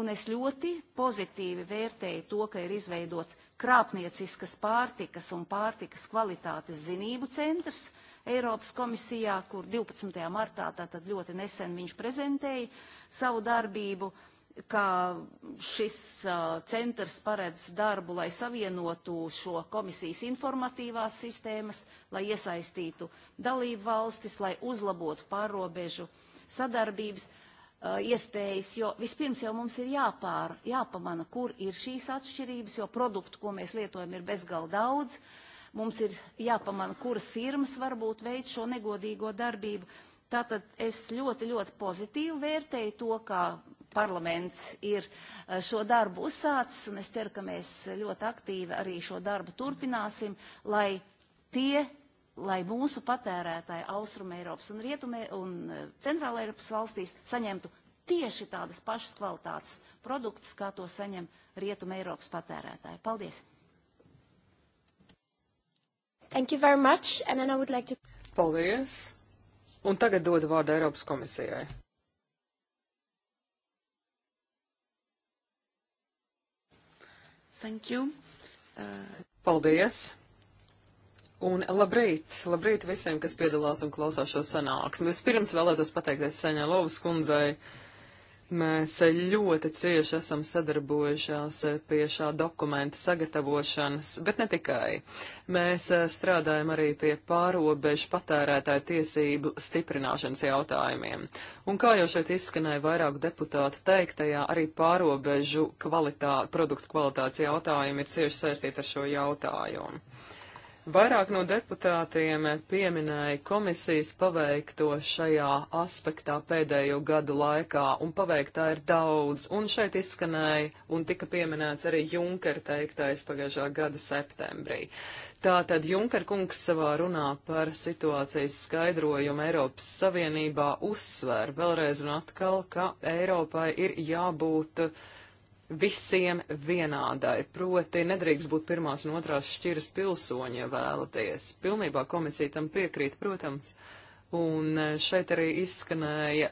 Un es ļoti pozitīvi vērtēju to, ka ir izveidots krāpnieciskas pārtikas un pārtikas kvalitātes zinību centrs Eiropas komisijā, kur 12. martā tātad ļoti nesen viņš prezentēja savu darbību. Uh, ka šis uh, centrs paredz darbu, lai savienotu šo komisijas informatīvās sistēmas, lai iesaistītu dalību valstis, lai uzlabotu pārobežu sadarbības uh, iespējas, jo vispirms jau mums ir jāpār, jāpamana, kur ir šīs atšķirības, jo produktu, ko mēs lietojam, ir bezgal daudz. Mums ir jāpamana, kuras firmas varbūt veic šo negodīgo darbību. Tātad es ļoti, ļoti pozitīvi vērtēju to, kā parlaments ir eh, šo darbu uzsācis, un es ceru, ka mēs ļoti aktīvi arī šo darbu turpināsim, lai tie, lai mūsu patērētāji Austrum Eiropas un Rietumē un eh, Centrāla Eiropas valstīs saņemtu tieši tādas pašas kvalitātes produktus, kā to saņem Rietum Eiropas patērētāji. Paldies! Thank you very much, and then I would like to... Paldies! Un tagad dodu vārdu Eiropas komisijai. Thank you. Uh... Paldies! Un labrīt! Labrīt visiem, kas piedalās un klausās šo sanāksmi. Vispirms vēlētos pateikties Saņa Lovas kundzei Mēs ļoti cieši esam sadarbojušās pie šā dokumenta sagatavošanas, bet ne tikai. Mēs eh, strādājam arī pie pārobežu patērētāju tiesību stiprināšanas jautājumiem. Un kā jau šeit izskanēja vairāku deputātu teiktajā, arī pārobežu kvalitā, produktu kvalitātes jautājumi ir cieši saistīti ar šo jautājumu. Vairāk no deputātiem pieminēja komisijas paveikto šajā aspektā pēdējo gadu laikā, un paveiktā ir daudz, un šeit izskanēja un tika pieminēts arī Junkera teiktais pagājušā gada septembrī. Tātad Junker kungs savā runā par situācijas skaidrojumu Eiropas Savienībā uzsver vēlreiz un atkal, ka Eiropai ir jābūt uh, visiem vienādai, proti nedrīkst būt pirmās un otrās šķiras pilsoņi, ja vēlaties. Pilnībā komisija tam piekrīt, protams, un e, šeit arī izskanēja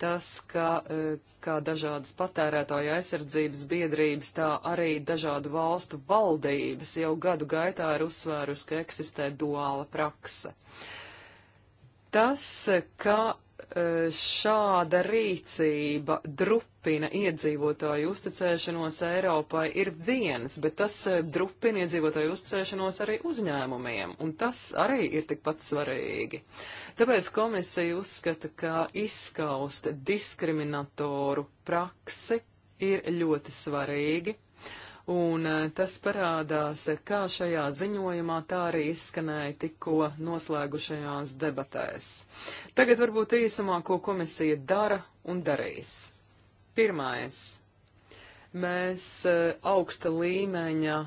tas, ka e, kā dažādas patērētāja aizsardzības biedrības, tā arī dažādu valstu valdības jau gadu gaitā ir uzsvērusi, ka eksistē duāla prakse. Tas, e, ka E, šāda rīcība drupina iedzīvotāju uzticēšanos Eiropai ir viens, bet tas e, drupina iedzīvotāju uzticēšanos arī uzņēmumiem, un tas arī ir tikpat svarīgi. Tāpēc komisija uzskata, ka izskaust diskriminatoru praksi ir ļoti svarīgi, un eh, tas parādās kā šajā ziņojumā, tā arī izskanēja tikko noslēgušajās debatēs. Tagad varbūt īsumā, ko komisija dara un darīs. Pirmais. Mēs eh, augsta līmeņa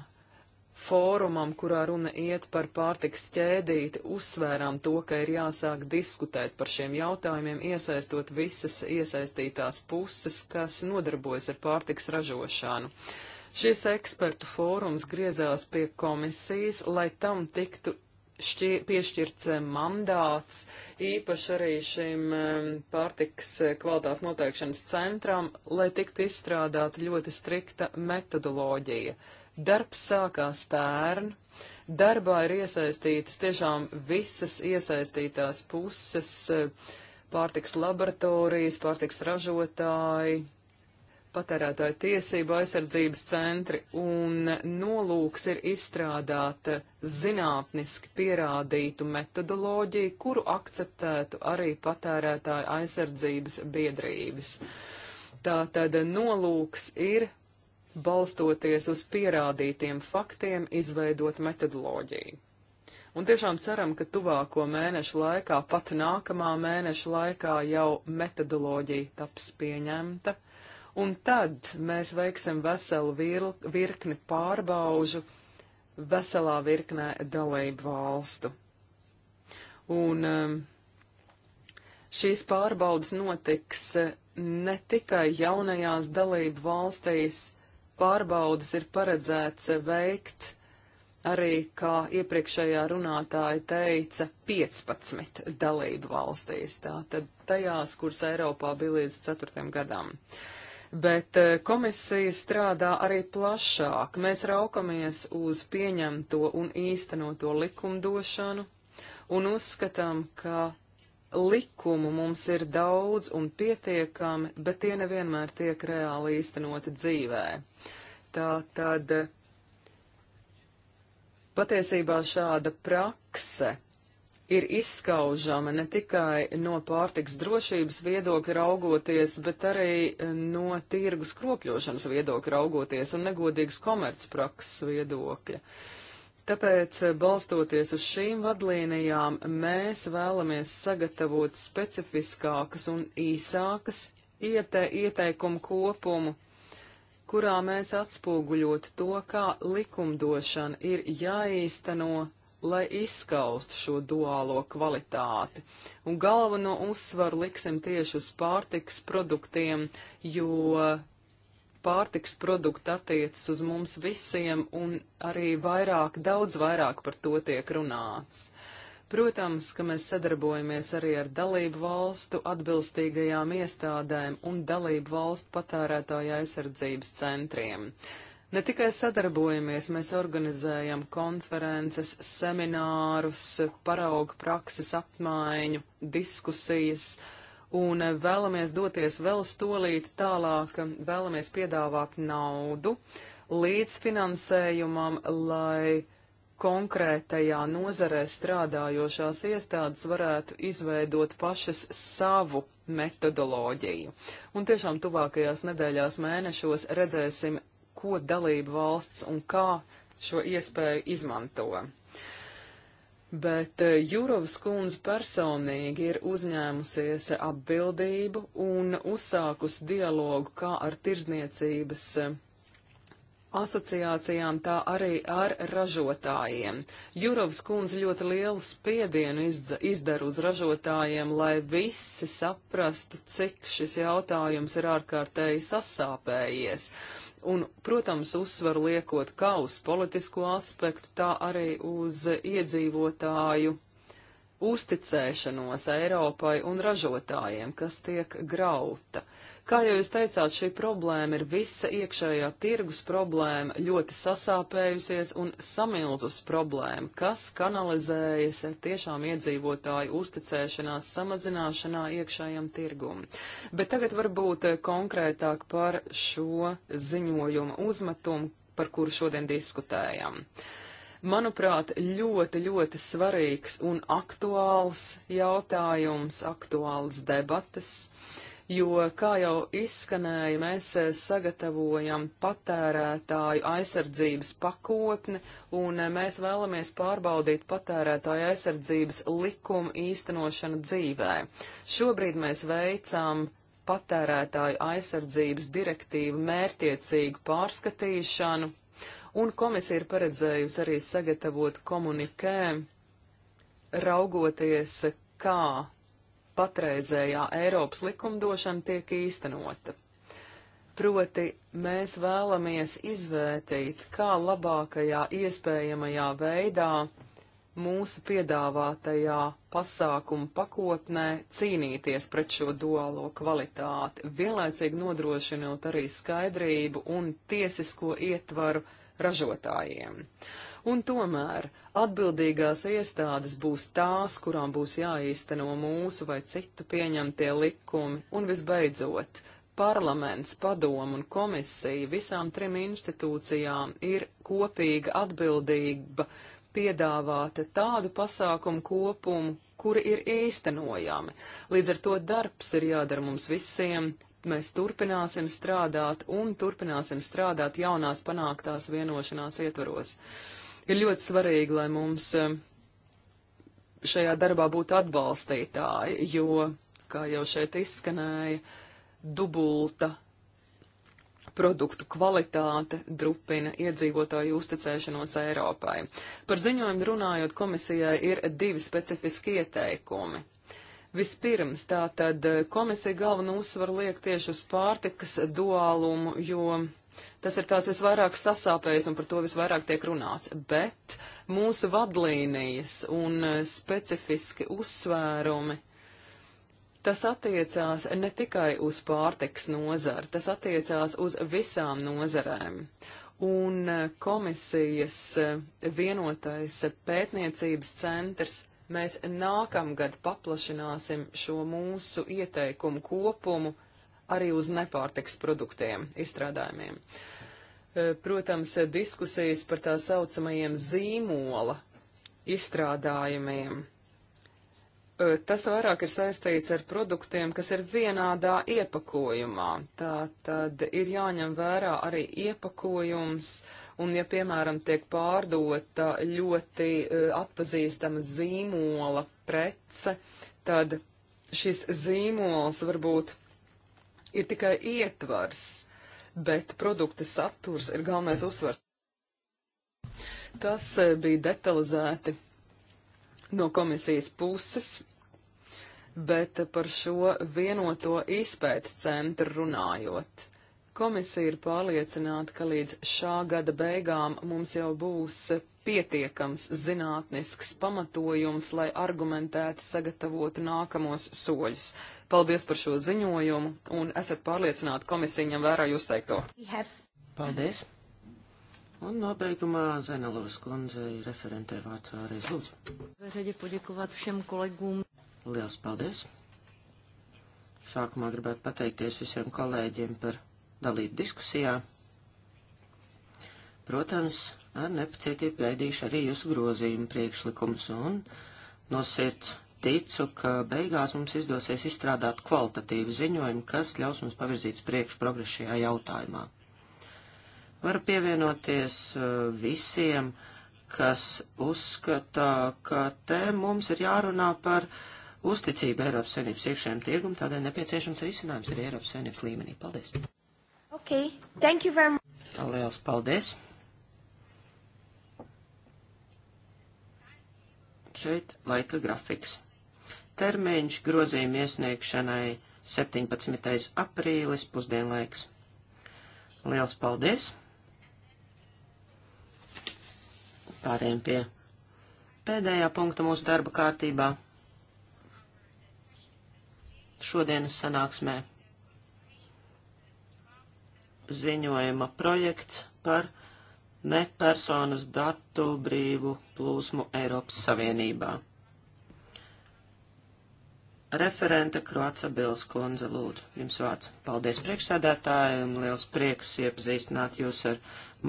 fórumam, kurā runa iet par pārtiks ķēdīti, uzsvērām to, ka ir jāsāk diskutēt par šiem jautājumiem, iesaistot visas iesaistītās puses, kas nodarbojas ar pārtiks ražošanu. Šis ekspertu fórums griezās pie komisijas, lai tam tiktu šķi, piešķirts eh, mandāts īpaši arī šim eh, pārtiks eh, kvalitātes noteikšanas centram, lai tiktu izstrādāta ļoti strikta metodoloģija. Darbs sākās pērn, darbā ir iesaistītas tiešām visas iesaistītās puses, pārtiks laboratorijas, pārtiks ražotāji, patērētāju tiesību aizsardzības centri, un nolūks ir izstrādāt zinātniski pierādītu metodoloģiju, kuru akceptētu arī patērētāju aizsardzības biedrības. Tātad nolūks ir, balstoties uz pierādītiem faktiem, izveidot metodoloģiju. Un tiešām ceram, ka tuvāko mēnešu laikā, pat nākamā mēneša laikā jau metodoloģija taps pieņemta. Uh, un tad mēs veiksim veselu virkni pārbaužu veselā virknē dalību valstu. Un um, šīs pārbaudas notiks uh, ne tikai jaunajās dalību valstīs, pārbaudas ir paredzēts uh, veikt arī, kā iepriekšējā runātāja teica, 15 dalību valstīs, tātad tajās, kuras Eiropā bija līdz 4. gadam. Uh, bet eh, komisija strādā arī plašāk. Mēs raukamies uz pieņemto un īstenoto likumdošanu un uzskatām, ka likumu mums ir daudz un pietiekami, bet tie nevienmēr tiek reāli īstenoti dzīvē. Tā tad patiesībā šāda prakse ir izskaužama ne tikai no pārtiks drošības viedokļa raugoties, bet arī eh, no tirgus kropļošanas viedokļa raugoties un negodīgas komercprakses viedokļa. Tāpēc, eh, balstoties uz šīm vadlīnijām, mēs vēlamies sagatavot specifiskākas un īsākas iete ieteikumu kopumu, kurā mēs atspoguļot to, kā likumdošana ir jāīsteno lai izskaustu šo duālo kvalitāti. Un galveno uzsvaru liksim tieši uz pārtiks produktiem, jo pārtiks produkti attiecas uz mums visiem un arī vairāk, daudz vairāk par to tiek runāts. Protams, ka mēs sadarbojamies arī ar dalību valstu atbilstīgajām iestādēm un dalību valstu patērētāju aizsardzības centriem. Ne tikai sadarbojamies, mēs organizējam konferences, seminārus, paraugu prakses apmaiņu, diskusijas, un vēlamies doties vēl stolīt tālāk, vēlamies piedāvāt naudu līdzfinansējumam, lai konkrētajā nozarē strādājošās iestādes varētu izveidot pašas savu metodoloģiju. Un tiešām tuvākajās nedēļās mēnešos redzēsim ko dalība valsts un kā šo iespēju izmanto. Bet eh, Jurovs kundze personīgi ir uzņēmusies atbildību un uzsākus dialogu kā ar tirzniecības eh, asociācijām, tā arī ar ražotājiem. Jurovs kundze ļoti lielu spiedienu izdara uz ražotājiem, lai visi saprastu, cik šis jautājums ir ārkārtēji sasāpējies un, protams, uzsvaru liekot kā uz politisko aspektu, tā arī uz iedzīvotāju uzticēšanos Eiropai un ražotājiem, kas tiek grauta. Kā jau jūs teicāt, šī problēma ir visa iekšējā tirgus problēma, ļoti sasāpējusies un samilzus problēma, kas kanalizējas tiešām iedzīvotāju uzticēšanās samazināšanā iekšējam tirgum. Bet tagad varbūt konkrētāk par šo ziņojumu uzmetumu, par kuru šodien diskutējam. Uh, manuprāt, ļoti, ļoti svarīgs un aktuāls jautājums, aktuāls debatas, jo, kā jau izskanēja, mēs eh, sagatavojam patērētāju aizsardzības pakotni un eh, mēs vēlamies pārbaudīt patērētāju aizsardzības likumu īstenošanu dzīvē. Šobrīd mēs veicam patērētāju aizsardzības direktīvu mērtiecīgu pārskatīšanu, un komisija ir paredzējusi arī sagatavot komunikē, raugoties, kā patreizējā Eiropas likumdošana tiek īstenota. Proti, mēs vēlamies izvērtīt, kā labākajā iespējamajā veidā mūsu piedāvātajā pasākuma pakotnē cīnīties pret šo duālo kvalitāti, vienlaicīgi nodrošinot arī skaidrību un tiesisko ietvaru ražotājiem. Un tomēr atbildīgās iestādes būs tās, kurām būs jāīsteno mūsu vai citu pieņemtie likumi, un visbeidzot, parlaments, padomu un komisija visām trim institūcijām ir kopīga atbildība piedāvāt tādu pasākumu kopumu, kuri ir īstenojami. Līdz ar to darbs ir jādara mums visiem, mēs turpināsim strādāt un turpināsim strādāt jaunās panāktās vienošanās ietvaros. Ir ļoti svarīgi, lai mums um, šajā darbā būtu atbalstītāji, jo, kā jau šeit izskanēja, dubulta produktu kvalitāte drupina iedzīvotāju uzticēšanos Eiropai. Par ziņojumu runājot, komisijai ir divi specifiski ieteikumi. Vispirms tātad eh, komisija galvenu uzsvaru liek tieši uz pārtikas duālumu, jo tas ir tāds visvairāk sasāpējis un par to visvairāk tiek runāts. Bet mūsu vadlīnijas un eh, specifiski uzsvērumi. Tas attiecās ne tikai uz pārtiks nozari, tas attiecās uz visām nozarēm. Un eh, komisijas vienotais pētniecības centrs Mēs nākamgad paplašināsim šo mūsu ieteikumu kopumu arī uz nepārtiks produktiem, izstrādājumiem. E, protams, diskusijas par tā saucamajiem zīmola izstrādājumiem. E, tas vairāk ir saistīts ar produktiem, kas ir vienādā iepakojumā. Tā tad ir jāņem vērā arī iepakojums, uh, Un, ja, piemēram, tiek pārdota ļoti uh, atpazīstama zīmola prece, tad šis zīmols varbūt ir tikai ietvars, bet produkta saturs ir galvenais uzsvars. Tas e, bija detalizēti no komisijas puses, bet par šo vienoto izpētes centru runājot. Komisija ir pārliecināta, ka līdz šā gada beigām mums jau būs pietiekams zinātnisks pamatojums, lai argumentēti sagatavotu nākamos soļus. Paldies par šo ziņojumu un esat pārliecināti komisija ņem vērā jūs teikto. Paldies. Un nobeigumā Zenelovas kundzei referentē vārds vēlreiz lūdzu. Vēreģi paģekovāt všiem kolegūm. Liels paldies. Sākumā gribētu pateikties visiem kolēģiem par dalību diskusijā. Protams, ar nepacietību gaidīšu arī jūsu grozījumu priekšlikumus un no sirds ticu, ka beigās mums izdosies izstrādāt kvalitatīvu ziņojumu, kas ļaus mums pavirzīt priekš progresu šajā jautājumā. Varu pievienoties uh, visiem, kas uzskata, ka te mums ir jārunā par uzticību Eiropas Savienības iekšējiem tirgumam, tādēļ nepieciešams risinājums ir Eiropas Savienības līmenī. Paldies! Ok, thank you very much. Lielas paldies. Šeit laika grafiks. Termiņš grozījuma iesniegšanai 17. aprīlis pusdienlaiks. Liels paldies! Pārējiem pie pēdējā punkta mūsu darba kārtībā. Šodienas sanāksmē ziņojuma projekts par nepersonas datu brīvu plūsmu Eiropas Savienībā. Referente Kroaca Bils kundze, lūdzu, jums vārds. Paldies priekšsēdētājiem, liels prieks iepazīstināt jūs ar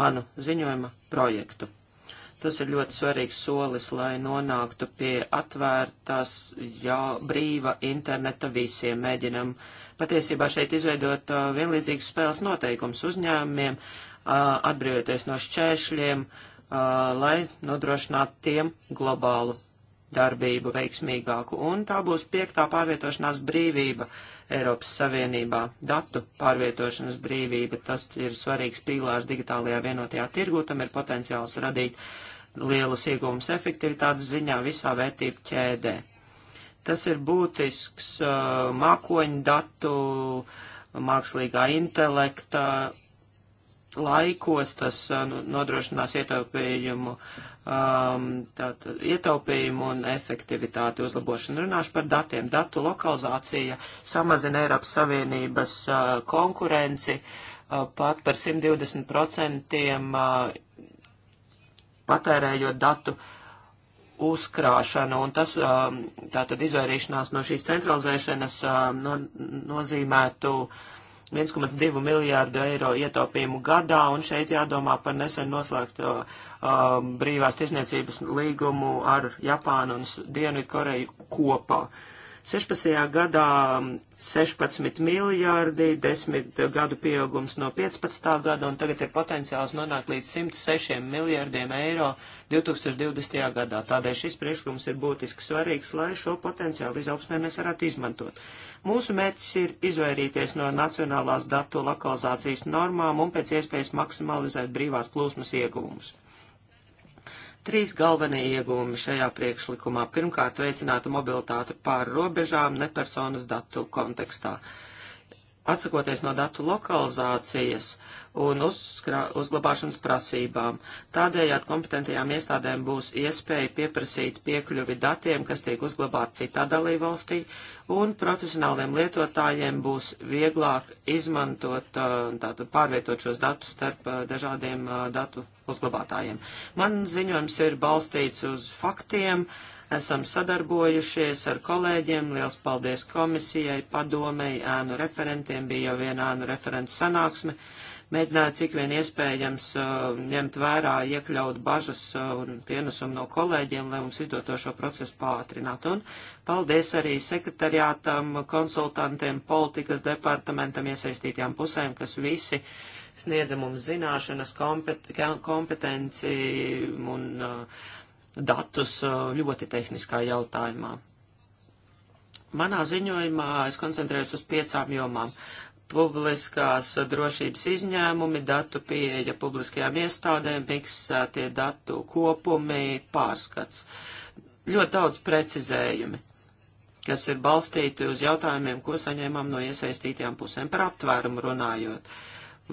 manu ziņojuma projektu. Tas ir ļoti svarīgs solis, lai nonāktu pie atvērtās, jā, brīva interneta visiem. Mēģinam patiesībā šeit izveidot uh, vienlīdzīgas spēles noteikums uzņēmumiem, uh, atbrīvoties no šķēršļiem, uh, lai nodrošinātu tiem globālu darbību veiksmīgāku, un tā būs piektā pārvietošanās brīvība Eiropas Savienībā. Datu pārvietošanas brīvība, tas ir svarīgs pīlārs digitālajā vienotajā tirgū, tam ir potenciāls radīt lielus iegūmus efektivitātes ziņā visā vērtību ķēdē. Tas ir būtisks uh, mākoņu datu, mākslīgā intelekta laikos, tas uh, nu, nodrošinās ietaupījumu, um, tātad, ietaupījumu un efektivitāti uzlabošanu. Runāšu par datiem. Datu lokalizācija samazina Eiropas Savienības uh, konkurenci uh, pat par 120% uh, patērējot datu uzkrāšanu, un tas um, tātad izvairīšanās no šīs centralizēšanas um, no, nozīmētu uh, 1,2 miljārdu eiro ietaupījumu gadā, un šeit jādomā par nesen noslēgto uh, brīvās tirzniecības līgumu ar Japānu un Dienvidu Koreju kopā. Uh, 16. gadā 16 miljārdi, 10 gadu pieaugums no 15. gada, un tagad ir potenciāls nonākt līdz 106 miljārdiem eiro 2020. gadā. Tādēļ šis priekšlikums ir būtiski svarīgs, lai šo potenciālu izaugsmē mēs varētu izmantot. Mūsu mērķis ir izvairīties no nacionālās datu lokalizācijas normām un pēc iespējas maksimalizēt brīvās plūsmas ieguvumus. Trīs galvenie iegūmi šajā priekšlikumā. Pirmkārt, veicinātu mobilitāti pāri robežām nepersonas datu kontekstā. Uh, atsakoties no datu lokalizācijas un uzskrā, uzglabāšanas prasībām. Tādējādi kompetentajām iestādēm būs iespēja pieprasīt piekļuvi datiem, kas tiek uzglabāti citā dalībvalstī, un profesionāliem lietotājiem būs vieglāk izmantot, tātad pārvietot šos datus starp dažādiem datu uzglabātājiem. Man ziņojums ir balstīts uz faktiem. Uh, Esam sadarbojušies ar kolēģiem, liels paldies komisijai, padomei, ēnu referentiem, bija jau viena ēnu referentu sanāksme. Mēģināju cik vien iespējams uh, ņemt vērā, iekļaut bažas uh, un pienesumu no kolēģiem, lai mums izdoto šo procesu pātrināt. Un paldies arī sekretariātam, konsultantiem, politikas departamentam, iesaistītajām pusēm, kas visi sniedza mums zināšanas, kompet kompetenci un uh, datus ļoti tehniskā jautājumā. Manā ziņojumā es koncentrējos uz piecām jomām publiskās drošības izņēmumi, datu pieeja publiskajām iestādēm, miksētie datu kopumi, pārskats. Ļoti daudz precizējumi, kas ir balstīti uz jautājumiem, ko saņēmām no iesaistītajām pusēm par aptvērumu runājot. Uh,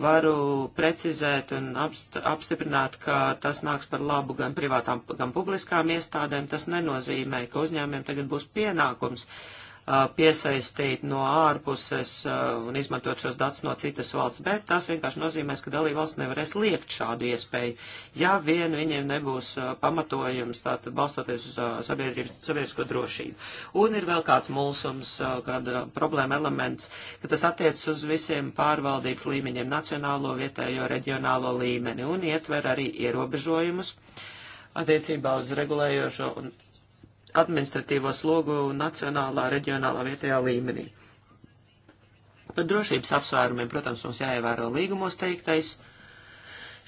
varu precizēt un apstiprināt, ka tas nāks par labu gan privātām, gan publiskām iestādēm. Tas nenozīmē, ka uzņēmiem tagad būs pienākums uh, piesaistīt no ārpuses un izmantot šos datus no citas valsts, bet tas vienkārši nozīmēs, ka dalībvalsts nevarēs liekt šādu iespēju, ja vien viņiem nebūs pamatojums, tātad balstoties uz sabiedrisko drošību. Un ir vēl kāds mulsums, kāda problēma elements, ka tas attiecas uz visiem pārvaldības līmeņiem - nacionālo, vietējo, reģionālo līmeni un ietver arī ierobežojumus attiecībā uz regulējošo un administratīvo slogu nacionālā, reģionālā, vietējā līmenī. Par drošības apsvērumiem, protams, mums jāievēro līgumos teiktais.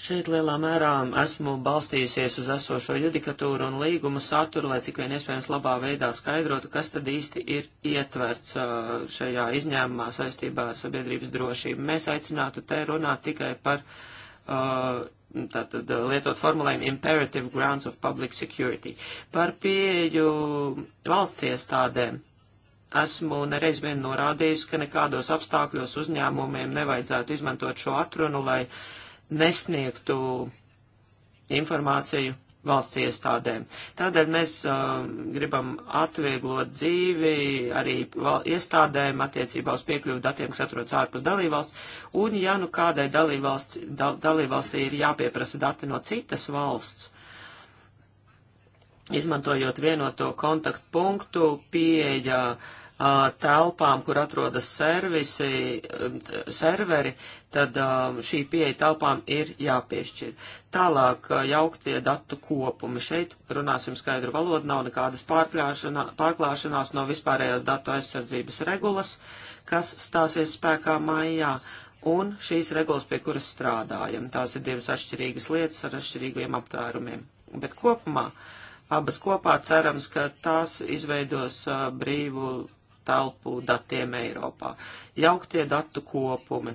Šeit lielā mērā esmu balstījusies uz esošo judikatūru un līgumu saturu, lai cik vien iespējams labā veidā skaidrotu, kas tad īsti ir ietverts šajā izņēmumā saistībā ar sabiedrības drošību. Mēs aicinātu te runāt tikai par uh, tātad eh, lietot formulējumu imperative grounds of public security. Par pieeju valsts iestādēm esmu nereiz vien norādījusi, ka nekādos apstākļos uzņēmumiem nevajadzētu izmantot šo atrunu, lai nesniegtu informāciju valsts iestādēm. Tādēļ mēs uh, gribam atvieglot dzīvi arī iestādēm attiecībā uz piekļuvu datiem, kas atrodas ārpus dalībvalsts, un ja nu kādai dalībvalsts, da, dalībvalstī ir jāpieprasa dati no citas valsts, izmantojot vienoto kontaktpunktu, pieeja uh, telpām, kur atrodas servisi, um, serveri, tad uh, šī pieeja telpām ir jāpiešķir. Tālāk jauktie datu kopumi. Šeit runāsim skaidru valodu, nav nekādas pārklāšanās no vispārējās datu aizsardzības regulas, kas stāsies spēkā maijā, un šīs regulas, pie kuras strādājam. Tās ir divas atšķirīgas lietas ar atšķirīgiem aptvērumiem. Bet kopumā abas kopā cerams, ka tās izveidos brīvu telpu datiem Eiropā. Jauktie datu kopumi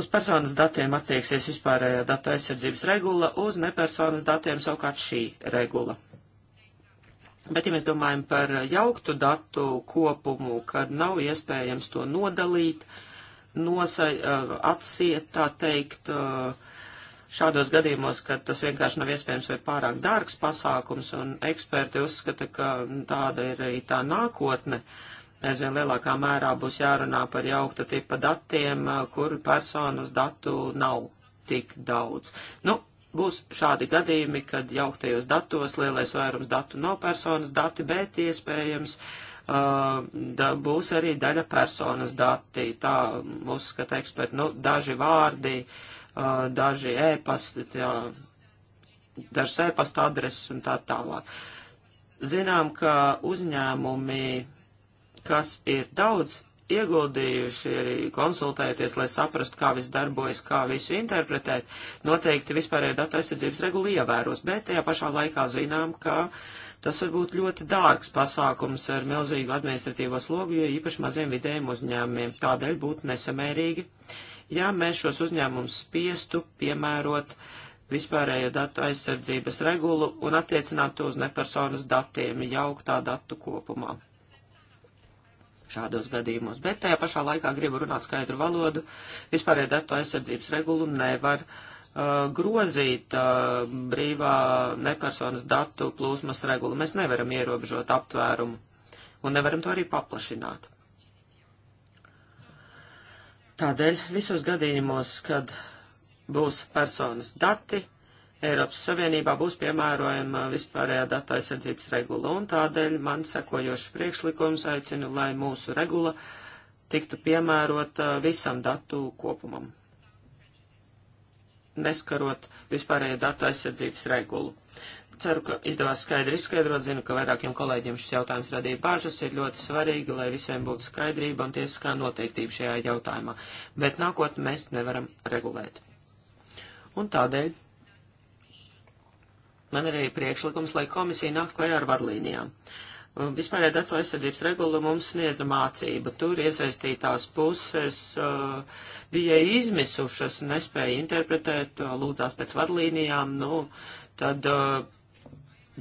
Uz personas datiem attieksies vispārējā datu aizsardzības regula, uz nepersonas datiem savukārt šī regula. Bet, ja mēs domājam par jauktu datu kopumu, kad nav iespējams to nodalīt, nosai, eh, atsiet, tā teikt, eh, šādos gadījumos, kad tas vienkārši nav iespējams vai pārāk dārgs pasākums, un eksperti uzskata, ka tāda ir arī tā nākotne, uh, aizvien lielākā mērā būs jārunā par jaukta tipa datiem, kur personas datu nav tik daudz. Nu, būs šādi gadījumi, kad jauktajos datos lielais vairums datu nav personas dati, bet iespējams uh, da, būs arī daļa personas dati. Tā uzskata eksperti, nu, daži vārdi, uh, daži ēpasti, dažas ēpasta adreses un tā tālāk. Zinām, ka uzņēmumi kas ir daudz ieguldījuši, arī konsultējoties, lai saprastu, kā viss darbojas, kā visu interpretēt, noteikti vispārējā datu aizsardzības regula ievēros, bet tajā pašā laikā zinām, ka tas var būt ļoti dārgs pasākums ar milzīgu administratīvo slogu, jo īpaši maziem vidējiem uzņēmumiem. Tādēļ būtu nesamērīgi, ja mēs šos uzņēmumus spiestu piemērot vispārējo datu aizsardzības regulu un attiecināt to uz nepersonas datiem jauktā datu kopumā šādos gadījumos. Bet tajā pašā laikā gribu runāt skaidru valodu. Vispārējā datu aizsardzības regulu nevar uh, grozīt uh, brīvā nepersonas datu plūsmas regulu. Mēs nevaram ierobežot aptvērumu un nevaram to arī paplašināt. Tādēļ visos gadījumos, kad būs personas dati, uh, Eiropas Savienībā būs piemērojama vispārējā datu aizsardzības regula, un tādēļ man sekojošs priekšlikums aicinu, lai mūsu regula tiktu piemērota visam datu kopumam, neskarot vispārējā datu aizsardzības regulu. Ceru, ka izdevās skaidri izskaidrot, zinu, ka vairākiem kolēģiem šis jautājums radīja bāžas, ir ļoti svarīgi, lai visiem būtu skaidrība un tiesiskā noteiktība šajā jautājumā, bet nākotnē mēs nevaram regulēt. Un tādēļ Man ir arī priekšlikums, lai komisija nāk klajā ar vadlīnijām. Um, vispārējā datu aizsardzības regula mums sniedza mācību. Tur iesaistītās puses uh, bija izmisušas, nespēja interpretēt, uh, lūdzās pēc vadlīnijām, nu, tad uh,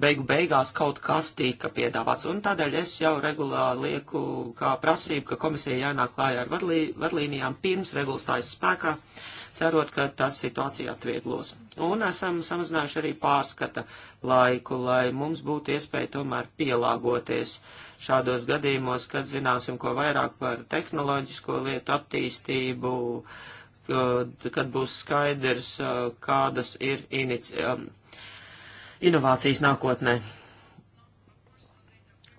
beigu beigās kaut kas tika piedāvāts. Un tādēļ es jau regulāri lieku kā prasību, ka komisija jānāk klājā ar vadlī, vadlīnijām pirms regulas stājas spēkā. Uh, cerot, ka tas situācija atvieglos. Un esam samazinājuši arī pārskata laiku, lai mums būtu iespēja tomēr pielāgoties šādos gadījumos, kad zināsim, ko vairāk par tehnoloģisko lietu attīstību, kad būs skaidrs, kādas ir inici, um, inovācijas nākotnē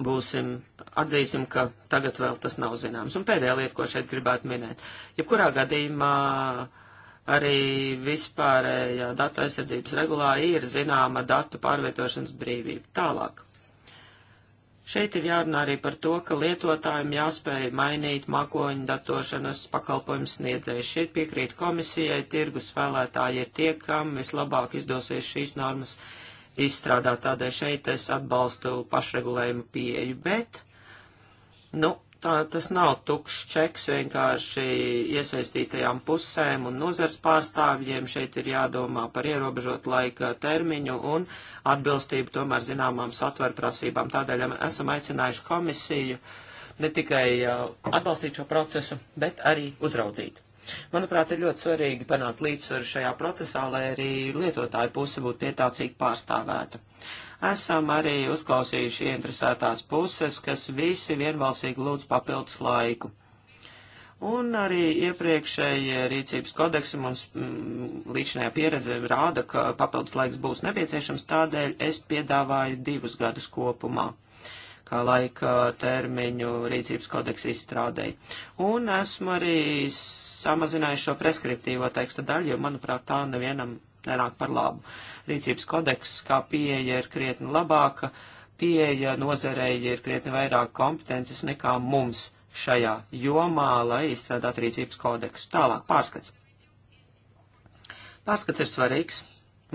būsim, atzīsim, ka tagad vēl tas nav zināms. Un pēdējā lieta, ko šeit gribētu minēt. Jebkurā gadījumā uh, arī vispārējā datu aizsardzības regulā ir zināma datu pārvietošanas brīvība. Tālāk. Šeit ir jārunā arī par to, ka lietotājiem jāspēj mainīt mākoņu datošanas pakalpojumu sniedzēju. Šeit piekrīt komisijai, tirgus spēlētāji ir tie, kam vislabāk izdosies šīs normas izstrādāt. Tādēļ šeit es atbalstu pašregulējumu pieeju, bet, nu, Tā, tas nav tukšs čeks vienkārši iesaistītajām pusēm un nozars pārstāvjiem. Šeit ir jādomā par ierobežot laika termiņu un atbilstību tomēr zināmām satverprasībām. Tādēļ esam aicinājuši komisiju ne tikai uh, atbalstīt šo procesu, bet arī uzraudzīt. Manuprāt, ir ļoti svarīgi panākt līdzsvaru šajā procesā, lai arī lietotāju puse būtu pietācīgi pārstāvēta. Uh, Esam arī uzklausījuši interesētās puses, kas visi vienbalsīgi lūdz papildus laiku. Un arī iepriekšējie rīcības kodeksi mums mm, līdzinājā pieredze rāda, ka papildus laiks būs nepieciešams, tādēļ es piedāvāju divus gadus kopumā kā laika termiņu rīcības kodeksa izstrādēji. Un esmu arī samazinājis šo preskriptīvo teksta daļu, jo, manuprāt, tā nevienam nenāk par labu. Rīcības kodeks kā pieeja ir krietni labāka, pieeja nozarei ir krietni vairāk kompetences nekā mums šajā jomā, lai izstrādātu rīcības kodeksu. Tālāk pārskats. Pārskats ir svarīgs.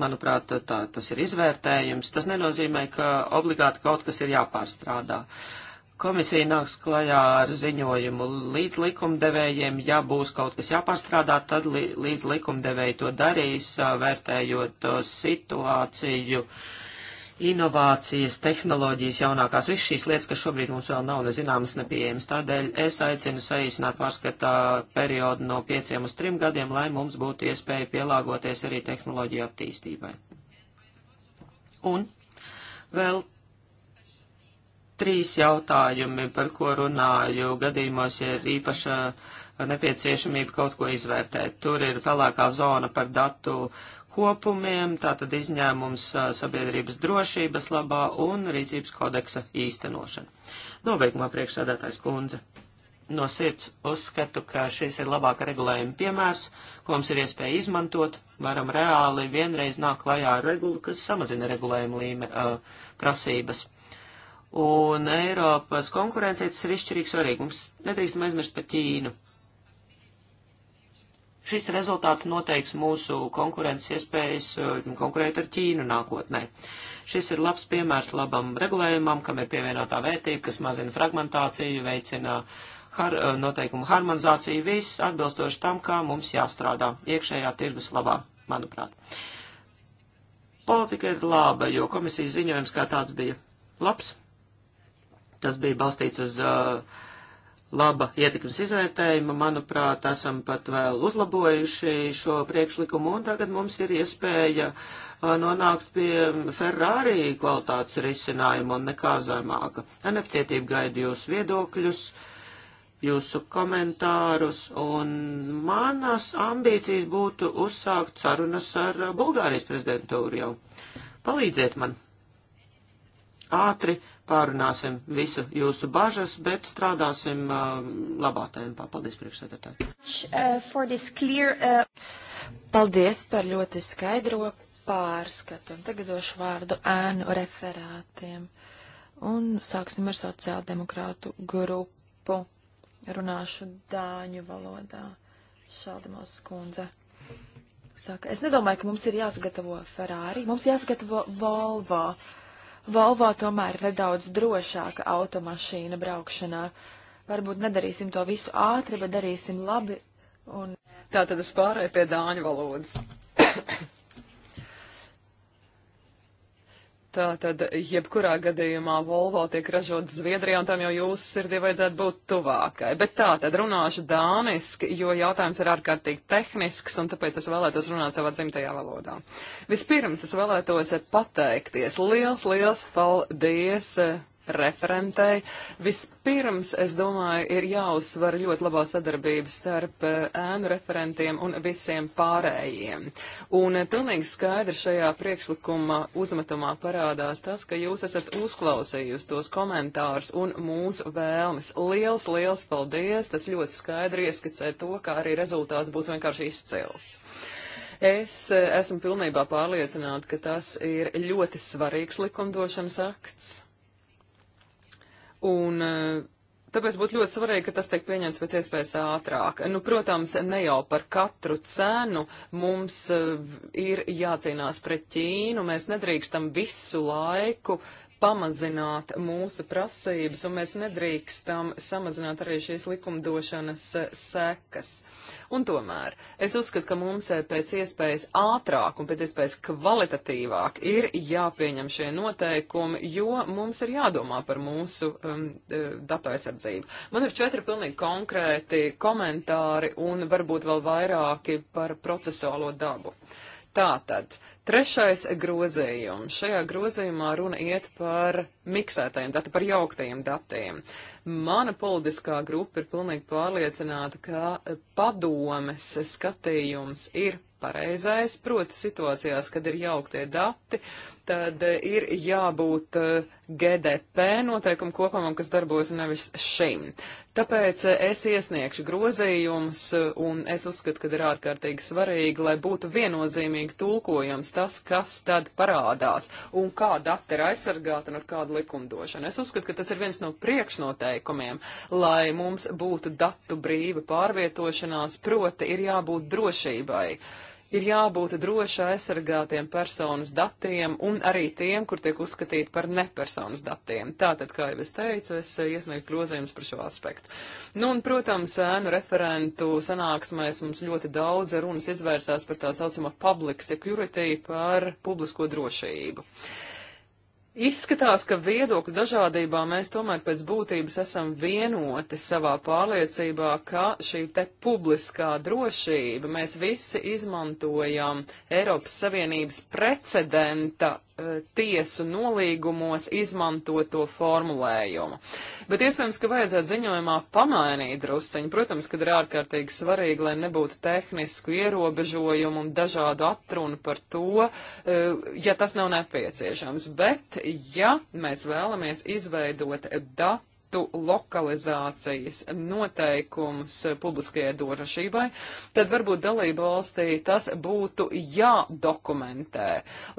Manuprāt, tā, tas ir izvērtējums. Tas nenozīmē, ka obligāti kaut kas ir jāpārstrādā. Uh, Komisija nāks klajā ar ziņojumu līdz likumdevējiem. Ja būs kaut kas jāpārstrādā, tad li līdz likumdevēji to darīs, vērtējot situāciju, inovācijas, tehnoloģijas jaunākās, visas šīs lietas, kas šobrīd mums vēl nav nezināmas, nepieejamas. Tādēļ es aicinu saīsināt pārskatā periodu no pieciem uz trim gadiem, lai mums būtu iespēja pielāgoties arī tehnoloģiju attīstībai. Un vēl trīs jautājumi, par ko runāju gadījumos, ja ir īpaša nepieciešamība kaut ko izvērtēt. Tur ir pelēkā zona par datu kopumiem, tātad izņēmums sabiedrības drošības labā un rīcības kodeksa īstenošana. Nobeigumā priekšsēdētājs kundze. No sirds uzskatu, ka šis ir labāka regulējuma piemērs, ko mums ir iespēja izmantot. Varam reāli vienreiz nāk klajā ar regulu, kas samazina regulējumu līme uh, prasības un Eiropas konkurencei tas ir izšķirīgi svarīgi. Mums nedrīkstam aizmirst par Ķīnu. Šis rezultāts noteiks mūsu konkurences iespējas uh, konkurēt ar Ķīnu nākotnē. Šis ir labs piemērs labam regulējumam, kam ir pievienotā vērtība, kas mazina fragmentāciju, veicina har, uh, noteikumu harmonizāciju, viss atbilstoši tam, kā mums jāstrādā iekšējā tirgus labā, manuprāt. Politika ir laba, jo komisijas ziņojums kā tāds bija labs Tas bija balstīts uz uh, laba ietekmes izvērtējuma. Manuprāt, esam pat vēl uzlabojuši šo priekšlikumu, un tagad mums ir iespēja uh, nonākt pie Ferrari kvalitātes risinājuma un nekā zemāka. Ar nepacietību gaidu jūs viedokļus jūsu komentārus, un manas ambīcijas būtu uzsākt sarunas ar Bulgārijas prezidentūru jau. Palīdziet man ātri pārunāsim visu jūsu bažas, bet strādāsim uh, labā tempā. Paldies, priekšsēdētāji. Uh, uh, Paldies par ļoti skaidro pārskatu. Tagad došu vārdu ēnu referātiem. Un sāksim ar sociāldemokrātu grupu. Runāšu dāņu valodā. Šaldemos kundze. Saka, es nedomāju, ka mums ir jāsagatavo Ferrari, mums jāsagatavo Volvo. Uh, Volvo tomēr ir nedaudz drošāka automašīna braukšanā. Varbūt nedarīsim to visu ātri, bet darīsim labi. Un... Tā tad es pārēju pie dāņu valodas. Tātad, jebkurā gadījumā Volvo tiek ražot Zviedrijā, un tam jau jūsu sirdī vajadzētu būt tuvākai. Bet tātad runāšu dāniski, jo jautājums ir ārkārtīgi tehnisks, un tāpēc es vēlētos runāt savā dzimtajā valodā. Vispirms es vēlētos pateikties. Liels, liels paldies! referentei. Vispirms, es domāju, ir jāuzsver ļoti labā sadarbība starp eh, ēnu referentiem un visiem pārējiem. Un eh, pilnīgi skaidri šajā priekšlikuma uzmetumā parādās tas, ka jūs esat uzklausījusi tos komentārus un mūsu vēlmes. Liels, liels paldies! Tas ļoti skaidri ieskicē to, kā arī rezultāts būs vienkārši izcils. Es eh, esmu pilnībā pārliecināta, ka tas ir ļoti svarīgs likumdošanas akts. Un eh, tāpēc būtu ļoti svarīgi, ka tas tiek pieņemts pēc iespējas ātrāk. Nu, protams, ne jau par katru cenu mums eh, ir jācīnās pret Ķīnu. Mēs nedrīkstam visu laiku uh, pamazināt mūsu prasības, un mēs nedrīkstam samazināt arī šīs likumdošanas eh, sekas. Un tomēr es uzskatu, ka mums eh, pēc iespējas ātrāk un pēc iespējas kvalitatīvāk ir jāpieņem šie noteikumi, jo mums ir jādomā par mūsu um, eh, datu aizsardzību. Man ir četri pilnīgi konkrēti komentāri un varbūt vēl vairāki par procesuālo dabu. Uh, Tātad, trešais grozījums. Šajā grozījumā runa iet par miksētajiem datiem, par jauktajiem datiem. Mana politiskā grupa ir pilnīgi pārliecināta, ka padomes skatījums ir pareizais, proti situācijās, kad ir jauktie dati, tad eh, ir jābūt eh, GDP noteikumu kopumam, kas darbojas nevis šim. Tāpēc eh, es iesniegšu grozījumus, un es uzskatu, ka ir ārkārtīgi svarīgi, lai būtu viennozīmīgi tulkojums tas, kas tad parādās, un kā dati ir aizsargāti un ar kādu likumdošanu. Es uzskatu, ka tas ir viens no priekšnoteikumiem, lai mums būtu datu brīva pārvietošanās, proti ir jābūt drošībai. Uh, ir jābūt droši aizsargātiem personas datiem un arī tiem, kur tiek uzskatīti par nepersonas datiem. Tātad, kā jau es teicu, es eh, iesniegtu grozījumus par šo aspektu. Nu, un, protams, ēnu referentu sanāksmēs mums ļoti daudz runas izvērsās par tā saucamo public security, par publisko drošību. Uh, Izskatās, ka viedokļu dažādībā mēs tomēr pēc būtības esam vienoti savā pārliecībā, ka šī te publiskā drošība mēs visi izmantojam Eiropas Savienības precedenta Eh, tiesu nolīgumos izmantoto formulējumu. Bet iespējams, ka vajadzētu ziņojumā pamainīt drusciņu. Protams, kad ir ārkārtīgi svarīgi, lai nebūtu tehnisku ierobežojumu un dažādu atrunu par to, eh, ja tas nav nepieciešams. Bet, ja mēs vēlamies izveidot datu, vietu lokalizācijas noteikumus publiskajai drošībai, tad varbūt dalību valstī tas būtu jādokumentē.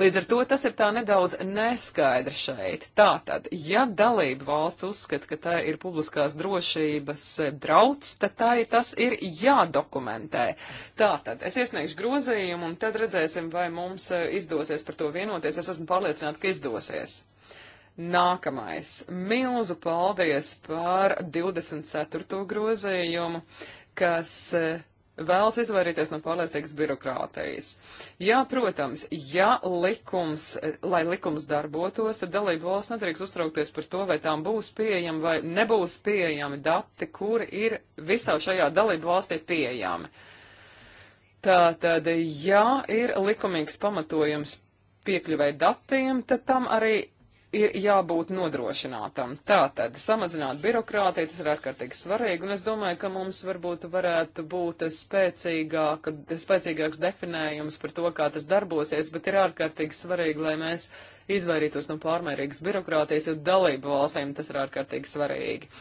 Līdz ar to tas ir tā nedaudz neskaidrs šeit. Tātad, ja dalību valsts uzskata, ka tā ir publiskās drošības drauds, tad tā ir tas ir jādokumentē. Tātad, es iesniegšu grozījumu un tad redzēsim, vai mums izdosies par to vienoties. Es esmu pārliecināta, ka izdosies. Nākamais. Milzu paldies par 24. grozījumu, kas e, vēlas izvairīties no pārliecīgas birokrātijas. Jā, protams, ja likums, e, lai likums darbotos, tad dalību valsts nedrīkst uztraukties par to, vai tām būs pieejami vai nebūs pieejami dati, kuri ir visā šajā dalību valstī pieejami. Tātad, ja ir likumīgs pamatojums piekļuvai datiem, tad tam arī ir jābūt nodrošinātam. Tātad samazināt birokrātiju, tas ir ārkārtīgi svarīgi, un es domāju, ka mums varbūt varētu būt spēcīgāka, spēcīgāks definējums par to, kā tas darbosies, bet ir ārkārtīgi svarīgi, lai mēs izvairītos no pārmērīgas birokrātijas, jo dalību valstīm tas ir ārkārtīgi svarīgi.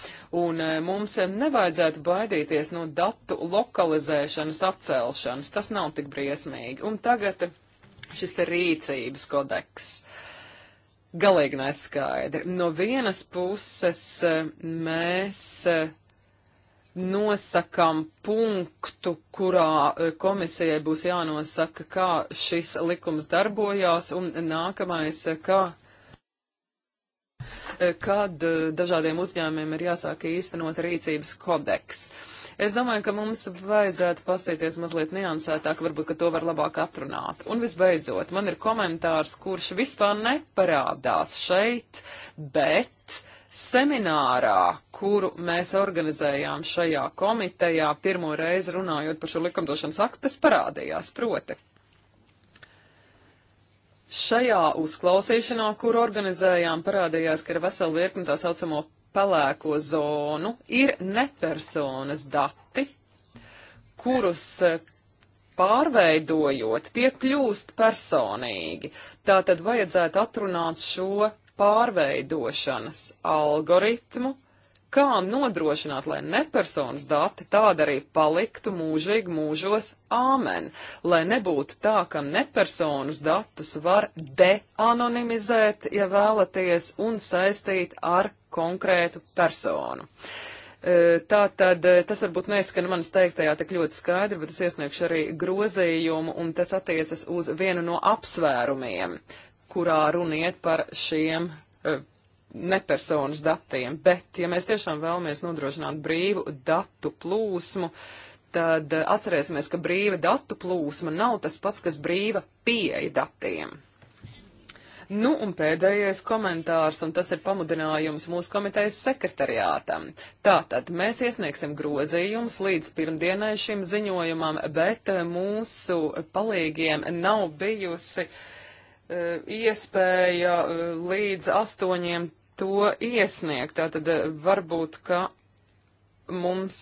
Un e, mums nevajadzētu baidīties no datu lokalizēšanas atcelšanas, tas nav tik briesmīgi. Un tagad šis te rīcības kodeks. Uh, galīgi neskaidri. No vienas puses e, mēs e, nosakam punktu, kurā e, komisijai būs jānosaka, kā šis likums darbojās, un nākamais, kā, kad dažādiem uzņēmumiem ir jāsāk īstenot rīcības kodeks. Uh, Es domāju, ka mums vajadzētu pastīties mazliet niansētāk, varbūt, ka to var labāk atrunāt. Un visbeidzot, man ir komentārs, kurš vispār neparādās šeit, bet seminārā, kuru mēs organizējām šajā komitejā, pirmo reizi runājot par šo likumdošanas aktu, tas parādījās proti. Šajā uzklausīšanā, kur organizējām, parādījās, ka ir vesela virkni tā saucamo pelēko zonu ir nepersonas dati, kurus eh, pārveidojot, tie kļūst personīgi. Tā tad vajadzētu atrunāt šo pārveidošanas algoritmu, kā nodrošināt, lai nepersonas dati tāda arī paliktu mūžīgi mūžos āmen, lai nebūtu tā, ka nepersonas datus var deanonimizēt, ja vēlaties, un saistīt ar konkrētu personu. E, tā tad e, tas varbūt neskan manas teiktajā tik ļoti skaidri, bet es iesniegšu arī grozījumu, un tas attiecas uz vienu no apsvērumiem, kurā runiet par šiem e, nepersonas datiem, bet ja mēs tiešām vēlamies nodrošināt brīvu datu plūsmu, tad eh, atcerēsimies, ka brīva datu plūsma nav tas pats, kas brīva pieeja datiem. Nu, un pēdējais komentārs, un tas ir pamudinājums mūsu komitejas sekretariātam. Tātad mēs iesniegsim grozījumus līdz pirmdienai šim ziņojumam, bet eh, mūsu palīgiem nav bijusi uh, Eh, iespēja eh, līdz astoņiem to iesniegt. Tātad eh, varbūt, ka mums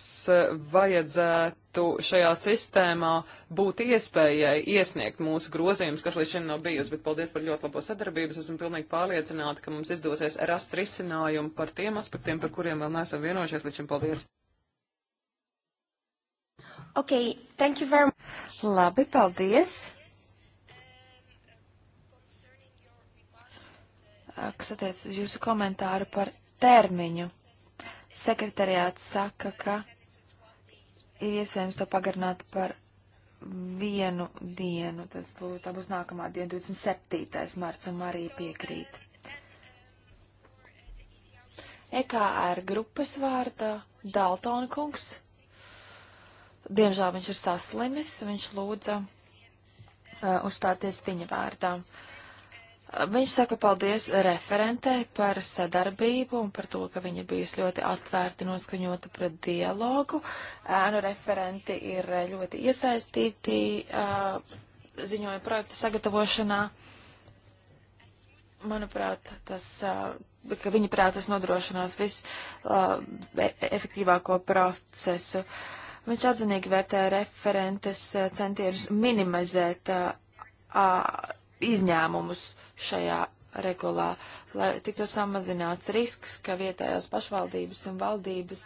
vajadzētu šajā sistēmā būt iespējai iesniegt mūsu grozījumus, kas līdz šim nav bijusi, bet paldies par ļoti labo sadarbību. Es esmu pilnīgi pārliecināta, ka mums izdosies rast risinājumu par tiem aspektiem, par kuriem vēl neesam vienojušies līdz šim. Paldies! Okay, thank you very much. Labi, paldies! kas attiec uz jūsu komentāru par termiņu. Sekretariāts saka, ka ir iespējams to pagarināt par vienu dienu. Tas būs, tā būs nākamā diena, 27. marts, un Marija piekrīt. EKR grupas vārdā Daltona kungs. Diemžēl viņš ir saslimis, viņš lūdza uh, uzstāties viņa vārdā. Uh, Viņš saka paldies referentē par sadarbību un par to, ka viņa bijusi ļoti atvērti noskaņota pret dialogu. Ēnu referenti ir ļoti iesaistīti uh, ziņoja projekta sagatavošanā. Manuprāt, tas, uh, ka viņa prāt tas nodrošinās visefektīvāko e, e, uh, procesu. Viņš atzinīgi vērtē referentes centienus minimizēt izņēmumus šajā regulā, lai tiktu samazināts risks, ka vietējās pašvaldības un valdības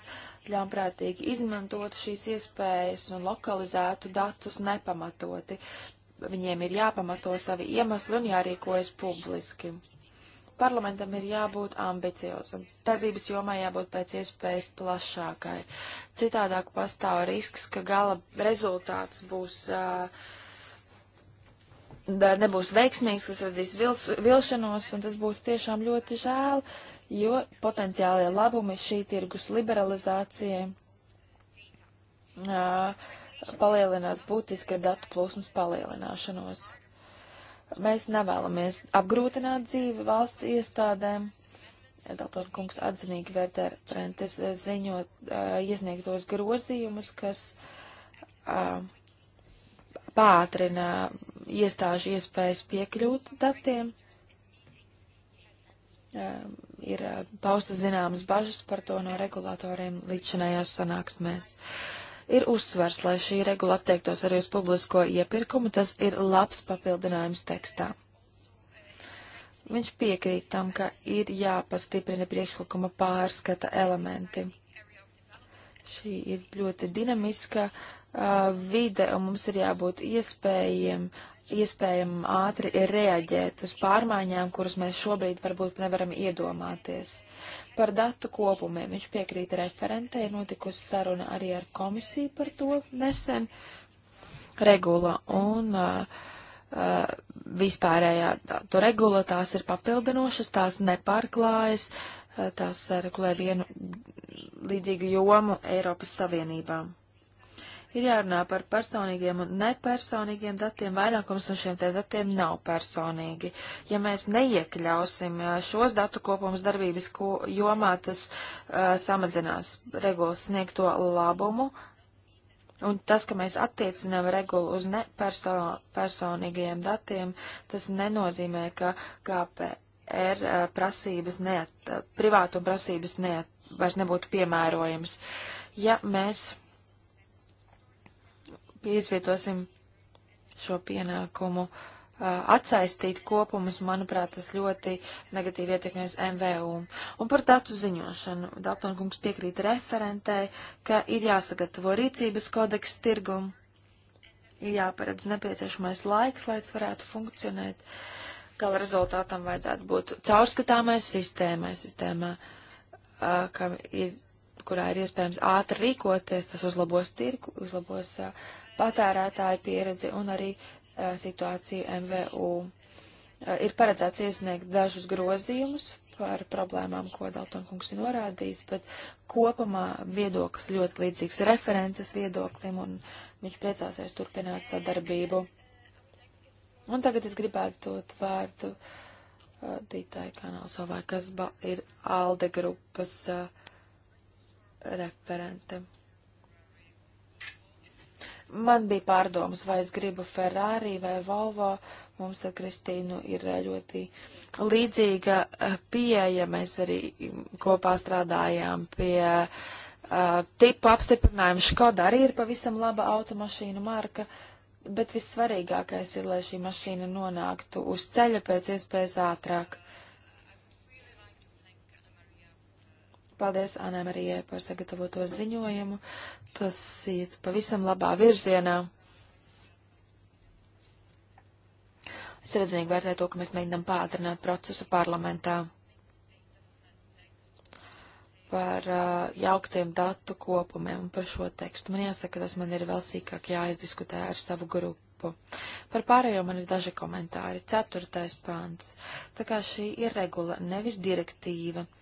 ļaunprātīgi izmantotu šīs iespējas un lokalizētu datus nepamatoti. Viņiem ir jāpamato savi iemesli un jārīkojas publiski. Parlamentam ir jābūt ambiciozam, darbības jomā jābūt pēc iespējas plašākai. Citādāk pastāv risks, ka gala rezultāts būs uh, nebūs veiksmīgs, kas radīs vils, vilšanos, un tas būtu tiešām ļoti žēl, jo potenciālie labumi šī tirgus liberalizācija uh, palielinās būtiski ar datu plūsmas palielināšanos. Mēs nevēlamies apgrūtināt dzīvi valsts iestādēm. Daltona kungs atzinīgi vērtē Prentes ziņot uh, iesniegtos grozījumus, kas uh, pātrina iestāžu iespējas piekļūt datiem. Um, ir eh, pausta zināmas bažas par to no regulātoriem līdzinājās sanāksmēs. Ir uzsvers, lai šī regula attiektos arī uz publisko iepirkumu, tas ir labs papildinājums tekstā. Viņš piekrīt tam, ka ir jāpastiprina priekšlikuma pārskata elementi. Šī ir ļoti dinamiska uh, Uh, vide, un mums ir jābūt iespējiem, iespējam ātri reaģēt uz pārmaiņām, kuras mēs šobrīd varbūt nevaram iedomāties. Par datu kopumiem viņš piekrīt referentei, notikusi saruna arī ar komisiju par to nesen regula un uh, uh, vispārējā to regula, tās ir papildinošas, tās nepārklājas, uh, tās regulē vienu līdzīgu jomu Eiropas Savienībām ir jārunā par personīgiem un nepersonīgiem datiem. Vairākums no šiem datiem nav personīgi. Ja mēs neiekļausim uh, šos datu kopumus darbības ko, jomā, tas uh, samazinās regulas sniegto labumu. Un tas, ka mēs attiecinām regulu uz nepersonīgajiem datiem, tas nenozīmē, ka KPR uh, prasības neat, uh, privātuma prasības neat, vairs nebūtu piemērojams. Ja mēs izvietosim šo pienākumu uh, atsaistīt kopumus, manuprāt, tas ļoti negatīvi ietekmēs MVU. Un par datu ziņošanu. Daltonkungs piekrīt referentē, ka ir jāsagatavo rīcības kodeks tirgumu, ir jāparedz nepieciešamais laiks, lai tas varētu funkcionēt. Gala rezultātam vajadzētu būt caurskatāmai sistēmai, sistēmā, uh, kam ir kurā ir iespējams ātri rīkoties, tas uzlabos tirku, uzlabos uh, patērētāju pieredzi un arī uh, situāciju MVU. Uh, ir paredzēts iesniegt dažus grozījumus par problēmām, ko Daltonkungs ir norādījis, bet kopumā viedoklis ļoti līdzīgs referentes viedoklim, un viņš priecāsies turpināt sadarbību. Un tagad es gribētu dot vārdu uh, Dītāja Kanālsovai, kas ir ALDE grupas uh, referente. Man bija pārdomas, vai es gribu Ferrari vai Volvo. Mums ar Kristīnu ir eh, ļoti līdzīga eh, pieeja. Mēs arī mm, kopā strādājām pie uh, tipu apstiprinājuma. Škoda arī ir pavisam laba automašīnu marka, bet vissvarīgākais ir, lai šī mašīna nonāktu uz ceļa pēc iespējas ātrāk. Uh, Paldies Anē Marijai par sagatavoto ziņojumu. Tas iet pavisam labā virzienā. Es redzīgi vērtēju to, ka mēs mēģinām pātrināt procesu parlamentā par uh, jauktiem datu kopumiem un par šo tekstu. Man jāsaka, tas man ir vēl sīkāk jāizdiskutē ar savu grupu. Par pārējo man ir daži komentāri. Ceturtais pāns. Tā kā šī ir regula, nevis direktīva. Uh,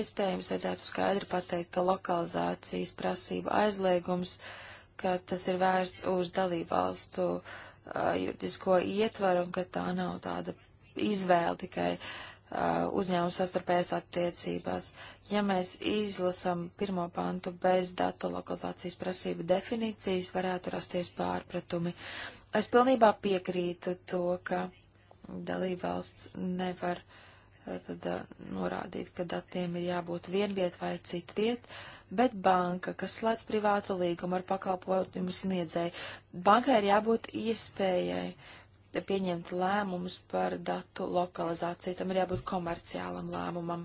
Iespējams, vajadzētu skaidri pateikt, ka lokalizācijas prasība aizliegums, ka tas ir vērsts uz dalībvalstu uh, juridisko ietvaru un ka tā nav tāda izvēle tikai uh, uzņēmuma sastarpējas attiecībās. Ja mēs izlasam pirmo pantu bez datu lokalizācijas prasību definīcijas, varētu rasties pārpratumi. Es pilnībā piekrītu to, ka dalībvalsts nevar uh, Eh, tad eh, norādīt, ka datiem ir jābūt vienviet vai citviet, bet banka, kas slēdz privātu līgumu ar pakalpojumu sniedzēju, bankai ir jābūt iespējai pieņemt lēmumus par datu lokalizāciju, tam ir jābūt komerciālam lēmumam.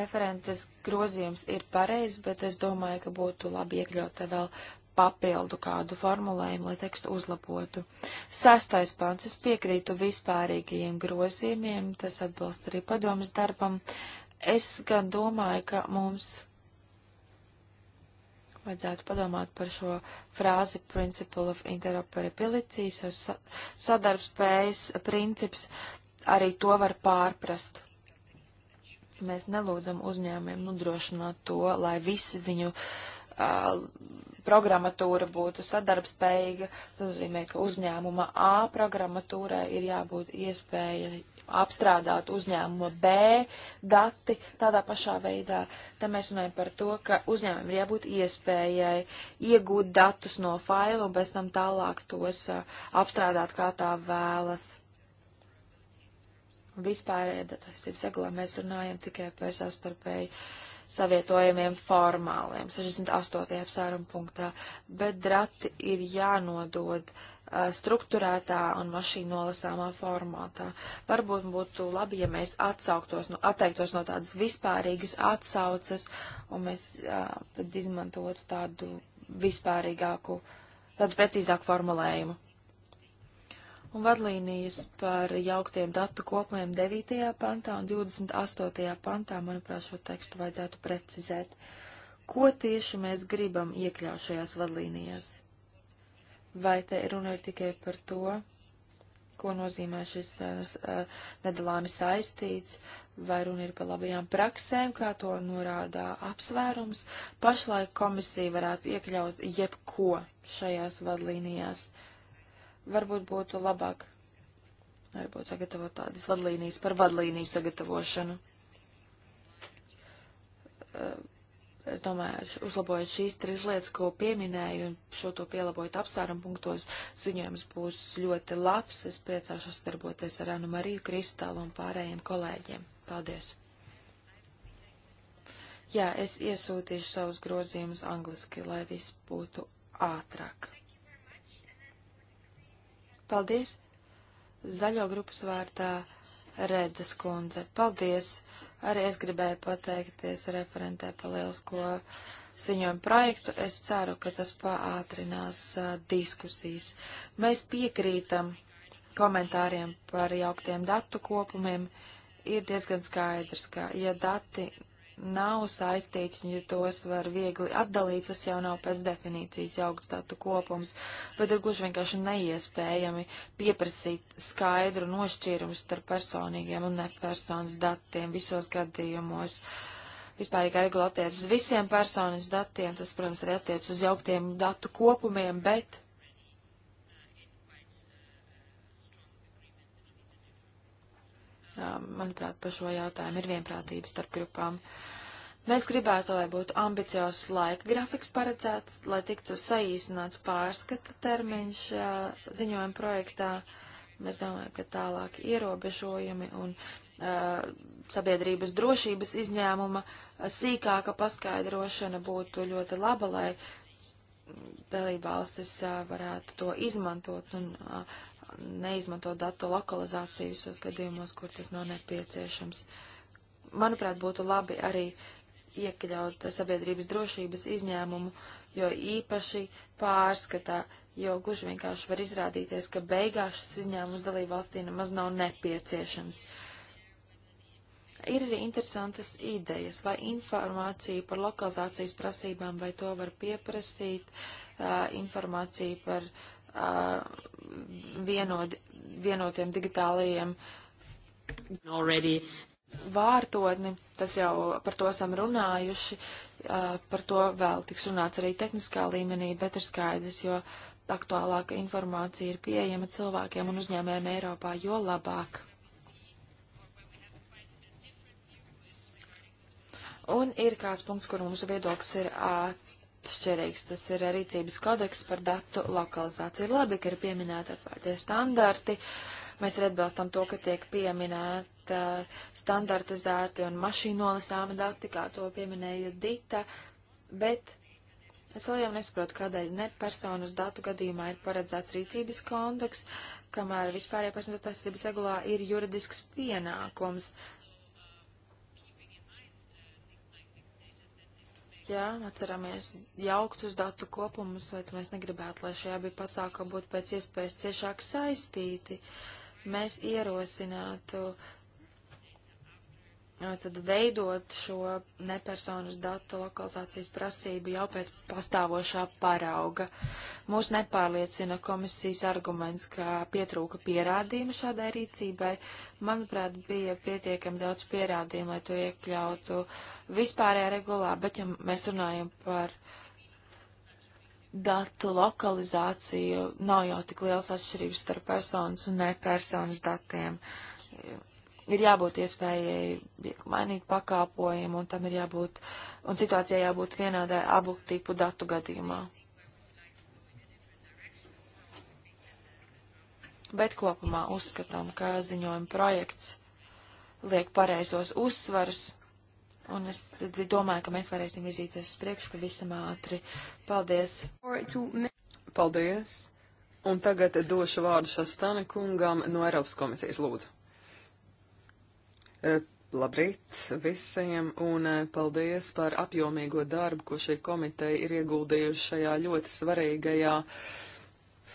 Referentes grozījums ir pareizs, bet es domāju, ka būtu labi iekļaut vēl papildu kādu formulējumu, lai tekstu uzlabotu. Sastais pants, es piekrītu vispārīgajiem grozījumiem, tas atbilst arī padomas darbam. Es gan domāju, ka mums vajadzētu padomāt par šo frāzi principle of interoperability, sa sadarbspējas princips, arī to var pārprast. Mēs nelūdzam uzņēmiem nodrošināt to, lai visi viņu uh, programmatūra būtu sadarbspējīga, tas nozīmē, ka uzņēmuma A programmatūrai ir jābūt iespēja apstrādāt uzņēmuma B dati tādā pašā veidā. Te mēs runājam par to, ka uzņēmumam ir jābūt iespējai iegūt datus no failu un pēc tam tālāk tos a, apstrādāt, kā tā vēlas. Vispārējā datasības regulā mēs runājam tikai par savstarpēju savietojumiem formāliem 68. apsvērumu punktā, bet drati ir jānodod uh, struktūrētā un mašīnu nolasāmā formātā. Varbūt būtu labi, ja mēs atsauktos, nu, atteiktos no tādas vispārīgas atsauces, un mēs uh, tad izmantotu tādu vispārīgāku, tādu precīzāku formulējumu un vadlīnijas par jauktiem datu kopumiem 9. pantā un 28. pantā, manuprāt, šo tekstu vajadzētu precizēt. Ko tieši mēs gribam iekļaut šajās vadlīnijās? Vai te runa ir tikai par to, ko nozīmē šis uh, uh nedalāmi saistīts, vai runa ir par labajām praksēm, kā to norādā apsvērums. Pašlaik komisija varētu iekļaut jebko šajās vadlīnijās. Uh, varbūt būtu labāk varbūt sagatavot tādas vadlīnijas par vadlīniju sagatavošanu. Eh, es domāju, uzlabojot šīs trīs lietas, ko pieminēju, un šo to pielabojot apsāram punktos, ziņojums būs ļoti labs. Es priecāšos darboties ar Anu Mariju Kristālu un pārējiem kolēģiem. Paldies! Jā, es iesūtīšu savus grozījumus angliski, lai viss būtu ātrāk. Paldies! Zaļo grupas vārtā Redas kundze. Paldies! Arī es gribēju pateikties referentē par lielisko ziņojumu projektu. Es ceru, ka tas paātrinās a, diskusijas. Mēs piekrītam komentāriem par jauktiem datu kopumiem. Ir diezgan skaidrs, ka ja dati nav saistīti, un ja tos var viegli atdalīt, tas jau nav pēc definīcijas augststatu kopums, bet ir gluži vienkārši neiespējami pieprasīt skaidru nošķīrumu starp personīgiem un nepersonas datiem visos gadījumos. Vispārīgā regula attiec uz visiem personas datiem, tas, protams, arī attiec uz jauktiem datu kopumiem, bet Um, manuprāt, par šo jautājumu ir vienprātības starp grupām. Mēs gribētu, lai būtu ambiciozs laika grafiks paredzēts, lai tiktu saīsināts pārskata termiņš uh, ziņojuma projektā. Mēs domājam, ka tālāk ierobežojumi un Uh, sabiedrības drošības izņēmuma uh, sīkāka paskaidrošana būtu ļoti laba, lai dalībvalstis uh, varētu to izmantot un uh, neizmanto datu lokalizāciju visos gadījumos, kur tas nav nepieciešams. Manuprāt, būtu labi arī iekļaut sabiedrības drošības izņēmumu, jo īpaši pārskatā, jo gluži vienkārši var izrādīties, ka beigās šis izņēmums dalību valstī nemaz nav nepieciešams. Ir arī interesantas idejas vai informācija par lokalizācijas prasībām, vai to var pieprasīt, uh, informācija par uh, Uh, vienod, vienotiem digitālajiem Already. vārtotni. Tas jau par to esam runājuši, uh, par to vēl tiks runāts arī tehniskā līmenī, bet ir skaidrs, jo aktuālāka informācija ir pieejama cilvēkiem un uzņēmējiem Eiropā, jo labāk. Un ir kāds punkts, kur mūsu viedoklis ir atšķirīgs. Tas ir rīcības kodeks par datu lokalizāciju. Labi, ka ir pieminēti atvērtie standarti. Mēs arī atbalstam to, ka tiek pieminēta standartizēti un mašīnu nolasāma dati, kā to pieminēja Dita, bet es vēl jau nesaprotu, kādēļ ne personas datu gadījumā ir paredzēts rīcības kodeks, kamēr vispārējā personas datu aizsardzības regulā ir juridisks pienākums. Uh, Jā, atceramies jauktus datu kopumus, vai mēs negribētu, lai šajā bija pasākumi būtu pēc iespējas ciešāk saistīti. Mēs ierosinātu uh, tad veidot šo nepersonas datu lokalizācijas prasību jau pēc pastāvošā parauga. Mūs nepārliecina komisijas arguments, ka pietrūka pierādījumu šādai rīcībai. Manuprāt, bija pietiekami daudz pierādījumu, lai to iekļautu vispārējā regulā, bet ja mēs runājam par datu lokalizāciju, nav jau tik liels atšķirības starp personas un nepersonas datiem. Uh, ir jābūt iespējai mainīt pakāpojumu, un tam ir jābūt, un situācijai jābūt vienādai abu tipu datu gadījumā. Bet kopumā uzskatām, ka ziņojuma projekts liek pareizos uzsvars, un es domāju, ka mēs varēsim virzīties uz priekšu pavisam ātri. Paldies! Paldies! Un tagad došu vārdu Šastane kungam no Eiropas komisijas lūdzu. Eh, labrīt visiem un eh, paldies par apjomīgo darbu, ko šī komiteja ir ieguldījusi šajā ļoti svarīgajā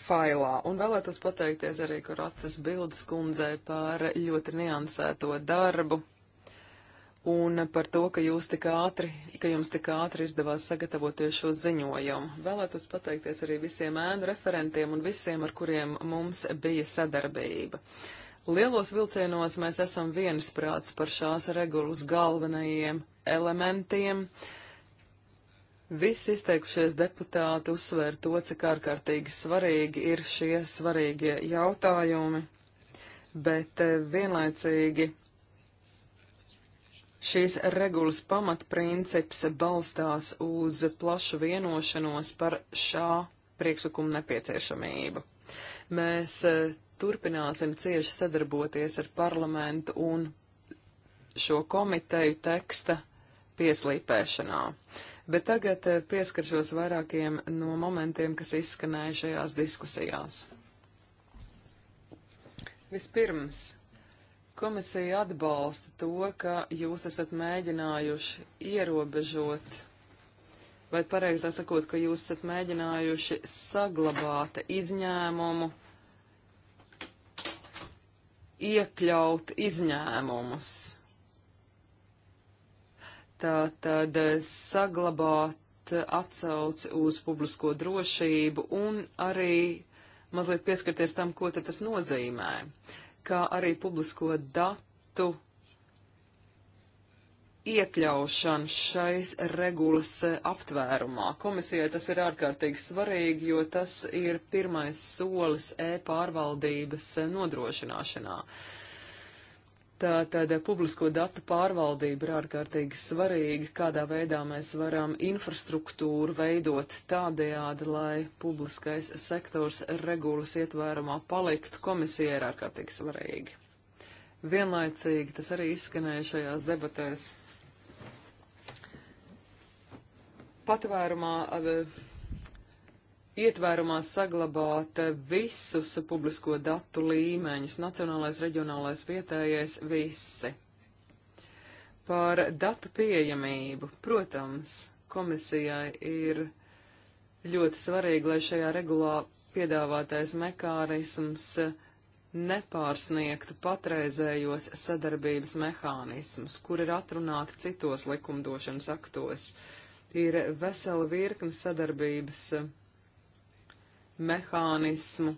failā. Un vēlētos pateikties arī Koracas bildes kundzei par ļoti niansēto darbu un par to, ka jūs tik ātri, ka jums tik ātri izdevās sagatavoties šo ziņojumu. Vēlētos pateikties arī visiem ēnu referentiem un visiem, ar kuriem mums bija sadarbība. Uh, Lielos vilcienos mēs esam viensprāts par šās regulas galvenajiem elementiem. Visi izteikušies deputāti uzsver to, cik ārkārtīgi svarīgi ir šie svarīgie jautājumi, bet eh, vienlaicīgi Šīs regulas pamatprincips balstās uz plašu vienošanos par šā priekšlikuma nepieciešamību. Mēs eh, turpināsim cieši sadarboties ar parlamentu un šo komiteju teksta pieslīpēšanā. Bet tagad eh, pieskaršos vairākiem no momentiem, kas izskanēja šajās diskusijās. Vispirms, komisija atbalsta to, ka jūs esat mēģinājuši ierobežot, vai pareizāk sakot, ka jūs esat mēģinājuši saglabāt izņēmumu iekļaut izņēmumus. Tātad eh, saglabāt atsauci uz publisko drošību un arī mazliet pieskarties tam, ko tas nozīmē, kā arī publisko datu iekļaušanu šais regulas e, aptvērumā. Komisijai tas ir ārkārtīgi svarīgi, jo tas ir pirmais solis e-pārvaldības e, nodrošināšanā. Tātad e, publisko datu pārvaldība ir ārkārtīgi svarīga, kādā veidā mēs varam infrastruktūru veidot tādējādi, lai publiskais sektors regulas ietvērumā paliktu. Komisija ir ārkārtīgi svarīga. Vienlaicīgi tas arī izskanēja šajās debatēs patvērumā ietvērumā saglabāt visus publisko datu līmeņus - nacionālais, reģionālais, vietējais, visi. Par datu pieejamību, protams, komisijai ir ļoti svarīgi, lai šajā regulā piedāvātais mekārisms nepārsniegtu patreizējos sadarbības mehānismus, kur ir atrunāti citos likumdošanas aktos. Uh, ir vesela virkne sadarbības mehānismu,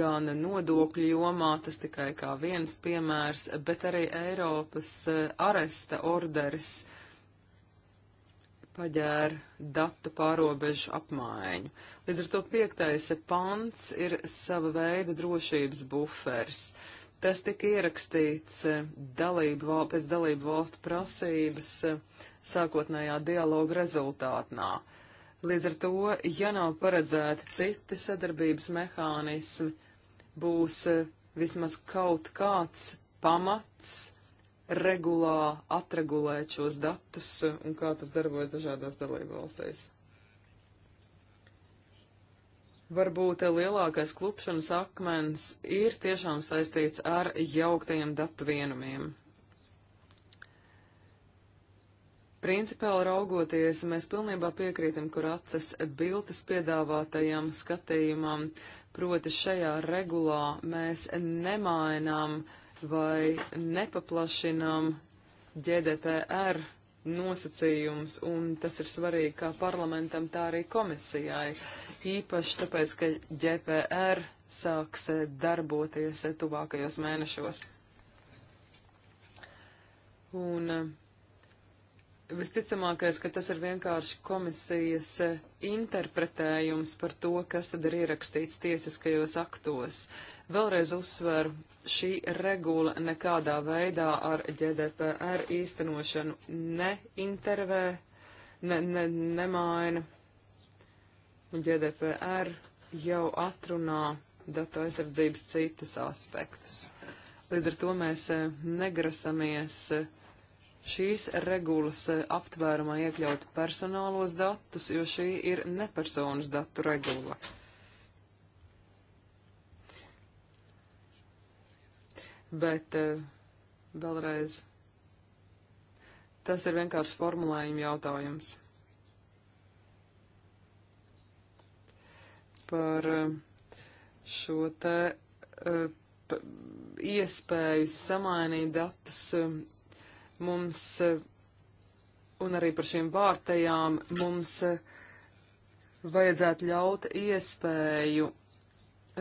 gan nodokļu jomā, tas tikai kā viens piemērs, bet arī Eiropas e, aresta orders paģēra datu pārobežu apmaiņu. Līdz ar to piektais pants ir sava veida drošības buferis. Uh, Tas tika ierakstīts eh, dalību, pēc dalību valstu prasības eh, sākotnējā dialoga rezultātnā. Līdz ar to, ja nav paredzēti citi sadarbības mehānismi, būs eh, vismaz kaut kāds pamats regulā atregulēt šos datus un kā tas darbojas dažādās dalību valstīs. Varbūt lielākais klupšanas akmens ir tiešām saistīts ar jauktajiem datu vienumiem. Principāli raugoties, mēs pilnībā piekrītam Kuracas bildes piedāvātajam skatījumam, proti šajā regulā mēs nemainām vai nepaplašinām GDPR nosacījums, un tas ir svarīgi kā parlamentam, tā arī komisijai. Īpaši tāpēc, ka GPR sāks darboties tuvākajos mēnešos. Un Visticamākais, ka tas ir vienkārši komisijas eh, interpretējums par to, kas tad ir ierakstīts tiesiskajos aktos. Vēlreiz uzsveru, šī regula nekādā veidā ar GDPR īstenošanu neintervē, ne, ne, nemaina. GDPR jau atrunā datu aizsardzības citus aspektus. Līdz ar to mēs eh, negrasamies eh, šīs regulas eh, aptvērumā iekļaut personālos datus, jo šī ir nepersonas datu regula. Bet eh, vēlreiz tas ir vienkārši formulējuma jautājums. Par eh, šo te iespēju samainīt datus mums eh, un arī par šīm vārtajām mums eh, vajadzētu ļaut iespēju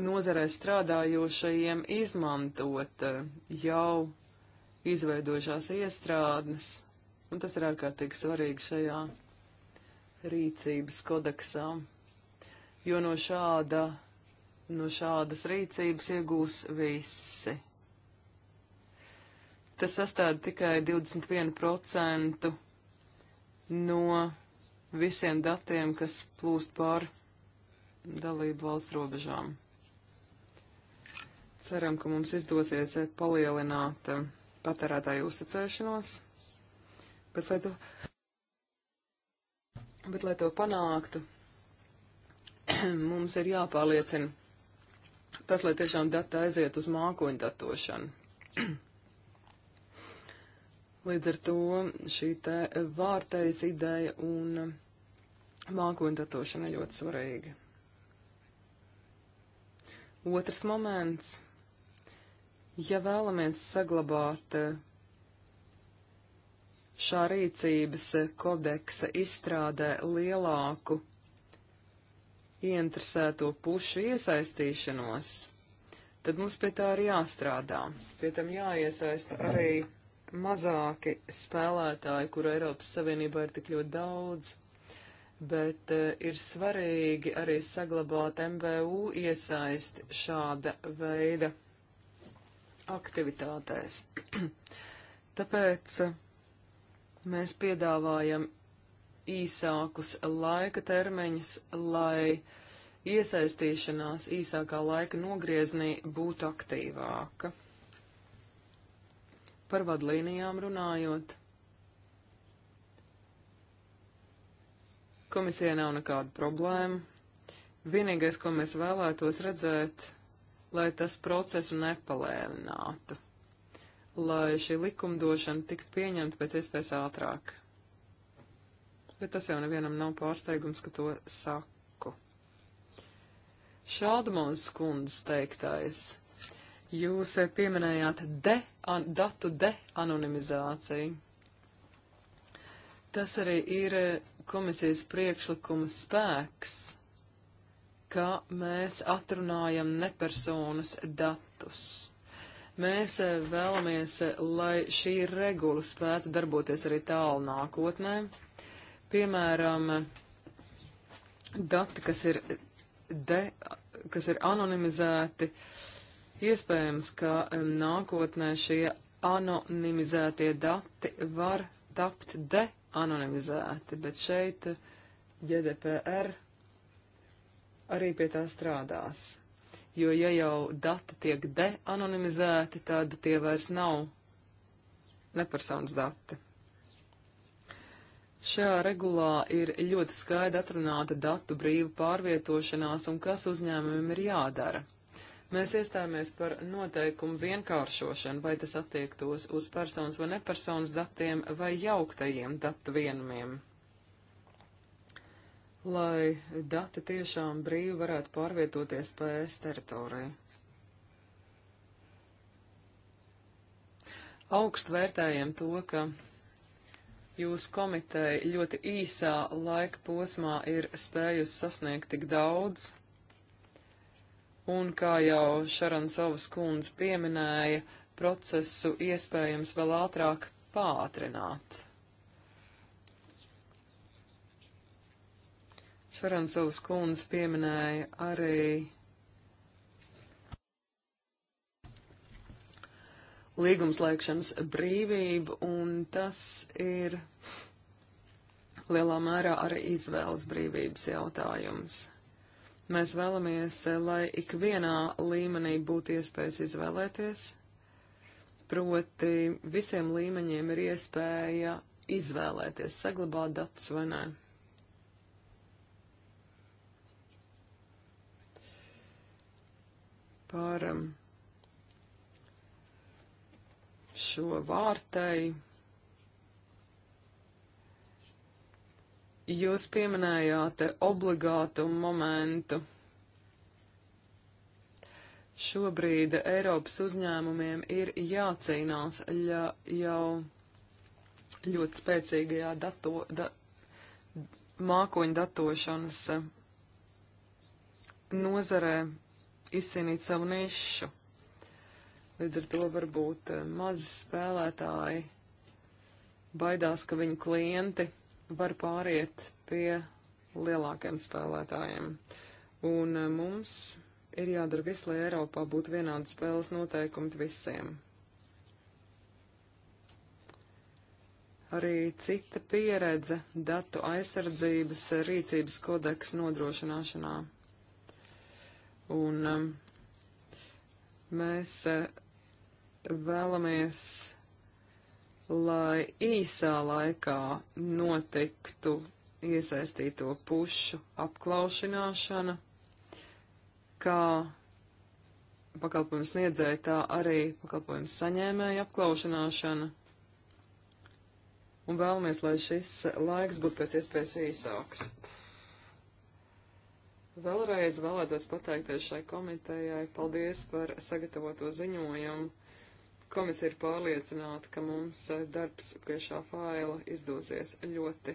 nozarē strādājošajiem izmantot eh, jau izveidojušās iestrādnes, un tas ir ārkārtīgi svarīgi šajā rīcības kodeksā, jo no šāda, no šādas rīcības iegūs visi tas sastāda tikai 21% no visiem datiem, kas plūst pāri dalību valstu robežām. Ceram, ka mums izdosies palielināt eh, patērētāju uzticēšanos, bet lai to, bet, lai to panāktu, mums ir jāpārliecina tas, lai tiešām dati aiziet uz mākoņu datošanu. Līdz ar to šī te vārtējas ideja un mākoņu datošana ir ļoti svarīga. Otrs moments. Ja vēlamies saglabāt eh, šā rīcības eh, kodeksa izstrādē lielāku ieinteresēto pušu iesaistīšanos, tad mums pie tā ir jāstrādā. Pie tam jāiesaista arī mazāki spēlētāji, kuru Eiropas Savienībā ir tik ļoti daudz, bet uh, ir svarīgi arī saglabāt MVU iesaisti šāda veida aktivitātēs. Tāpēc uh, mēs piedāvājam īsākus laika termiņus, lai iesaistīšanās īsākā laika nogrieznī būtu aktīvāka. Par vadlīnijām runājot. Komisijai nav nekāda problēma. Vienīgais, ko mēs vēlētos redzēt, lai tas procesu nepalēninātu, lai šī likumdošana tiktu pieņemta pēc iespējas ātrāk. Bet tas jau nevienam nav pārsteigums, ka to saku. Šādmons kundzes teiktais Jūs pieminējāt de, an, datu deanonimizāciju. Tas arī ir komisijas priekšlikuma spēks, ka mēs atrunājam nepersonas datus. Mēs eh, vēlamies, eh, lai šī regula spētu darboties arī tālu nākotnē. Piemēram, dati, kas ir, de, kas ir anonimizēti, uh, Iespējams, ka nākotnē šie anonimizētie dati var tapt de-anonimizēti, bet šeit eh, GDPR arī pie tā strādās. Jo, ja jau dati tiek de-anonimizēti, tad tie vairs nav nepersonas dati. Šajā regulā ir ļoti skaidri atrunāta datu brīva pārvietošanās un kas uzņēmumiem ir jādara. Mēs iestājāmies par noteikumu vienkāršošanu, vai tas attiektos uz personas vai nepersonas datiem vai jauktajiem datu vienumiem. Lai dati tiešām brīvi varētu pārvietoties PS teritoriju. Augst vērtējam to, ka jūsu komiteja ļoti īsā laika posmā ir spējusi sasniegt tik daudz un, kā jau Šarans Ovas kundze pieminēja, procesu iespējams vēl ātrāk pātrināt. Šarans Ovas kundze pieminēja arī līgumslēgšanas brīvību, un tas ir lielā mērā arī izvēles brīvības jautājums. Mēs vēlamies, lai ikvienā līmenī būtu iespējas izvēlēties, proti visiem līmeņiem ir iespēja izvēlēties, saglabāt datus vai nē. Par um, šo vārtēju Jūs pieminējāt obligātumu momentu. Šobrīd Eiropas uzņēmumiem ir jācīnās ļa, jau ļoti spēcīgajā dato, da, mākoņu datošanas nozarē izcīnīt savu nišu. Līdz ar to varbūt mazi spēlētāji baidās, ka viņu klienti var pāriet pie lielākiem spēlētājiem. Un eh, mums ir jādara viss, lai Eiropā būtu vienādi spēles noteikumi visiem. Arī cita pieredze datu aizsardzības eh, rīcības kodeks nodrošināšanā. Un um, mēs vēlamies lai īsā laikā notiktu iesaistīto pušu apklaušināšana, kā pakalpojums niedzēja, tā arī pakalpojums saņēmēja apklaušināšana. Un vēlamies, lai šis laiks būtu pēc iespējas īsāks. Vēlreiz vēlētos pateikties šai komitejai. Paldies par sagatavoto ziņojumu. Komisija ir pārliecināta, ka mums eh, darbs pie šā faila izdosies ļoti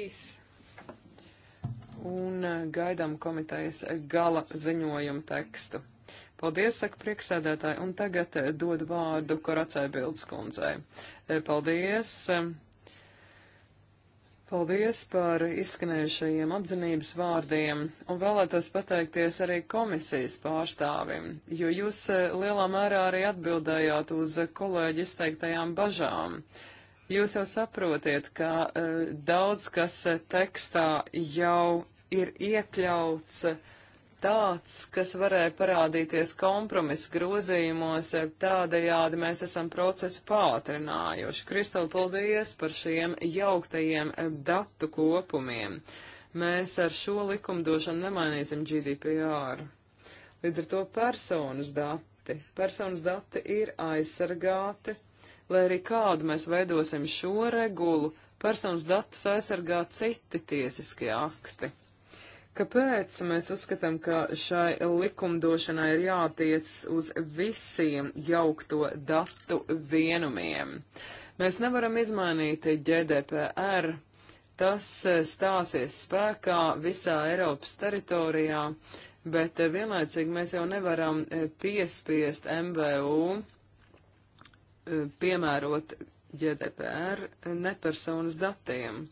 īs. Un eh, gaidām komitejas gala ziņojumu tekstu. Paldies, saka priekšsēdētāji, un tagad eh, dodu vārdu Koracai Bildskundzei. Paldies! Paldies par izskanējušajiem apzinības vārdiem un vēlētos pateikties arī komisijas pārstāvim, jo jūs e, lielā mērā arī atbildējāt uz kolēģi izteiktajām bažām. Jūs jau saprotiet, ka uh, daudz kas e, tekstā jau ir iekļauts uh, tāds, kas varēja parādīties kompromisa grozījumos, tādējādi mēs esam procesu pātrinājuši. Kristāli, paldies par šiem jauktajiem eh, datu kopumiem. Mēs ar šo likumdošanu nemainīsim GDPR. Līdz ar to personas dati. Personas dati ir aizsargāti, lai arī kādu mēs veidosim šo regulu, personas datus aizsargā citi tiesiskie akti. Kāpēc mēs uzskatām, ka šai likumdošanai ir jātiec uz visiem jaukto datu vienumiem? Mēs nevaram izmainīt GDPR. Tas eh, stāsies spēkā visā Eiropas teritorijā, bet eh, vienlaicīgi mēs jau nevaram eh, piespiest MVU piemērot GDPR nepersonas datiem.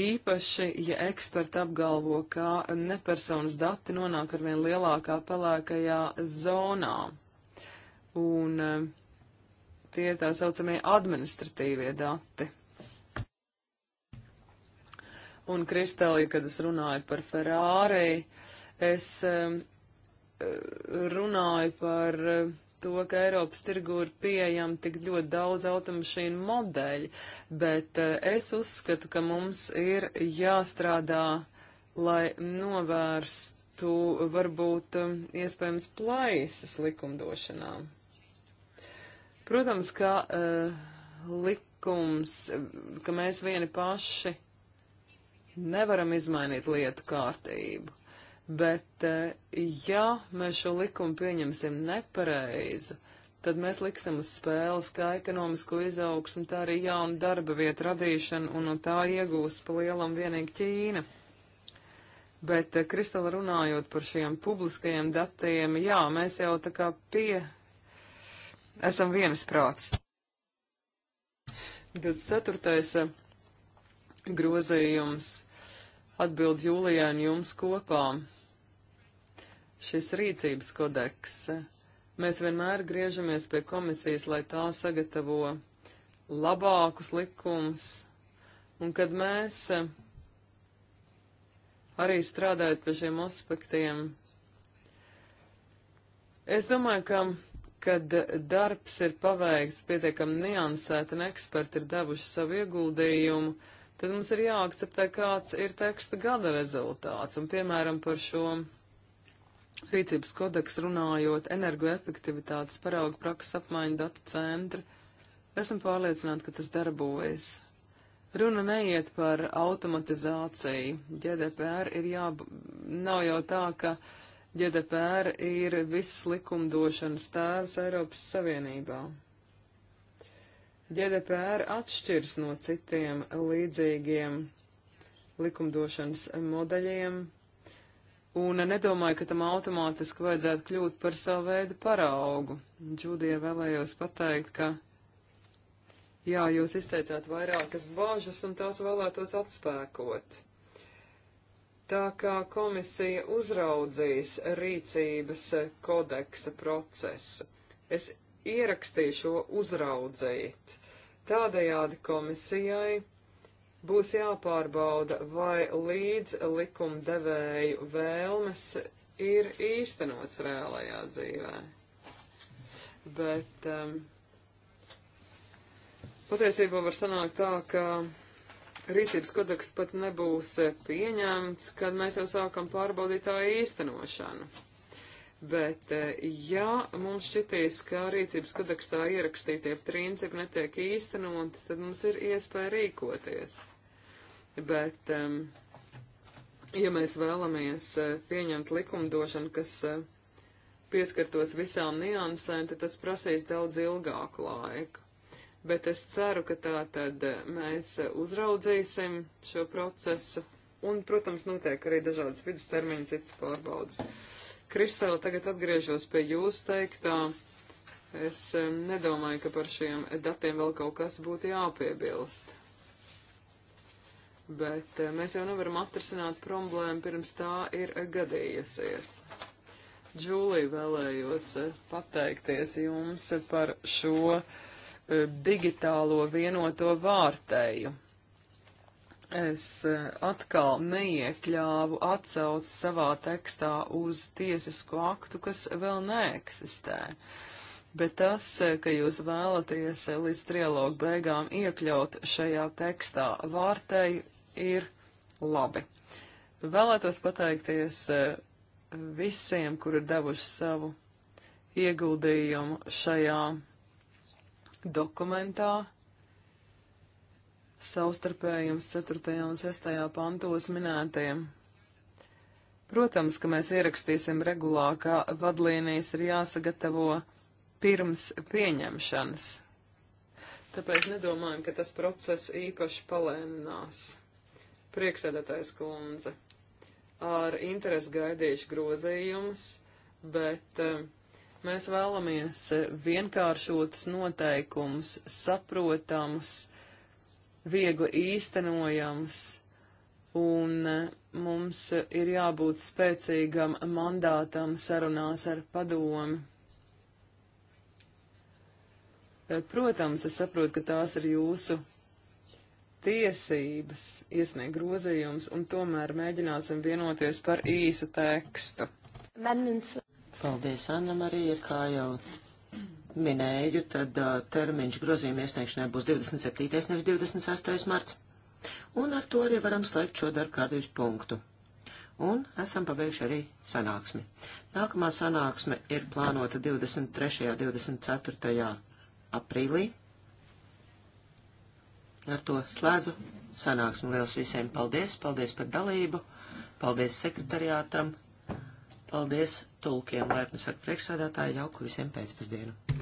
Īpaši, ja eksperti apgalvo, ka nepersonas dati nonāk arvien lielākā pelēkajā zonā. Un eh, tie ir tā saucamie administratīvie dati. Un Kristālija, kad es runāju par Ferrari, es eh, eh, runāju par to, ka Eiropas tirgu ir pieejami tik ļoti daudz automašīnu modeļi, bet eh, es uzskatu, ka mums ir jāstrādā, lai novērstu varbūt eh, iespējams plaisas likumdošanā. Protams, ka uh, likums, ka mēs vieni paši nevaram izmainīt lietu kārtību bet eh, ja mēs šo likumu pieņemsim nepareizu, tad mēs liksim uz spēles kā ekonomisko izaugsmu, tā arī jauna darba vieta radīšana, un no tā iegūs pa lielam vienīgi Ķīna. Bet, eh, Kristela, runājot par šiem publiskajiem datiem, jā, mēs jau tā kā pie esam vienisprāts. 24. Eh, grozījums atbild Jūlijai un jums kopā. Šis rīcības kodeks. Mēs vienmēr griežamies pie komisijas, lai tā sagatavo labākus likumus, un kad mēs arī strādājot pie šiem aspektiem, es domāju, ka kad darbs ir paveikts pietiekami niansēti un eksperti ir devuši savu ieguldījumu, tad mums ir jāakceptē, kāds ir teksta gada rezultāts. Un, piemēram, par šo rīcības kodeksu runājot, energoefektivitātes paraugu prakses apmaiņu datu centri, esam pārliecināti, ka tas darbojas. Runa neiet par automatizāciju. GDPR ir jā, nav jau tā, ka GDPR ir visas likumdošanas tēvs Eiropas Savienībā. GDPR atšķirs no citiem līdzīgiem likumdošanas modeļiem, un nedomāju, ka tam automātiski vajadzētu kļūt par savu veidu paraugu. Džudija vēlējos pateikt, ka jā, jūs izteicāt vairākas bāžas, un tās vēlētos atspēkot. Tā kā komisija uzraudzīs rīcības kodeksa procesu, es ierakstīju šo uzraudzīt Tādējādi komisijai būs jāpārbauda, vai līdz likumdevēju vēlmes ir īstenots reālajā dzīvē. Bet um, patiesībā var sanākt tā, ka rīcības kodeks pat nebūs pieņemts, kad mēs jau sākam pārbaudīt tā īstenošanu. Bet, eh, ja mums šķitīs, ka rīcības kodekstā ierakstītie principi netiek īstenoti, tad mums ir iespēja rīkoties. Bet, ja mēs vēlamies eh, pieņemt likumdošanu, kas eh, pieskartos visām niansēm, tad tas prasīs daudz ilgāku laiku. Bet es ceru, ka tā tad mēs uzraudzīsim šo procesu un, protams, notiek arī dažādas vidustermiņa citas pārbaudas. Kristēla, tagad atgriežos pie jūs teiktā. Es nedomāju, ka par šiem datiem vēl kaut kas būtu jāpiebilst. Bet mēs jau nevaram atrisināt problēmu pirms tā ir gadījusies. Džūlija vēlējos eh, pateikties jums par šo eh, digitālo vienoto vārtēju. Es eh, atkal neiekļāvu atsauci savā tekstā uz tiesisku aktu, kas vēl neeksistē. Bet tas, eh, ka jūs vēlaties eh, līdz trialogu beigām iekļaut šajā tekstā vārtei, ir labi. Vēlētos pateikties visiem, kur ir devuši savu ieguldījumu šajā dokumentā savstarpējums 4. un 6. pantos minētiem. Protams, ka mēs ierakstīsim regulā, ka vadlīnijas ir jāsagatavo pirms pieņemšanas. Tāpēc nedomājam, ka tas process īpaši palēninās. Prieksēdētais kundze. Ar interesi gaidīšu grozījumus, bet uh, mēs vēlamies vienkāršotus noteikumus, saprotamus, viegli īstenojams, un mums ir jābūt spēcīgam mandātam sarunās ar padomi. Protams, es saprotu, ka tās ir jūsu tiesības iesniegt grozījums, un tomēr mēģināsim vienoties par īsu tekstu. Paldies, Anna Marija, kā jau minēju, tad uh, termiņš grozījuma iesniegšanai būs 27. nevis 26. marts. Un ar to arī varam slēgt šo darbu kārtības punktu. Un esam pabeiguši arī sanāksmi. Nākamā sanāksme ir plānota 23. un 24. aprīlī. Ar to slēdzu sanāksmi. Liels visiem paldies! Paldies par dalību! Paldies sekretariātam! Paldies tulkiem, laipni saka priekšsēdētāji, jauku visiem pēcpusdienu.